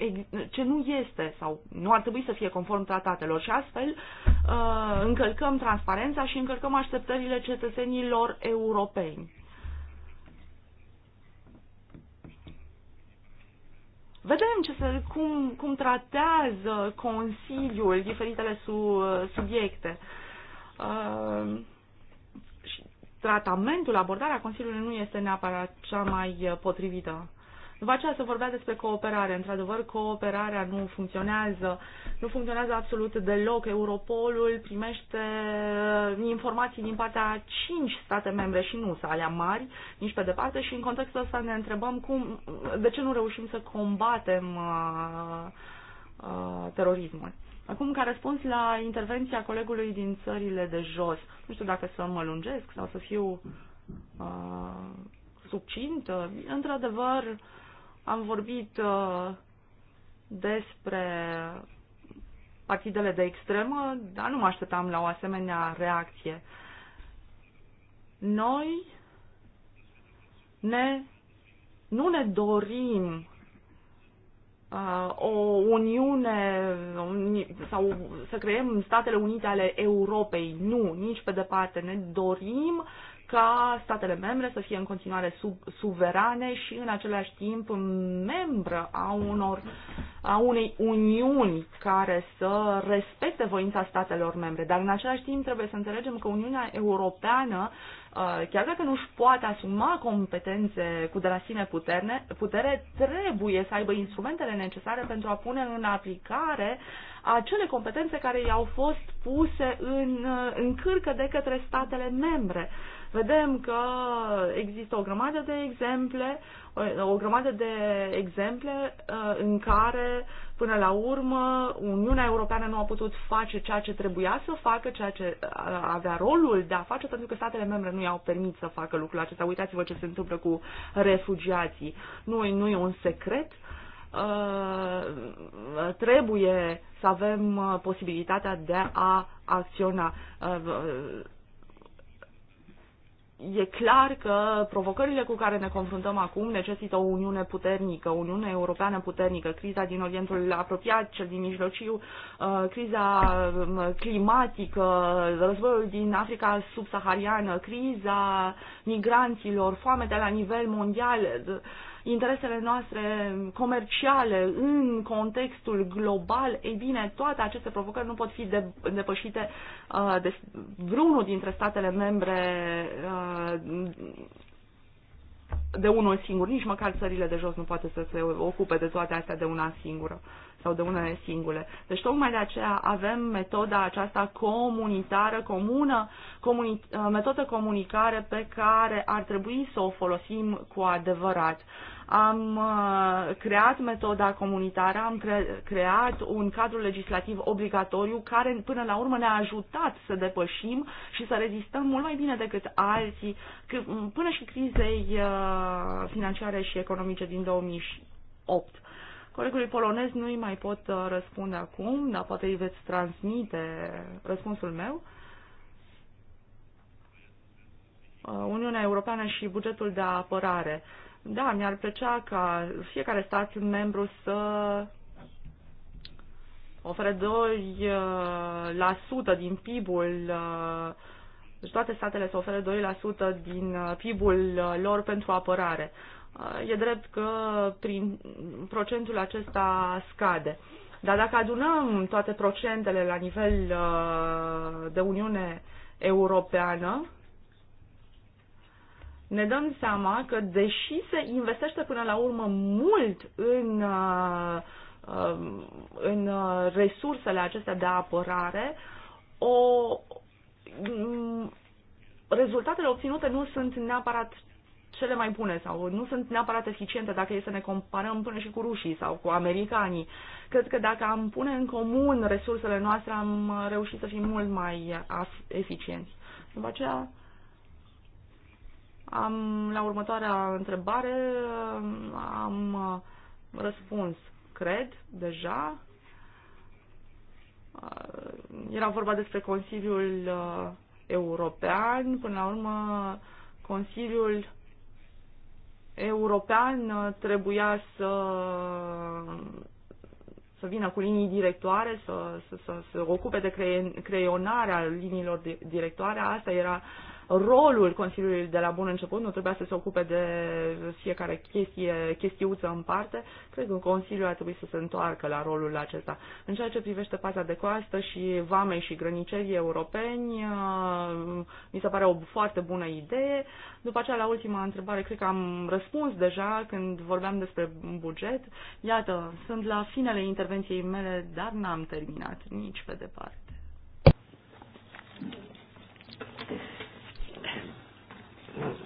ce nu este sau nu ar trebui să fie conform tratatelor și astfel uh, încălcăm transparența și încălcăm așteptările cetățenilor europeni. Vedem ce se, cum, cum tratează Consiliul diferitele su, subiecte. Uh, tratamentul, abordarea Consiliului nu este neapărat cea mai uh, potrivită. După aceea se vorbea despre cooperare. Într-adevăr, cooperarea nu funcționează, nu funcționează absolut deloc. Europolul primește uh, informații din partea cinci state membre și nu sale mari, nici pe departe și în contextul ăsta ne întrebăm cum, de ce nu reușim să combatem uh, uh, terorismul. Acum, ca răspuns la intervenția colegului din țările de jos, nu știu dacă să mă lungesc sau să fiu uh, subcintă, într-adevăr, am vorbit uh, despre partidele de extremă, dar nu mă așteptam la o asemenea reacție. Noi ne, nu ne dorim Uh, o uniune sau să creăm Statele Unite ale Europei. Nu, nici pe departe. Ne dorim ca statele membre să fie în continuare sub, suverane și în același timp membră a, unor, a unei uniuni care să respecte voința statelor membre. Dar în același timp trebuie să înțelegem că Uniunea Europeană Uh, chiar dacă nu își poate asuma competențe cu de la sine puterne, putere, trebuie să aibă instrumentele necesare pentru a pune în aplicare acele competențe care i-au fost puse în, uh, în cârcă de către statele membre. Uh, vedem că există o grămadă de exemple, o, o grămadă de exemple uh, în care, până la urmă, Uniunea Europeană nu a putut face ceea ce trebuia să facă, ceea ce uh, avea rolul de a face, pentru că statele membre nu i-au permis să facă lucrul acesta. Uitați-vă ce se întâmplă cu refugiații. Nu, nu e un secret. Uh, trebuie să avem uh, posibilitatea de a acționa. Uh, e clar că provocările cu care ne confruntăm acum necesită o Uniune puternică, o Uniune Europeană puternică, criza din Orientul apropiat, cel din mijlociu, uh, criza um, climatică, războiul din Africa subsahariană, criza migranților, foamea la nivel mondial interesele noastre comerciale în contextul global, ei bine, toate aceste provocări nu pot fi de, depășite uh, de vreunul dintre statele membre uh, de unul singur. Nici măcar țările de jos nu poate să se ocupe de toate astea de una singură sau de unele singure. Deci tocmai de aceea avem metoda aceasta comunitară, comună, comuni, uh, metodă comunicare pe care ar trebui să o folosim cu adevărat. Uh, am uh, creat metoda comunitară, am creat un cadru legislativ obligatoriu care până la urmă ne-a ajutat să depășim și să rezistăm mult mai bine decât alții, până și crizei uh, financiare și economice din 2008. Colegului polonez nu-i mai pot uh, răspunde acum, dar poate îi veți transmite răspunsul meu. Uniunea Europeană și bugetul de apărare. Uh, da, mi-ar plăcea ca fiecare stat membru să ofere 2% uh, din PIB-ul, uh, deci toate statele să ofere 2% din uh, PIB-ul lor pentru apărare. E drept că prin procentul acesta scade. Dar dacă adunăm toate procentele la nivel de Uniune Europeană, ne dăm seama că deși se investește până la urmă mult în, uh, um, în uh, resursele acestea de apărare, o, mm, rezultatele obținute nu sunt neapărat cele mai bune sau nu sunt neapărat eficiente dacă e să ne comparăm până și cu rușii sau cu americanii. Cred că dacă am pune în comun resursele noastre am reușit să fim mult mai eficienți. După aceea, am, la următoarea întrebare am uh, răspuns, cred, deja. Uh, era vorba despre Consiliul uh, European, până la urmă Consiliul European trebuia să să vină cu linii directoare, să, să, să se ocupe de creionarea liniilor directoare. Asta era uh, rolul Consiliului de la bun început, nu trebuia să se ocupe de fiecare chestie, chestiuță în parte, cred că Consiliul ar trebui să se întoarcă la rolul acesta. În ceea ce privește paza de coastă și vamei și grănicerii europeni, uh, mi se pare o foarte bună idee. După aceea, la ultima întrebare, cred că am răspuns deja când vorbeam despre buget. Iată, sunt la finele intervenției mele, dar n-am terminat nici pe departe.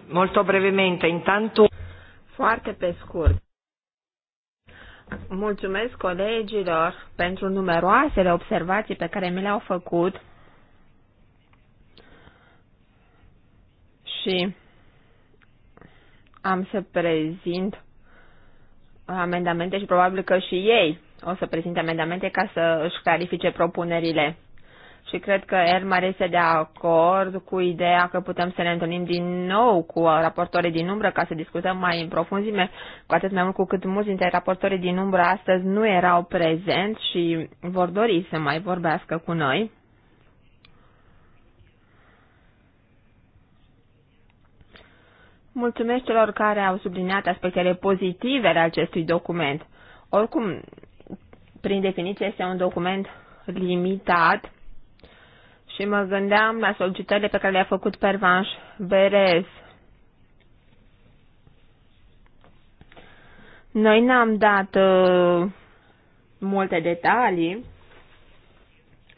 Molto brevemente, intanto... Foarte pe scurt. Mulțumesc colegilor pentru numeroasele observații pe care mi le-au făcut și am să prezint amendamente și probabil că și ei o să prezinte amendamente ca să își clarifice propunerile și cred că Elmar este de acord cu ideea că putem să ne întâlnim din nou cu raportorii din umbră ca să discutăm mai în profunzime, cu atât mai mult cu cât mulți dintre raportorii din umbră astăzi nu erau prezenți și vor dori să mai vorbească cu noi. Mulțumesc celor care au subliniat aspectele pozitive ale acestui document. Oricum, prin definiție, este un document limitat și mă gândeam la solicitările pe care le-a făcut Pervanș Berez. Noi n-am dat uh, multe detalii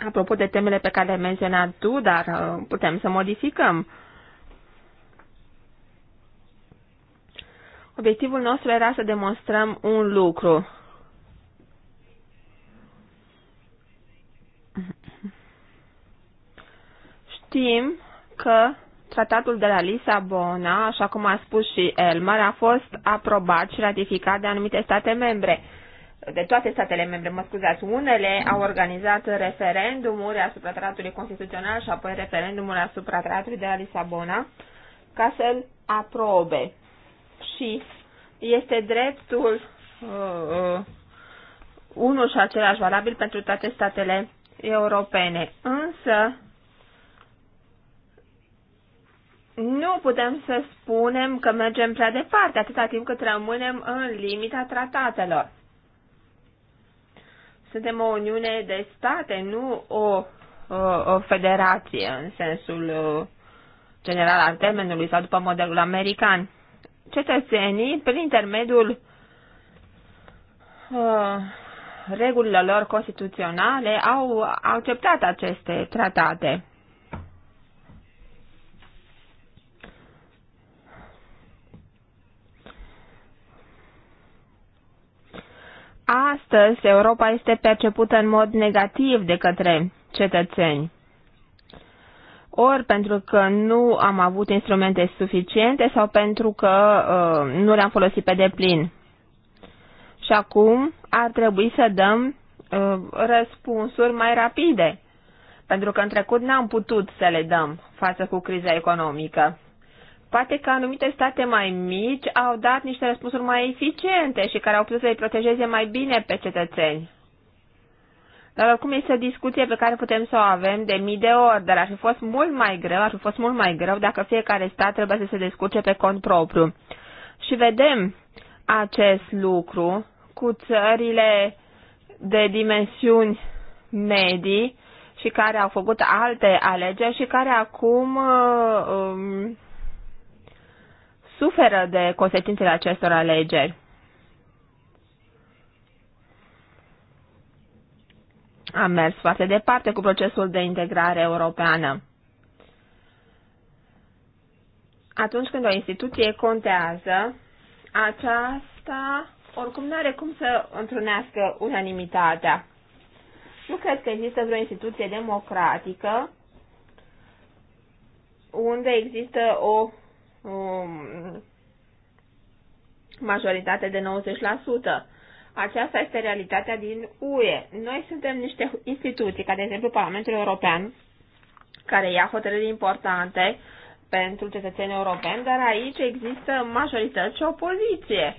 apropo de temele pe care le-ai menționat tu, dar uh, putem să modificăm. Obiectivul nostru era să demonstrăm un lucru, Știm că tratatul de la Lisabona, așa cum a spus și Elmar, a fost aprobat și ratificat de anumite state membre de toate statele membre, mă scuzați, unele au organizat referendumuri asupra tratului constituțional și apoi referendumul asupra tratului de la Lisabona ca să-l aprobe. Și este dreptul uh, uh, unul și același valabil pentru toate statele europene. Însă, nu putem să spunem că mergem prea departe, atâta timp cât rămânem în limita tratatelor. Suntem o uniune de state, nu o, o, o federație în sensul general al termenului sau după modelul american. Cetățenii, prin intermediul uh, regulilor lor constituționale, au acceptat aceste tratate. astăzi Europa este percepută în mod negativ de către cetățeni. Ori pentru că nu am avut instrumente suficiente sau pentru că uh, nu le-am folosit pe deplin. Și acum ar trebui să dăm uh, răspunsuri mai rapide, pentru că în trecut n-am putut să le dăm față cu criza economică. Poate că anumite state mai mici au dat niște răspunsuri mai eficiente și care au putut să-i protejeze mai bine pe cetățeni. Dar oricum este o discuție pe care putem să o avem de mii de ori, dar ar fi fost mult mai greu, ar fi fost mult mai greu dacă fiecare stat trebuie să se descurce pe cont propriu. Și vedem acest lucru cu țările de dimensiuni medii și care au făcut alte alegeri și care acum uh, um, suferă de consecințele acestor alegeri. Am mers foarte departe cu procesul de integrare europeană. Atunci când o instituție contează, aceasta oricum nu are cum să întrunească unanimitatea. Nu cred că există vreo instituție democratică unde există o o majoritate de 90%. Aceasta este realitatea din UE. Noi suntem niște instituții, ca de exemplu Parlamentul European, care ia hotărâri importante pentru cetățenii europeni, dar aici există majorități și opoziție.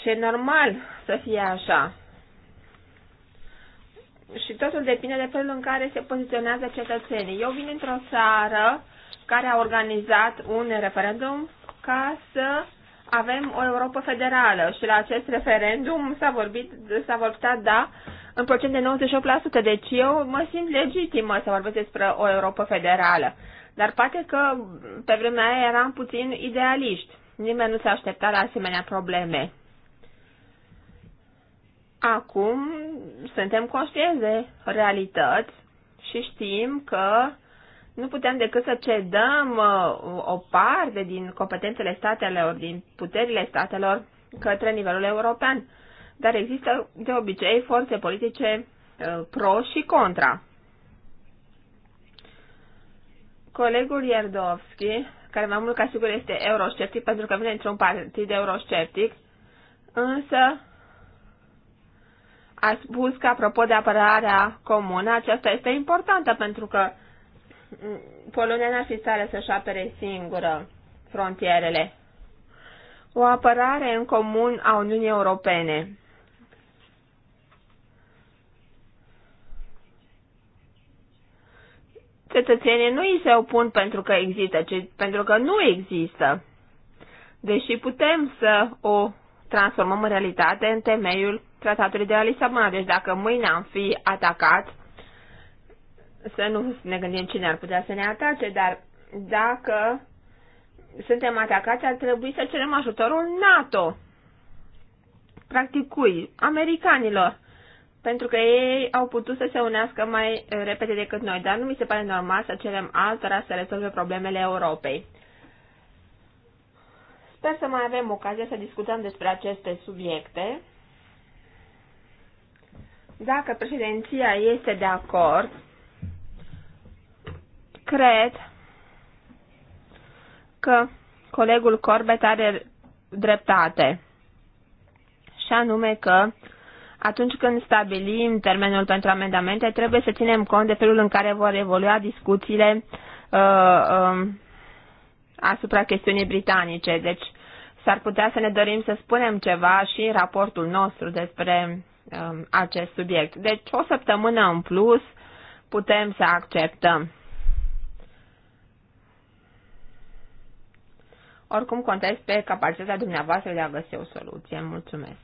Și e normal să fie așa. Și totul depinde de felul în care se poziționează cetățenii. Eu vin într-o țară care a organizat un referendum ca să avem o Europa federală și la acest referendum s-a vorbit, s-a votat da în procent de 98%, deci eu mă simt legitimă să vorbesc despre o Europa federală. Dar poate că pe vremea aia eram puțin idealiști. Nimeni nu se aștepta la asemenea probleme. Acum suntem conștienți de realități și știm că nu putem decât să cedăm uh, o parte din competențele statelor, din puterile statelor către nivelul european. Dar există de obicei forțe politice uh, pro și contra. Colegul Ierdovski, care mai mult ca sigur este eurosceptic pentru că vine într-un partid eurosceptic, însă a spus că apropo de apărarea comună, aceasta este importantă pentru că Polonia n-ar fi stare să-și apere singură frontierele. O apărare în comun a Uniunii Europene. Cetățenii nu îi se opun pentru că există, ci pentru că nu există. Deși putem să o transformăm în realitate în temeiul Tratatului de la Lisabona. Deci dacă mâine am fi atacat, să nu ne gândim cine ar putea să ne atace, dar dacă suntem atacați, ar trebui să cerem ajutorul NATO. Practic cui? Americanilor. Pentru că ei au putut să se unească mai repede decât noi, dar nu mi se pare normal să cerem altora să rezolve problemele Europei. Sper să mai avem ocazia să discutăm despre aceste subiecte. Dacă președinția este de acord Cred că colegul Corbet are dreptate. Și anume că atunci când stabilim termenul pentru amendamente, trebuie să ținem cont de felul în care vor evolua discuțiile uh, uh, asupra chestiunii britanice. Deci s-ar putea să ne dorim să spunem ceva și în raportul nostru despre uh, acest subiect. Deci o săptămână în plus putem să acceptăm. Oricum contez pe capacitatea dumneavoastră de a găsi o soluție. Mulțumesc.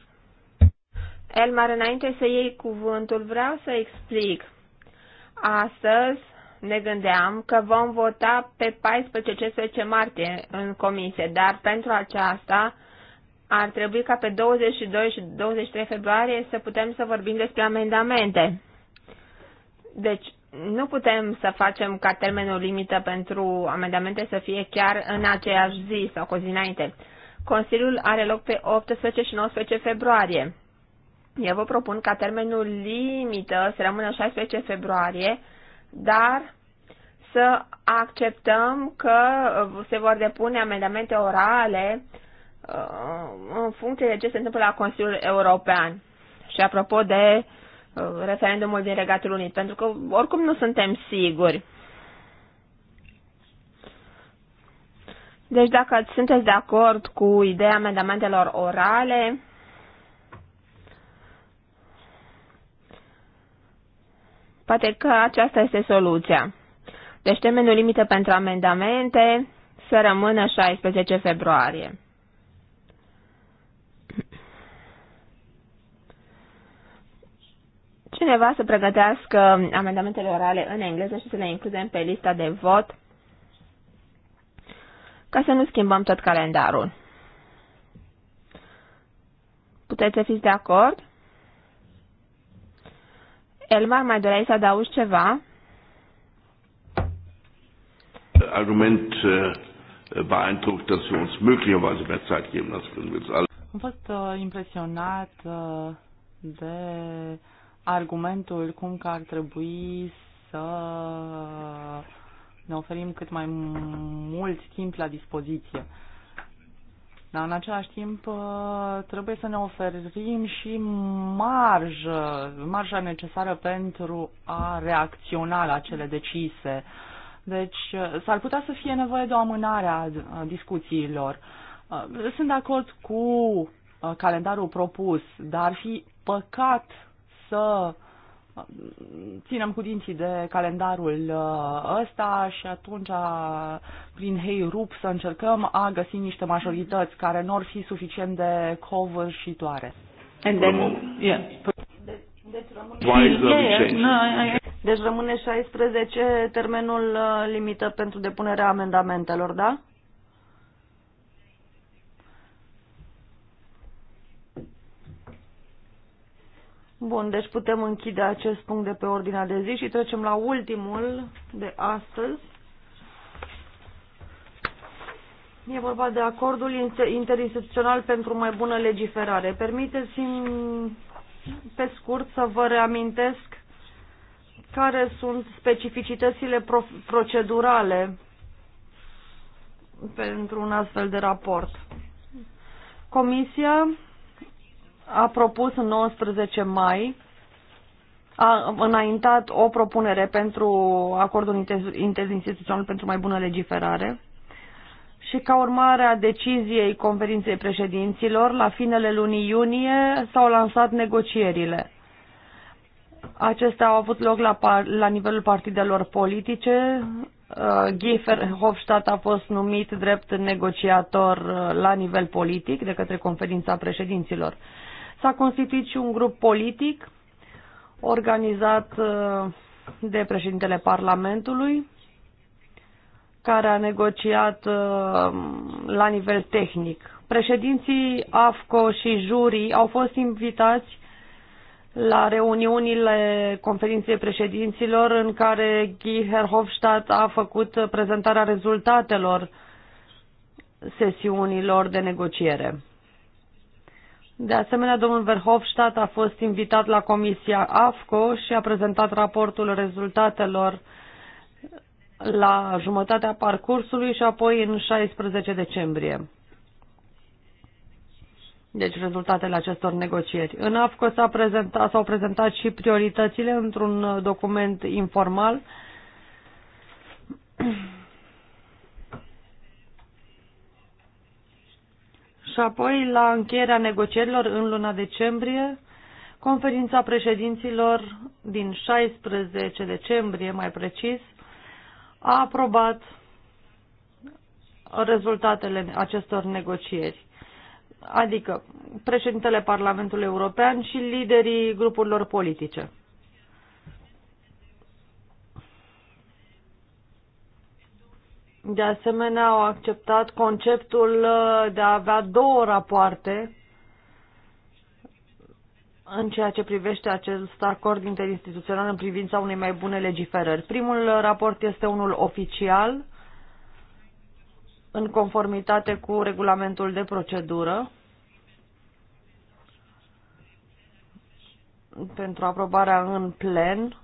Elmar, înainte să iei cuvântul, vreau să explic. Astăzi ne gândeam că vom vota pe 14-15 martie în comisie, dar pentru aceasta ar trebui ca pe 22 și 23 februarie să putem să vorbim despre amendamente. Deci, nu putem să facem ca termenul limită pentru amendamente să fie chiar în aceeași zi sau cu zi înainte. Consiliul are loc pe 18 și 19 februarie. Eu vă propun ca termenul limită să rămână 16 februarie, dar să acceptăm că se vor depune amendamente orale uh, în funcție de ce se întâmplă la Consiliul European. Și apropo de uh, Uh, referendumul din Regatul Unit, pentru că oricum nu suntem siguri. Deci dacă sunteți de acord cu ideea amendamentelor orale, poate că aceasta este soluția. Deci termenul limită pentru amendamente să rămână 16 februarie. cineva să pregătească amendamentele orale în engleză și să le includem pe lista de vot ca să nu schimbăm tot calendarul. Puteți să fiți de acord? Elmar, mai doreai să adaugi ceva? Argument uh, beeindruckt, dass wir uns möglicherweise mehr Zeit geben lassen können. Am fost uh, impresionat uh, de argumentul cum că ar trebui să ne oferim cât mai mult timp la dispoziție. Dar în același timp trebuie să ne oferim și marjă, marja necesară pentru a reacționa la cele decise. Deci s-ar putea să fie nevoie de o amânare a discuțiilor. Sunt de acord cu calendarul propus, dar ar fi păcat să mm, ținem cu dinții de calendarul uh, ăsta și atunci prin hei rup să încercăm a găsi niște majorități care nu ar fi suficient de covârșitoare. și then, deci rămâne 16 deci termenul uh, limită pentru depunerea amendamentelor, da? Bun, deci putem închide acest punct de pe ordinea de zi și trecem la ultimul de astăzi. E vorba de acordul interinstituțional pentru mai bună legiferare. Permiteți-mi pe scurt să vă reamintesc care sunt specificitățile procedurale pentru un astfel de raport. Comisia a propus în 19 mai, a înaintat o propunere pentru acordul interinstituțional pentru mai bună legiferare și ca urmare a deciziei conferinței președinților, la finele lunii iunie s-au lansat negocierile. Acestea au avut loc la, la nivelul partidelor politice. Uh, Giefer Hofstadt a fost numit drept negociator uh, la nivel politic de către conferința președinților. S-a constituit și un grup politic organizat uh, de președintele Parlamentului, care a negociat uh, la nivel tehnic. Președinții AFCO și jurii au fost invitați la reuniunile conferinței președinților în care Guy Herhofstadt a făcut prezentarea rezultatelor sesiunilor de negociere. De asemenea, domnul Verhofstadt a fost invitat la Comisia AFCO și a prezentat raportul rezultatelor la jumătatea parcursului și apoi în 16 decembrie. Deci rezultatele acestor negocieri. În AFCO s-au prezentat, prezentat și prioritățile într-un document informal și apoi la încheierea negocierilor în luna decembrie, conferința președinților din 16 decembrie, mai precis, a aprobat rezultatele acestor negocieri, adică președintele Parlamentului European și liderii grupurilor politice. De asemenea, au acceptat conceptul uh, de a avea două rapoarte în ceea ce privește acest acord interinstituțional în privința unei mai bune legiferări. Primul raport este unul oficial, în conformitate cu regulamentul de procedură, pentru aprobarea în plen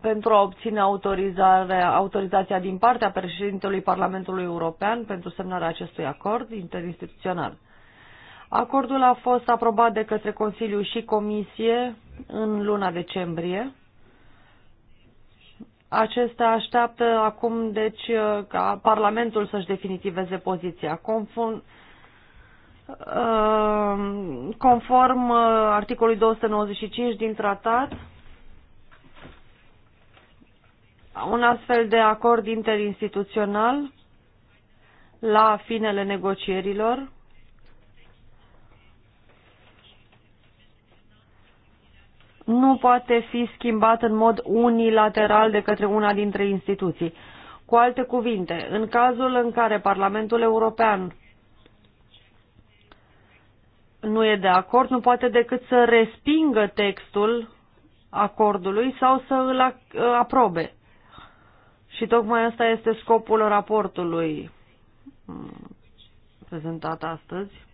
pentru a obține autorizare, autorizația din partea președintelui Parlamentului European pentru semnarea acestui acord interinstituțional. Acordul a fost aprobat de către Consiliu și Comisie în luna decembrie. Acestea așteaptă acum, deci, ca Parlamentul să-și definitiveze poziția. Conform, uh, conform uh, articolului 295 din tratat, un astfel de acord interinstituțional la finele negocierilor nu poate fi schimbat în mod unilateral de către una dintre instituții. Cu alte cuvinte, în cazul în care Parlamentul European nu e de acord, nu poate decât să respingă textul acordului sau să îl aprobe. Și tocmai asta este scopul raportului mm, prezentat astăzi.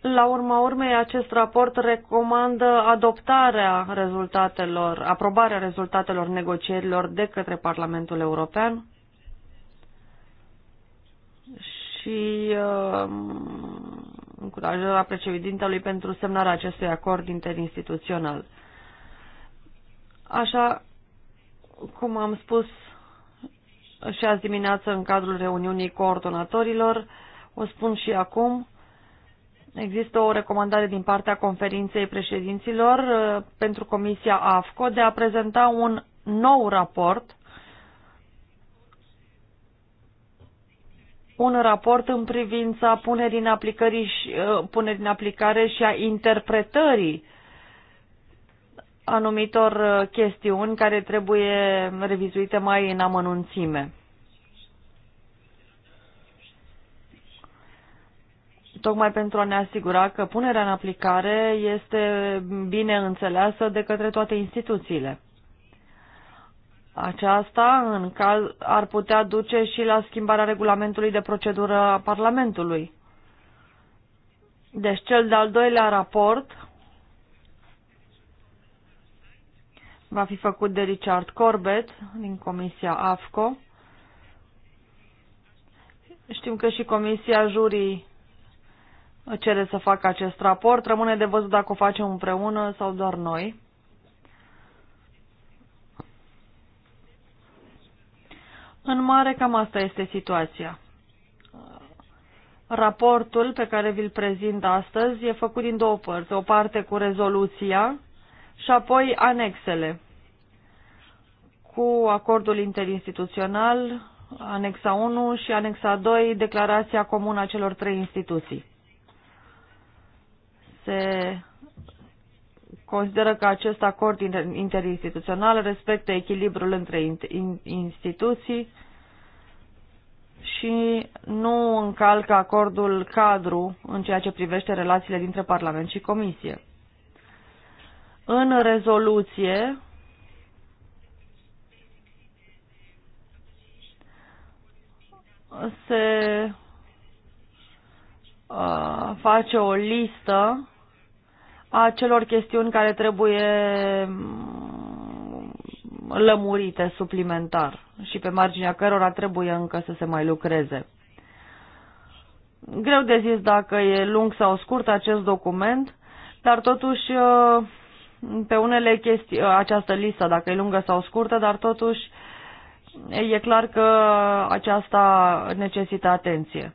La urma urmei, acest raport recomandă adoptarea rezultatelor, aprobarea rezultatelor negocierilor de către Parlamentul European și uh, um, încurajarea președintelui pentru semnarea acestui acord interinstituțional. Așa cum am spus și azi dimineață în cadrul reuniunii coordonatorilor, o spun și acum, Există o recomandare din partea conferinței președinților uh, pentru Comisia AFCO de a prezenta un nou raport, un raport în privința punerii în, aplicării și, uh, punerii în aplicare și a interpretării anumitor uh, chestiuni care trebuie revizuite mai în amănunțime. tocmai pentru a ne asigura că punerea în aplicare este bine înțeleasă de către toate instituțiile. Aceasta în caz, ar putea duce și la schimbarea regulamentului de procedură a Parlamentului. Deci cel de-al doilea raport va fi făcut de Richard Corbett din Comisia AFCO. Știm că și Comisia Jurii cere să facă acest raport. Rămâne de văzut dacă o facem împreună sau doar noi. În mare, cam asta este situația. Raportul pe care vi-l prezint astăzi e făcut din două părți. O parte cu rezoluția și apoi anexele. Cu acordul interinstituțional, anexa 1 și anexa 2, declarația comună a celor trei instituții. Se consideră că acest acord interinstituțional respectă echilibrul între instituții și nu încalcă acordul cadru în ceea ce privește relațiile dintre Parlament și Comisie. În rezoluție se face o listă a celor chestiuni care trebuie mm, lămurite suplimentar și pe marginea cărora trebuie încă să se mai lucreze. Greu de zis dacă e lung sau scurt acest document, dar totuși pe unele chestii, această listă, dacă e lungă sau scurtă, dar totuși e clar că aceasta necesită atenție.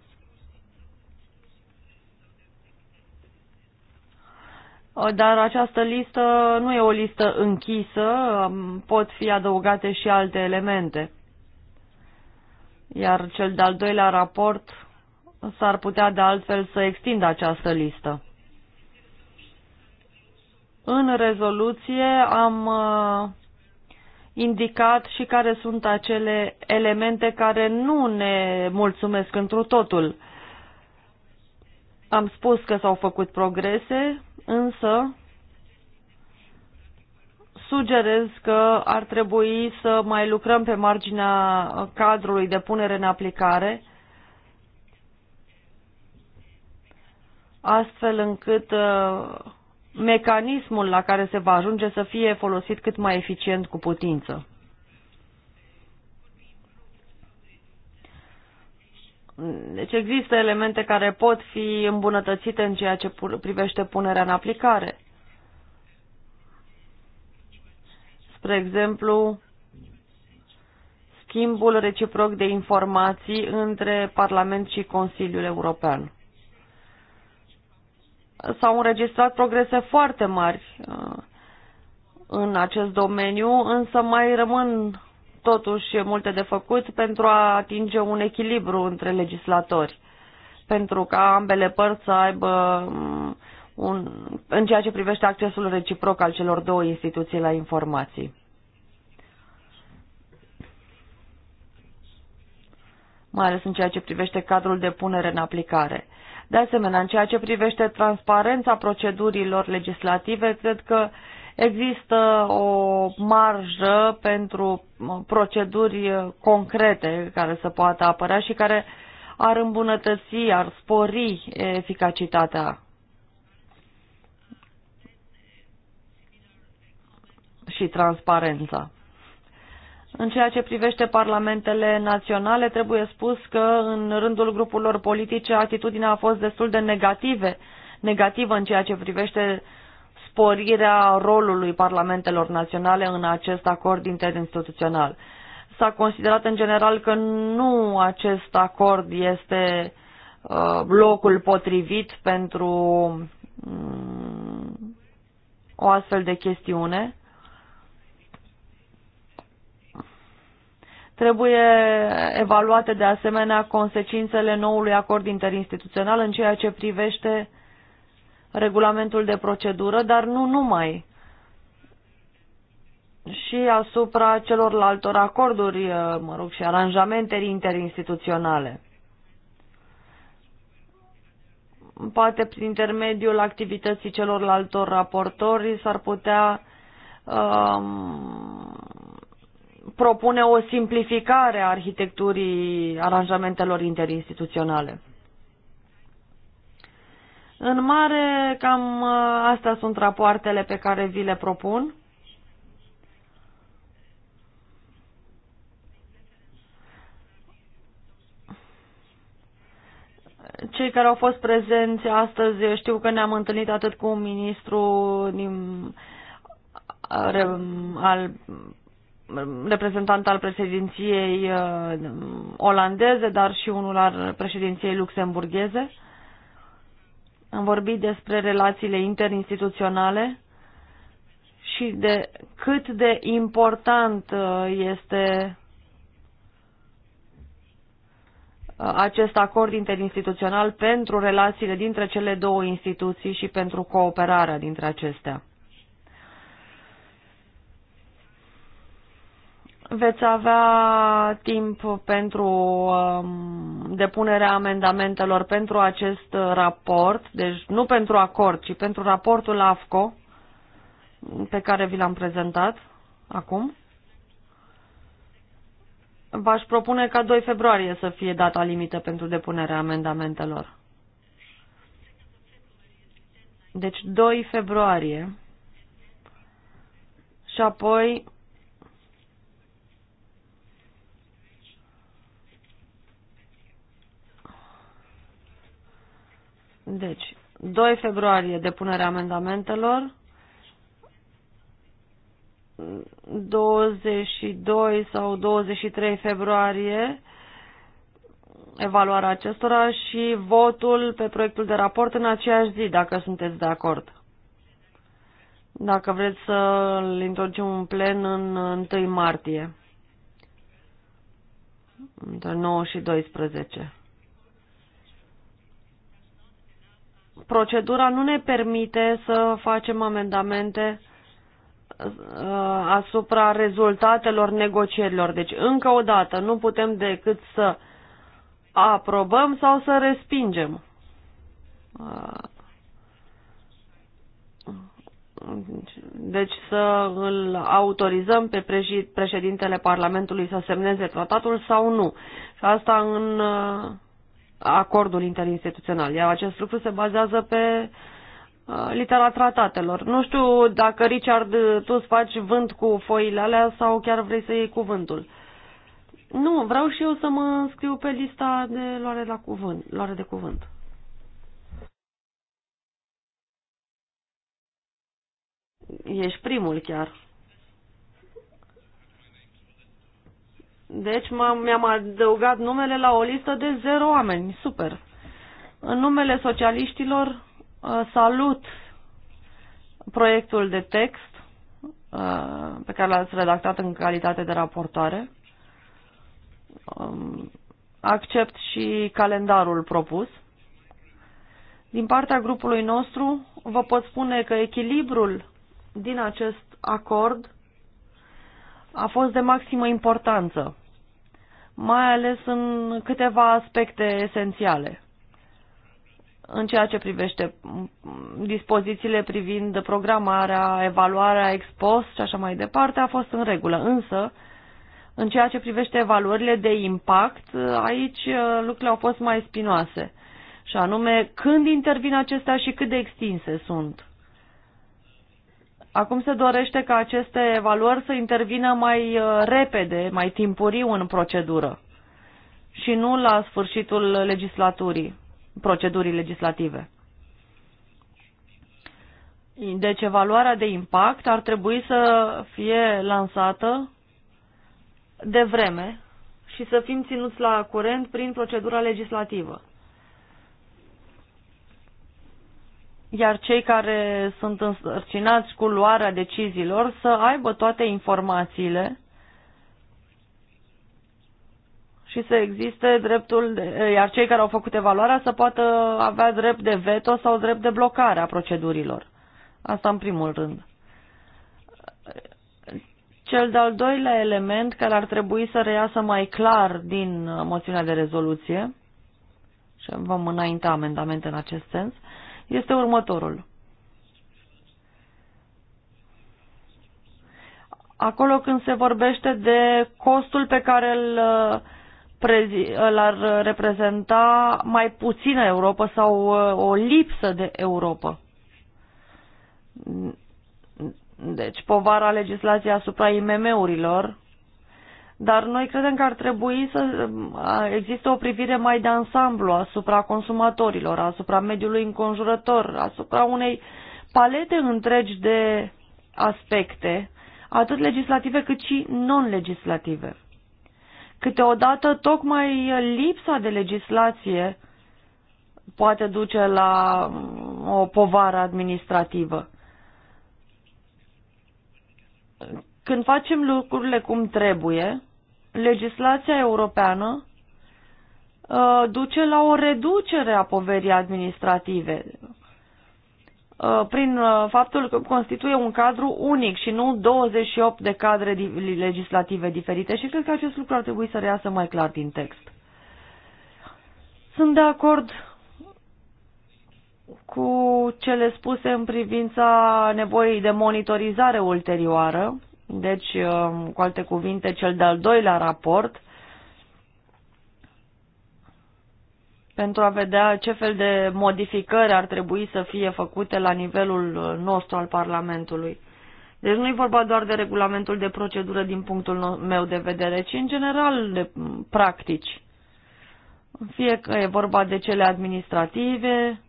Dar această listă nu e o listă închisă, pot fi adăugate și alte elemente. Iar cel de-al doilea raport s-ar putea de altfel să extindă această listă. În rezoluție am uh, indicat și care sunt acele elemente care nu ne mulțumesc întru totul. Am spus că s-au făcut progrese, însă sugerez că ar trebui să mai lucrăm pe marginea cadrului de punere în aplicare, astfel încât uh, mecanismul la care se va ajunge să fie folosit cât mai eficient cu putință. Deci există elemente care pot fi îmbunătățite în ceea ce privește punerea în aplicare. Spre exemplu, schimbul reciproc de informații între Parlament și Consiliul European s-au înregistrat progrese foarte mari uh, în acest domeniu, însă mai rămân totuși multe de făcut pentru a atinge un echilibru între legislatori, pentru ca ambele părți să aibă mm, un, în ceea ce privește accesul reciproc al celor două instituții la informații. mai ales în ceea ce privește cadrul de punere în aplicare. De asemenea, în ceea ce privește transparența procedurilor legislative, cred că există o marjă pentru proceduri concrete care să poată apărea și care ar îmbunătăți, ar spori eficacitatea. și transparența. În ceea ce privește parlamentele naționale, trebuie spus că în rândul grupurilor politice atitudinea a fost destul de negative, negativă în ceea ce privește sporirea rolului parlamentelor naționale în acest acord interinstituțional. S-a considerat în general că nu acest acord este uh, locul potrivit pentru mm, o astfel de chestiune. Trebuie evaluate de asemenea consecințele noului acord interinstituțional în ceea ce privește regulamentul de procedură, dar nu numai și asupra celorlaltor acorduri, eh, mă rog, și aranjamente interinstituționale. Poate prin intermediul activității celorlaltor raportori s-ar putea um, propune o simplificare a arhitecturii aranjamentelor interinstituționale. În mare, cam uh, astea sunt rapoartele pe care vi le propun. Cei care au fost prezenți astăzi, știu că ne-am întâlnit atât cu ministrul din, uh, al reprezentant al președinției uh, olandeze, dar și unul al președinției luxemburgheze. Am vorbit despre relațiile interinstituționale și de cât de important uh, este uh, acest acord interinstituțional pentru relațiile dintre cele două instituții și pentru cooperarea dintre acestea. Veți avea timp pentru um, depunerea amendamentelor pentru acest raport, deci nu pentru acord, ci pentru raportul AFCO pe care vi l-am prezentat acum. V-aș propune ca 2 februarie să fie data limită pentru depunerea amendamentelor. Deci 2 februarie și apoi Deci, 2 februarie depunerea amendamentelor, 22 sau 23 februarie evaluarea acestora și votul pe proiectul de raport în aceeași zi, dacă sunteți de acord. Dacă vreți să-l introducem în plen în 1 martie, între 9 și 12. procedura nu ne permite să facem amendamente uh, asupra rezultatelor negocierilor. Deci, încă o dată, nu putem decât să aprobăm sau să respingem. Uh, deci să îl autorizăm pe președintele Parlamentului să semneze tratatul sau nu. Și asta în uh, acordul interinstituțional, iar acest lucru se bazează pe uh, litera tratatelor. Nu știu dacă, Richard, tu îți faci vânt cu foile alea sau chiar vrei să iei cuvântul. Nu, vreau și eu să mă înscriu pe lista de luare, la cuvânt, luare de cuvânt. Ești primul chiar. Deci mi-am adăugat numele la o listă de zero oameni. Super. În numele socialiștilor uh, salut proiectul de text uh, pe care l-ați redactat în calitate de raportoare. Um, accept și calendarul propus. Din partea grupului nostru vă pot spune că echilibrul din acest acord a fost de maximă importanță mai ales în câteva aspecte esențiale. În ceea ce privește dispozițiile privind programarea, evaluarea ex post și așa mai departe, a fost în regulă. Însă, în ceea ce privește evaluările de impact, aici uh, lucrurile au fost mai spinoase. Și anume, când intervin acestea și cât de extinse sunt. Acum se dorește ca aceste evaluări să intervină mai uh, repede, mai timpuriu în procedură și nu la sfârșitul legislaturii, procedurii legislative. Deci evaluarea de impact ar trebui să fie lansată de vreme și să fim ținuți la curent prin procedura legislativă. iar cei care sunt însărcinați cu luarea deciziilor să aibă toate informațiile și să existe dreptul, de, iar cei care au făcut evaluarea să poată avea drept de veto sau drept de blocare a procedurilor. Asta în primul rând. Cel de-al doilea element care ar trebui să reiasă mai clar din moțiunea de rezoluție, și vom înainta amendamente în acest sens, este următorul. Acolo când se vorbește de costul pe care îl uh, l-ar reprezenta mai puțină Europa sau uh, o lipsă de Europa. Deci povara legislației asupra IMM-urilor dar noi credem că ar trebui să um, existe o privire mai de ansamblu asupra consumatorilor, asupra mediului înconjurător, asupra unei palete întregi de aspecte, atât legislative cât și non-legislative. Câteodată, tocmai lipsa de legislație poate duce la um, o povară administrativă. Când facem lucrurile cum trebuie, legislația europeană uh, duce la o reducere a poverii administrative uh, prin uh, faptul că constituie un cadru unic și nu 28 de cadre legislative diferite și cred că acest lucru ar trebui să reiasă mai clar din text. Sunt de acord cu cele spuse în privința nevoii de monitorizare ulterioară deci, um, cu alte cuvinte, cel de-al doilea raport pentru a vedea ce fel de modificări ar trebui să fie făcute la nivelul nostru al Parlamentului. Deci nu e vorba doar de regulamentul de procedură din punctul meu de vedere, ci în general de practici. Fie că e vorba de cele administrative,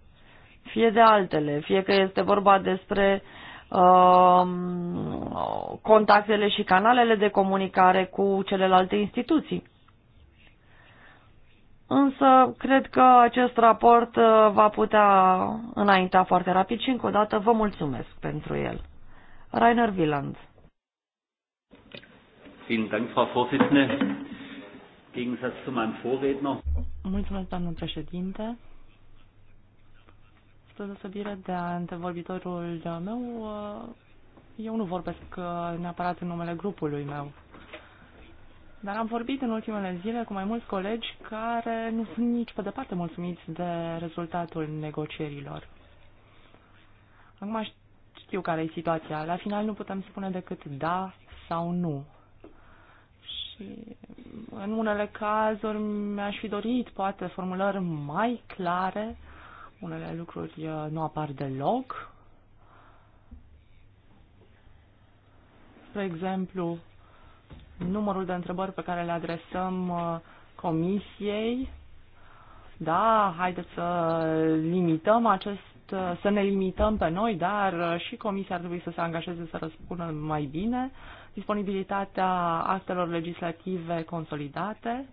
fie de altele, fie că este vorba despre uh, Um, contactele și canalele de comunicare cu celelalte instituții. Însă, cred că acest raport uh, va putea înainta foarte rapid și încă o dată vă mulțumesc pentru el. Rainer Wieland. Mulțumesc, doamnă președinte spre deosebire de antevorbitorul meu, eu nu vorbesc uh, neapărat în numele grupului meu. Dar am vorbit în ultimele zile cu mai mulți colegi care nu sunt nici pe departe mulțumiți de rezultatul negocierilor. Acum știu care e situația. La final nu putem spune decât da sau nu. Și în unele cazuri mi-aș fi dorit poate formulări mai clare unele lucruri uh, nu apar deloc. Spre exemplu, numărul de întrebări pe care le adresăm uh, comisiei. Da, haideți să limităm acest uh, să ne limităm pe noi, dar și comisia ar trebui să se angajeze să răspundă mai bine. Disponibilitatea actelor legislative consolidate.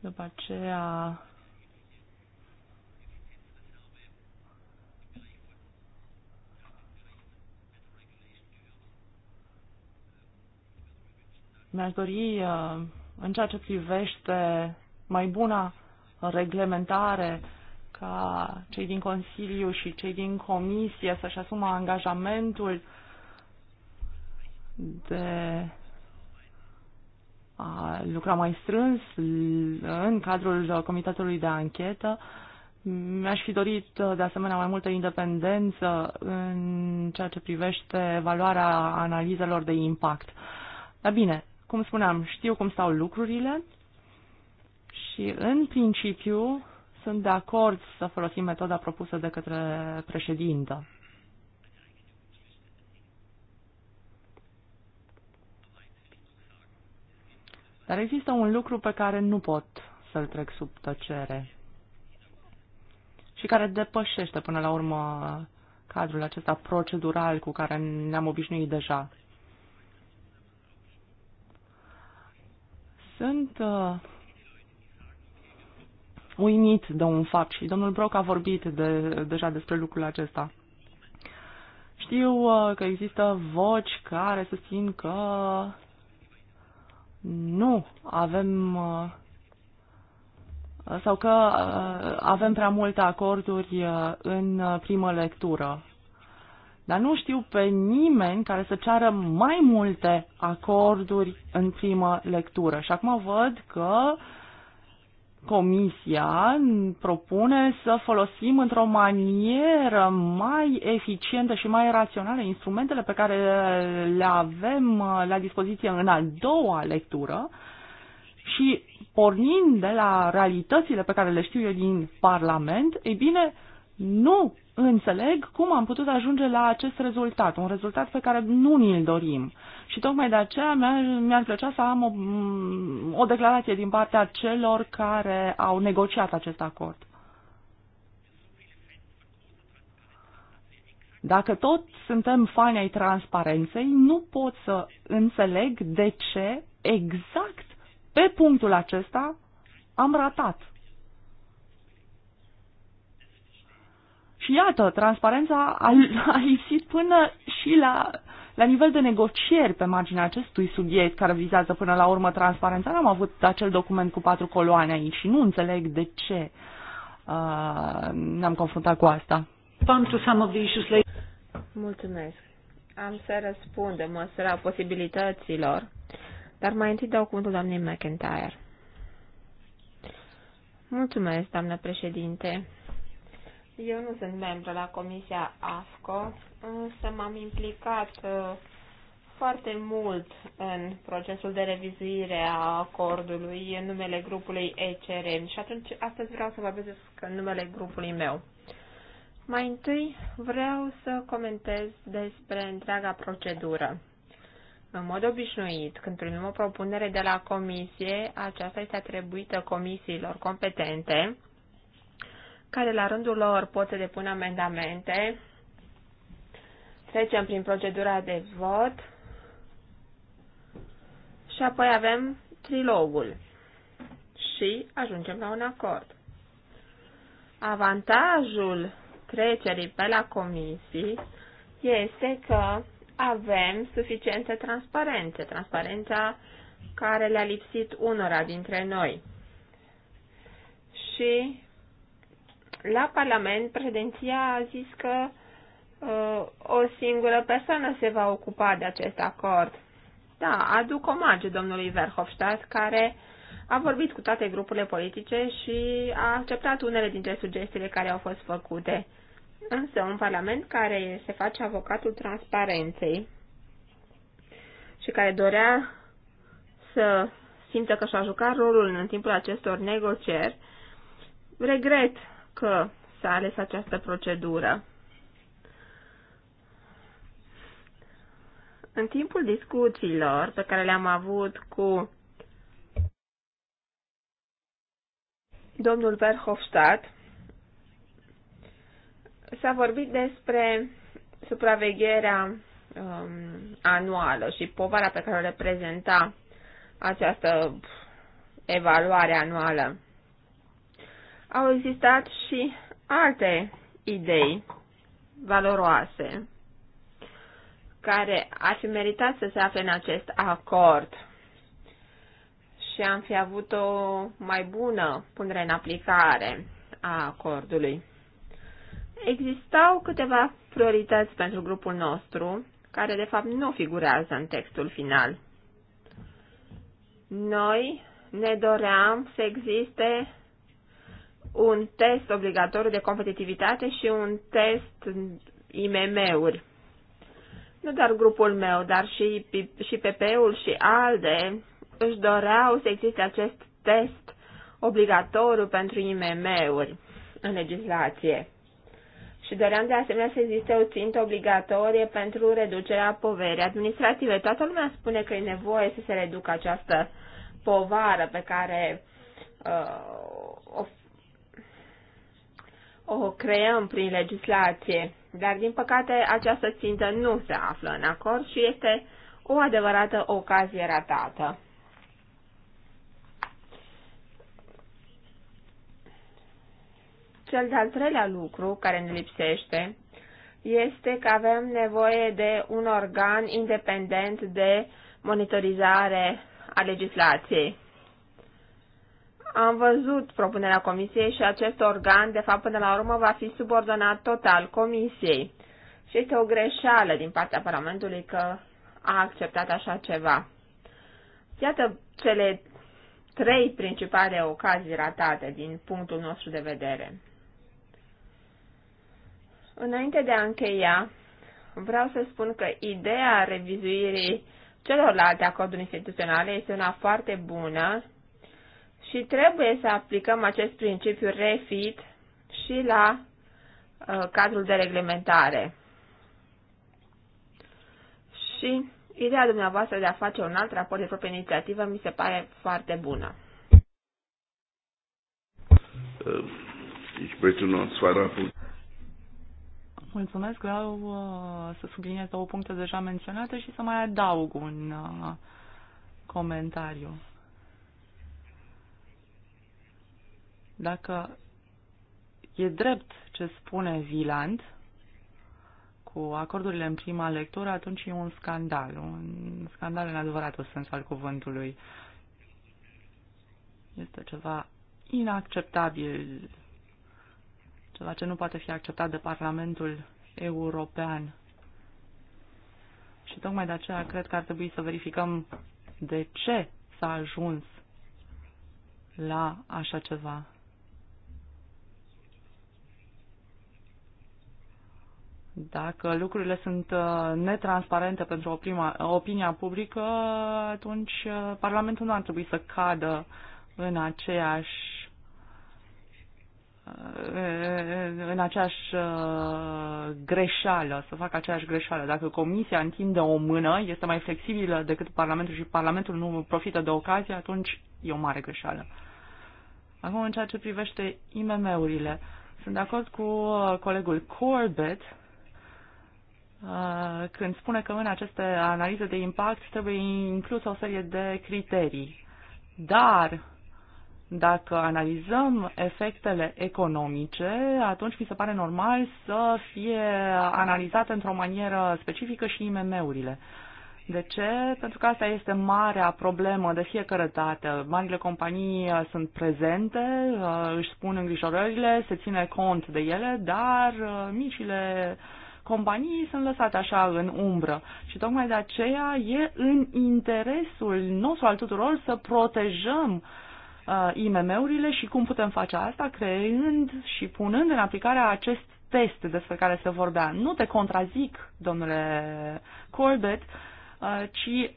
După aceea, Mi-aș dori, uh, în ceea ce privește mai buna reglementare, ca cei din Consiliu și cei din Comisie să-și asumă angajamentul de a lucra mai strâns în cadrul Comitetului de Anchetă. Mi-aș fi dorit, uh, de asemenea, mai multă independență în ceea ce privește evaluarea analizelor de impact. Dar bine, cum spuneam, știu cum stau lucrurile și, în principiu, sunt de acord să folosim metoda propusă de către președintă. Dar există un lucru pe care nu pot să-l trec sub tăcere și care depășește până la urmă cadrul acesta procedural cu care ne-am obișnuit deja. Sunt uh, uimit de un fapt și domnul Broc a vorbit de, deja despre lucrul acesta. Știu uh, că există voci care susțin că nu avem uh, sau că uh, avem prea multe acorduri uh, în primă lectură. Dar nu știu pe nimeni care să ceară mai multe acorduri în primă lectură. Și acum văd că Comisia propune să folosim într-o manieră mai eficientă și mai rațională instrumentele pe care le avem uh, la dispoziție în a doua lectură și pornind de la realitățile pe care le știu eu din Parlament, ei bine, nu înțeleg cum am putut ajunge la acest rezultat, un rezultat pe care nu ni-l dorim. Și tocmai de aceea mi-ar plăcea să am o, o declarație din partea celor care au negociat acest acord. Dacă tot suntem fani ai transparenței, nu pot să înțeleg de ce exact pe punctul acesta am ratat. Și iată, transparența a, <laughs> a lipsit până și la, la nivel de negocieri pe marginea acestui subiect care vizează până la urmă transparența. N-am avut acel document cu patru coloane aici și nu înțeleg de ce uh, ne-am confruntat cu asta. Mulțumesc. Am să răspund în măsura posibilităților, dar mai întâi dau cuvântul doamnei McIntyre. Mulțumesc, doamnă președinte. Eu nu sunt membru la Comisia AFCO, însă m-am implicat uh, foarte mult în procesul de revizuire a acordului în numele grupului ECRM și atunci astăzi vreau să vorbesc în numele grupului meu. Mai întâi vreau să comentez despre întreaga procedură. În mod obișnuit, când primim o propunere de la comisie, aceasta este atribuită comisiilor competente, care la rândul lor pot să depună amendamente. Trecem prin procedura de vot și apoi avem trilogul și ajungem la un acord. Avantajul trecerii pe la comisii este că avem suficientă transparență, transparența care le-a lipsit unora dintre noi. Și la Parlament, președinția a zis că uh, o singură persoană se va ocupa de acest acord. Da, aduc omagiu domnului Verhofstadt, care a vorbit cu toate grupurile politice și a acceptat unele dintre sugestiile care au fost făcute. Însă, un Parlament care se face avocatul transparenței și care dorea să simtă că și-a jucat rolul în timpul acestor negocieri, regret că s-a ales această procedură. În timpul discuțiilor pe care le-am avut cu domnul Verhofstadt, s-a vorbit despre supravegherea um, anuală și povara pe care o reprezenta această evaluare anuală au existat și alte idei valoroase care ar fi meritat să se afle în acest acord și am fi avut o mai bună punere în aplicare a acordului. Existau câteva priorități pentru grupul nostru, care de fapt nu figurează în textul final. Noi ne doream să existe un test obligatoriu de competitivitate și un test IMM-uri. Nu doar grupul meu, dar și, și PP-ul și ALDE își doreau să existe acest test obligatoriu pentru IMM-uri în legislație. Și doream de asemenea să existe o țintă obligatorie pentru reducerea poverii administrative. Toată lumea spune că e nevoie să se reducă această povară pe care uh, o creăm prin legislație, dar din păcate această țintă nu se află în acord și este o adevărată ocazie ratată. Cel de-al treilea lucru care ne lipsește este că avem nevoie de un organ independent de monitorizare a legislației. Am văzut propunerea comisiei și acest organ, de fapt, până la urmă, va fi subordonat total comisiei. Și este o greșeală din partea Parlamentului că a acceptat așa ceva. Iată cele trei principale ocazii ratate din punctul nostru de vedere. Înainte de a încheia, vreau să spun că ideea revizuirii celorlalte acorduri instituționale este una foarte bună și trebuie să aplicăm acest principiu refit și la uh, cadrul de reglementare. Și ideea dumneavoastră de a face un alt raport de proprie inițiativă mi se pare foarte bună. Uh, Mulțumesc, vreau uh, să subliniez două puncte deja menționate și să mai adaug un uh, comentariu. Dacă e drept ce spune Viland cu acordurile în prima lectură, atunci e un scandal, un scandal în adevăratul sens al cuvântului. Este ceva inacceptabil, ceva ce nu poate fi acceptat de Parlamentul European. Și tocmai de aceea cred că ar trebui să verificăm de ce s-a ajuns la așa ceva. Dacă lucrurile sunt uh, netransparente pentru oprima, opinia publică, atunci uh, Parlamentul nu ar trebui să cadă în aceeași uh, în aceeași greșeală, să facă aceeași greșeală. Dacă Comisia întinde o mână, este mai flexibilă decât Parlamentul și Parlamentul nu profită de ocazie, atunci e o mare greșeală. Acum, în ceea ce privește IMM-urile, sunt de acord cu colegul Corbett Ah, când spune că în aceste analize de impact trebuie inclusă o serie de criterii. Dar dacă analizăm efectele economice, atunci mi se pare normal să fie analizate într-o manieră specifică și IMM-urile. De ce? Pentru că asta este marea problemă de fiecare dată. Marile companii uh, sunt prezente, uh, își spun îngrijorările, se ține cont de ele, dar uh, micile uh, companiei sunt lăsate așa în umbră și tocmai de aceea e în interesul nostru al tuturor să protejăm uh, IMM-urile și cum putem face asta creând și punând în aplicare acest test despre care se vorbea. Nu te contrazic, domnule Corbett, uh, ci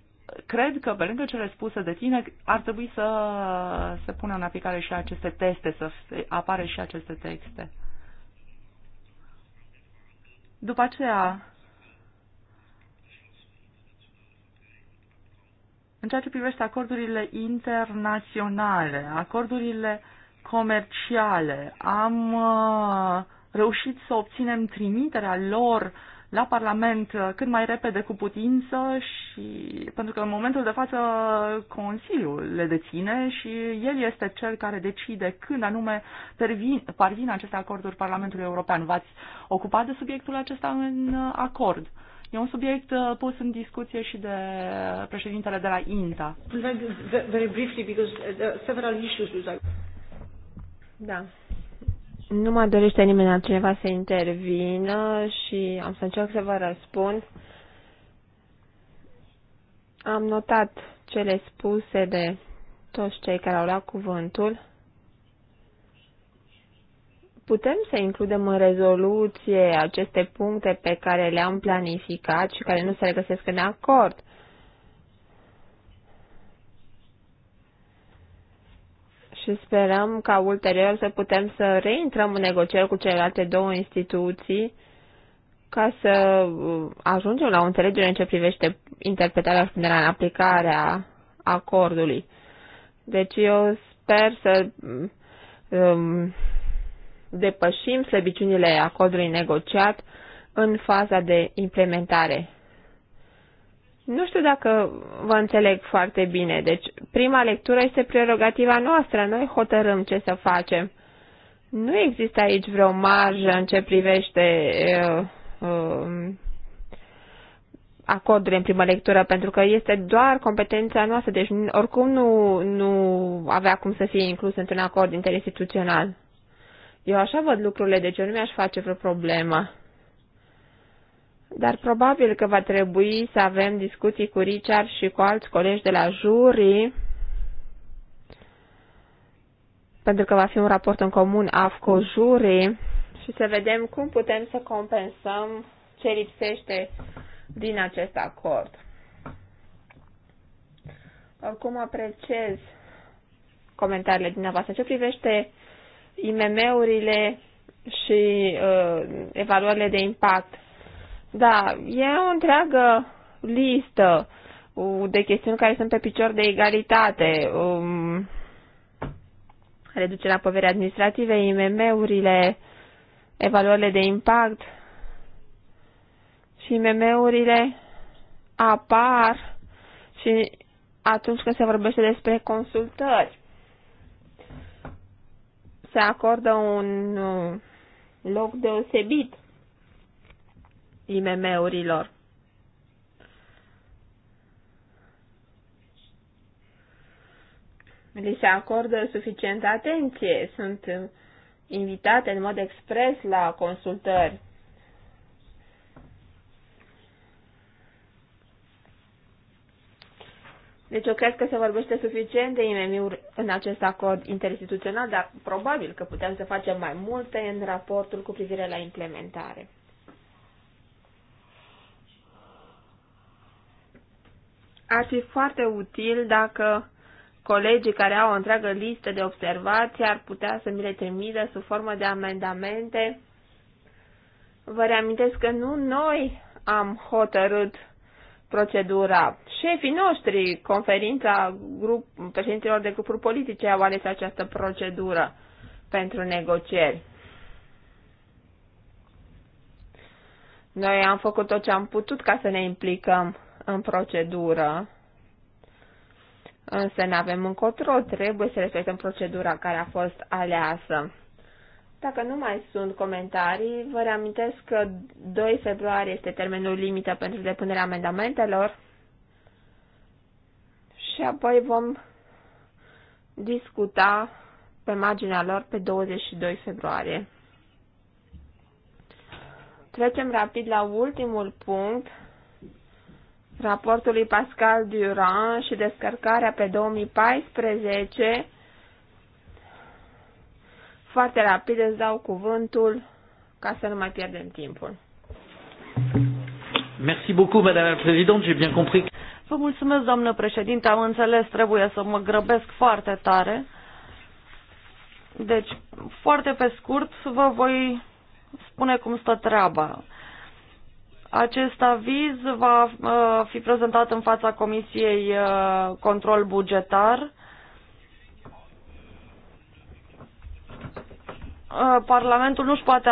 cred că pe lângă cele spuse de tine ar trebui să se pună în aplicare și aceste teste, să apare și aceste texte. După aceea, în ceea ce privește acordurile internaționale, acordurile comerciale, am uh, reușit să obținem trimiterea lor la Parlament uh, cât mai repede cu putință și pentru că în momentul de față Consiliul le deține și el este cel care decide când anume pervin, parvin aceste acorduri Parlamentului European. V-ați ocupat de subiectul acesta în uh, acord. E un subiect uh, pus în discuție și de președintele de la INTA. Very briefly, because several issues. Da nu mai dorește nimeni altcineva să intervină și am să încerc să vă răspund. Am notat cele spuse de toți cei care au luat cuvântul. Putem să includem în rezoluție aceste puncte pe care le-am planificat și care nu se regăsesc în acord. și sperăm ca ulterior să putem să reintrăm în negocieri cu celelalte două instituții ca să uh, ajungem la o înțelegere în ce privește interpretarea și punerea în aplicare a acordului. Deci eu sper să um, depășim slăbiciunile acordului negociat în faza de implementare. Nu știu dacă vă înțeleg foarte bine. Deci, prima lectură este prerogativa noastră. Noi hotărâm ce să facem. Nu există aici vreo marjă în ce privește uh, uh, acordurile în prima lectură, pentru că este doar competența noastră, deci oricum nu, nu avea cum să fie inclus într-un acord interinstituțional. Eu așa văd lucrurile, deci eu nu mi-aș face vreo problemă dar probabil că va trebui să avem discuții cu Richard și cu alți colegi de la juri, pentru că va fi un raport în comun AFCO-juri și să vedem cum putem să compensăm ce lipsește din acest acord. Oricum apreciez comentariile dumneavoastră. Ce privește IMM-urile și uh, evaluările de impact, da, e o întreagă listă de chestiuni care sunt pe picior de egalitate. Um, reducerea poverii administrative, IMM-urile, evaluările de impact și IMM-urile apar și atunci când se vorbește despre consultări. Se acordă un uh, loc deosebit IMM-urilor. Li se acordă suficientă atenție, sunt invitate în mod expres la consultări. Deci eu cred că se vorbește suficient de IMM-uri în acest acord interinstituțional, dar probabil că putem să facem mai multe în raportul cu privire la implementare. ar fi foarte util dacă colegii care au o întreagă listă de observații ar putea să mi le trimită sub formă de amendamente. Vă reamintesc că nu noi am hotărât procedura. Șefii noștri, conferința grup, președinților de grupuri politice au ales această procedură pentru negocieri. Noi am făcut tot ce am putut ca să ne implicăm în procedură, însă nu avem încotro, trebuie să respectăm procedura care a fost aleasă. Dacă nu mai sunt comentarii, vă reamintesc că 2 februarie este termenul limită pentru depunerea amendamentelor și apoi vom discuta pe marginea lor pe 22 februarie. Trecem rapid la ultimul punct raportului Pascal Durand și descărcarea pe 2014. Foarte rapid îți dau cuvântul ca să nu mai pierdem timpul. Merci beaucoup, Madame la Présidente. J'ai bien compris. Vă mulțumesc, doamnă președinte. Am înțeles, trebuie să mă grăbesc foarte tare. Deci, foarte pe scurt, vă voi spune cum stă treaba. Acest aviz va uh, fi prezentat în fața Comisiei uh, Control Bugetar. Uh, Parlamentul nu-și poate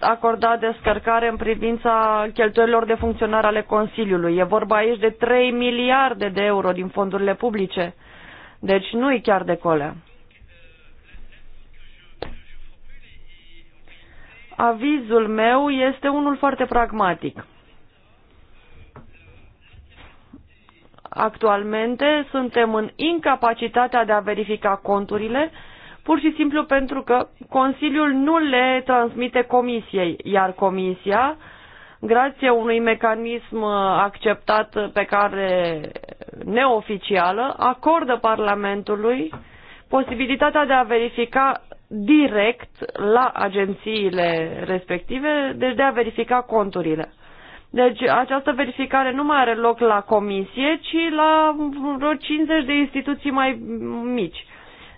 acorda descărcare în privința cheltuielor de funcționare ale Consiliului. E vorba aici de 3 miliarde de euro din fondurile publice. Deci nu-i chiar de colea. Avizul meu este unul foarte pragmatic. Actualmente suntem în incapacitatea de a verifica conturile, pur și simplu pentru că Consiliul nu le transmite Comisiei, iar Comisia, grație unui mecanism acceptat pe care neoficială, acordă Parlamentului posibilitatea de a verifica direct la agențiile respective, deci de a verifica conturile. Deci această verificare nu mai are loc la comisie, ci la vreo 50 de instituții mai mici.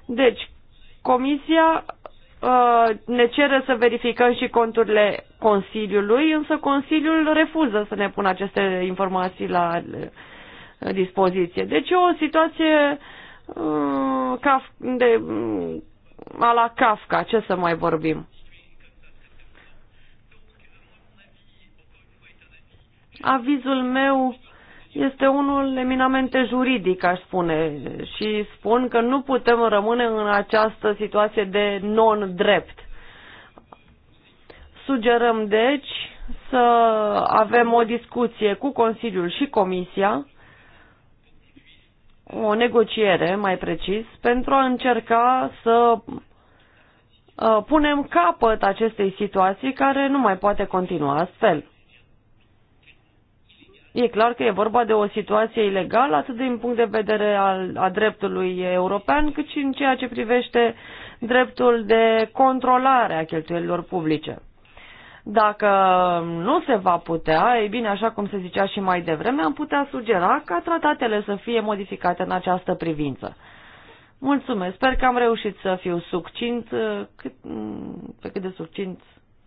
Deci, comisia uh, ne cere să verificăm și conturile Consiliului, însă Consiliul refuză să ne pună aceste informații la uh, dispoziție. Deci e o situație uh, caf, de, uh, a la Kafka, ce să mai vorbim. Avizul meu este unul eminamente juridic, aș spune, și spun că nu putem rămâne în această situație de non-drept. Sugerăm, deci, să avem o discuție cu Consiliul și Comisia, o negociere, mai precis, pentru a încerca să uh, punem capăt acestei situații care nu mai poate continua astfel. E clar că e vorba de o situație ilegală, atât din punct de vedere al a dreptului european, cât și în ceea ce privește dreptul de controlare a cheltuielilor publice. Dacă nu se va putea, ei bine, așa cum se zicea și mai devreme, am putea sugera ca tratatele să fie modificate în această privință. Mulțumesc, sper că am reușit să fiu succint, cât, pe cât de succint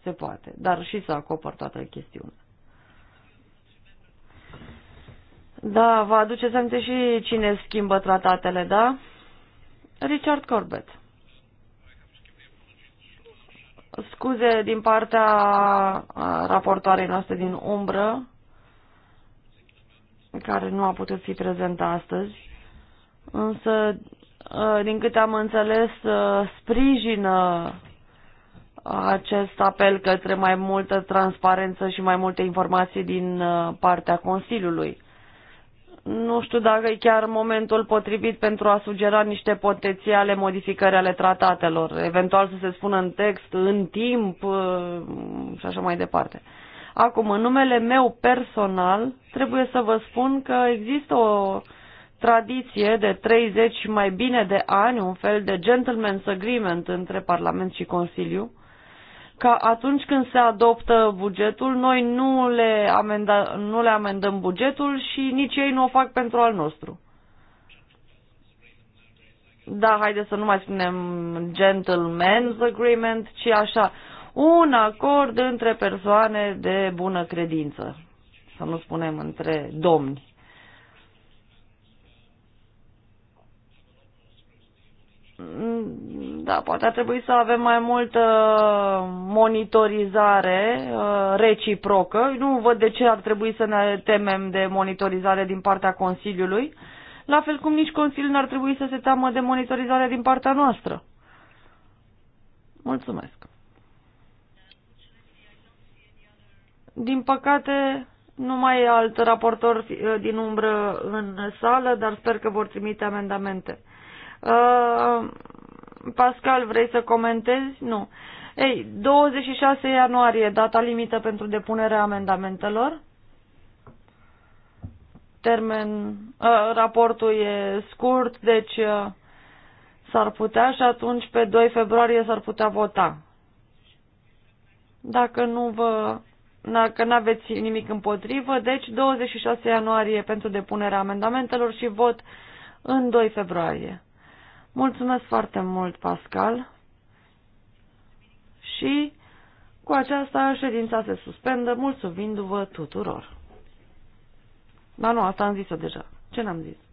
se poate, dar și să acopăr toată chestiunea. Da, vă aduceți aminte și cine schimbă tratatele, da? Richard Corbett. Scuze din partea raportoarei noastre din umbră, care nu a putut fi prezentă astăzi, însă, uh, din câte am înțeles, uh, sprijină uh, acest apel către mai multă transparență și mai multe informații din partea Consiliului nu știu dacă e chiar momentul potrivit pentru a sugera niște potențiale modificări ale tratatelor, eventual să se spună în text, în timp uh, și așa mai departe. Acum, în numele meu personal, trebuie să vă spun că există o tradiție de 30 și mai bine de ani, un fel de gentleman's agreement între Parlament și Consiliu, ca atunci când se adoptă bugetul, noi nu le, amenda, nu le amendăm bugetul și nici ei nu o fac pentru al nostru. Da, haide să nu mai spunem gentleman's agreement, ci așa, un acord între persoane de bună credință, să nu spunem între domni. Mm, da, poate ar trebui să avem mai multă monitorizare uh, reciprocă. Nu văd de ce ar trebui să ne temem de monitorizare din partea Consiliului, la fel cum nici Consiliul n-ar trebui să se teamă de monitorizare din partea noastră. Mulțumesc. Din păcate, nu mai e alt raportor uh, din umbră în sală, dar sper că vor trimite amendamente. Uh, Pascal, vrei să comentezi? Nu. Ei, 26 ianuarie, data limită pentru depunerea amendamentelor. Termen, uh, raportul e scurt, deci uh, s-ar putea și atunci pe 2 februarie s-ar putea vota. Dacă nu vă dacă nu aveți nimic împotrivă, deci 26 ianuarie pentru depunerea amendamentelor și vot în 2 februarie. Mulțumesc foarte mult, Pascal. Și cu aceasta ședința se suspendă, mulțumindu-vă tuturor. Dar nu, asta am zis-o deja. Ce n-am zis?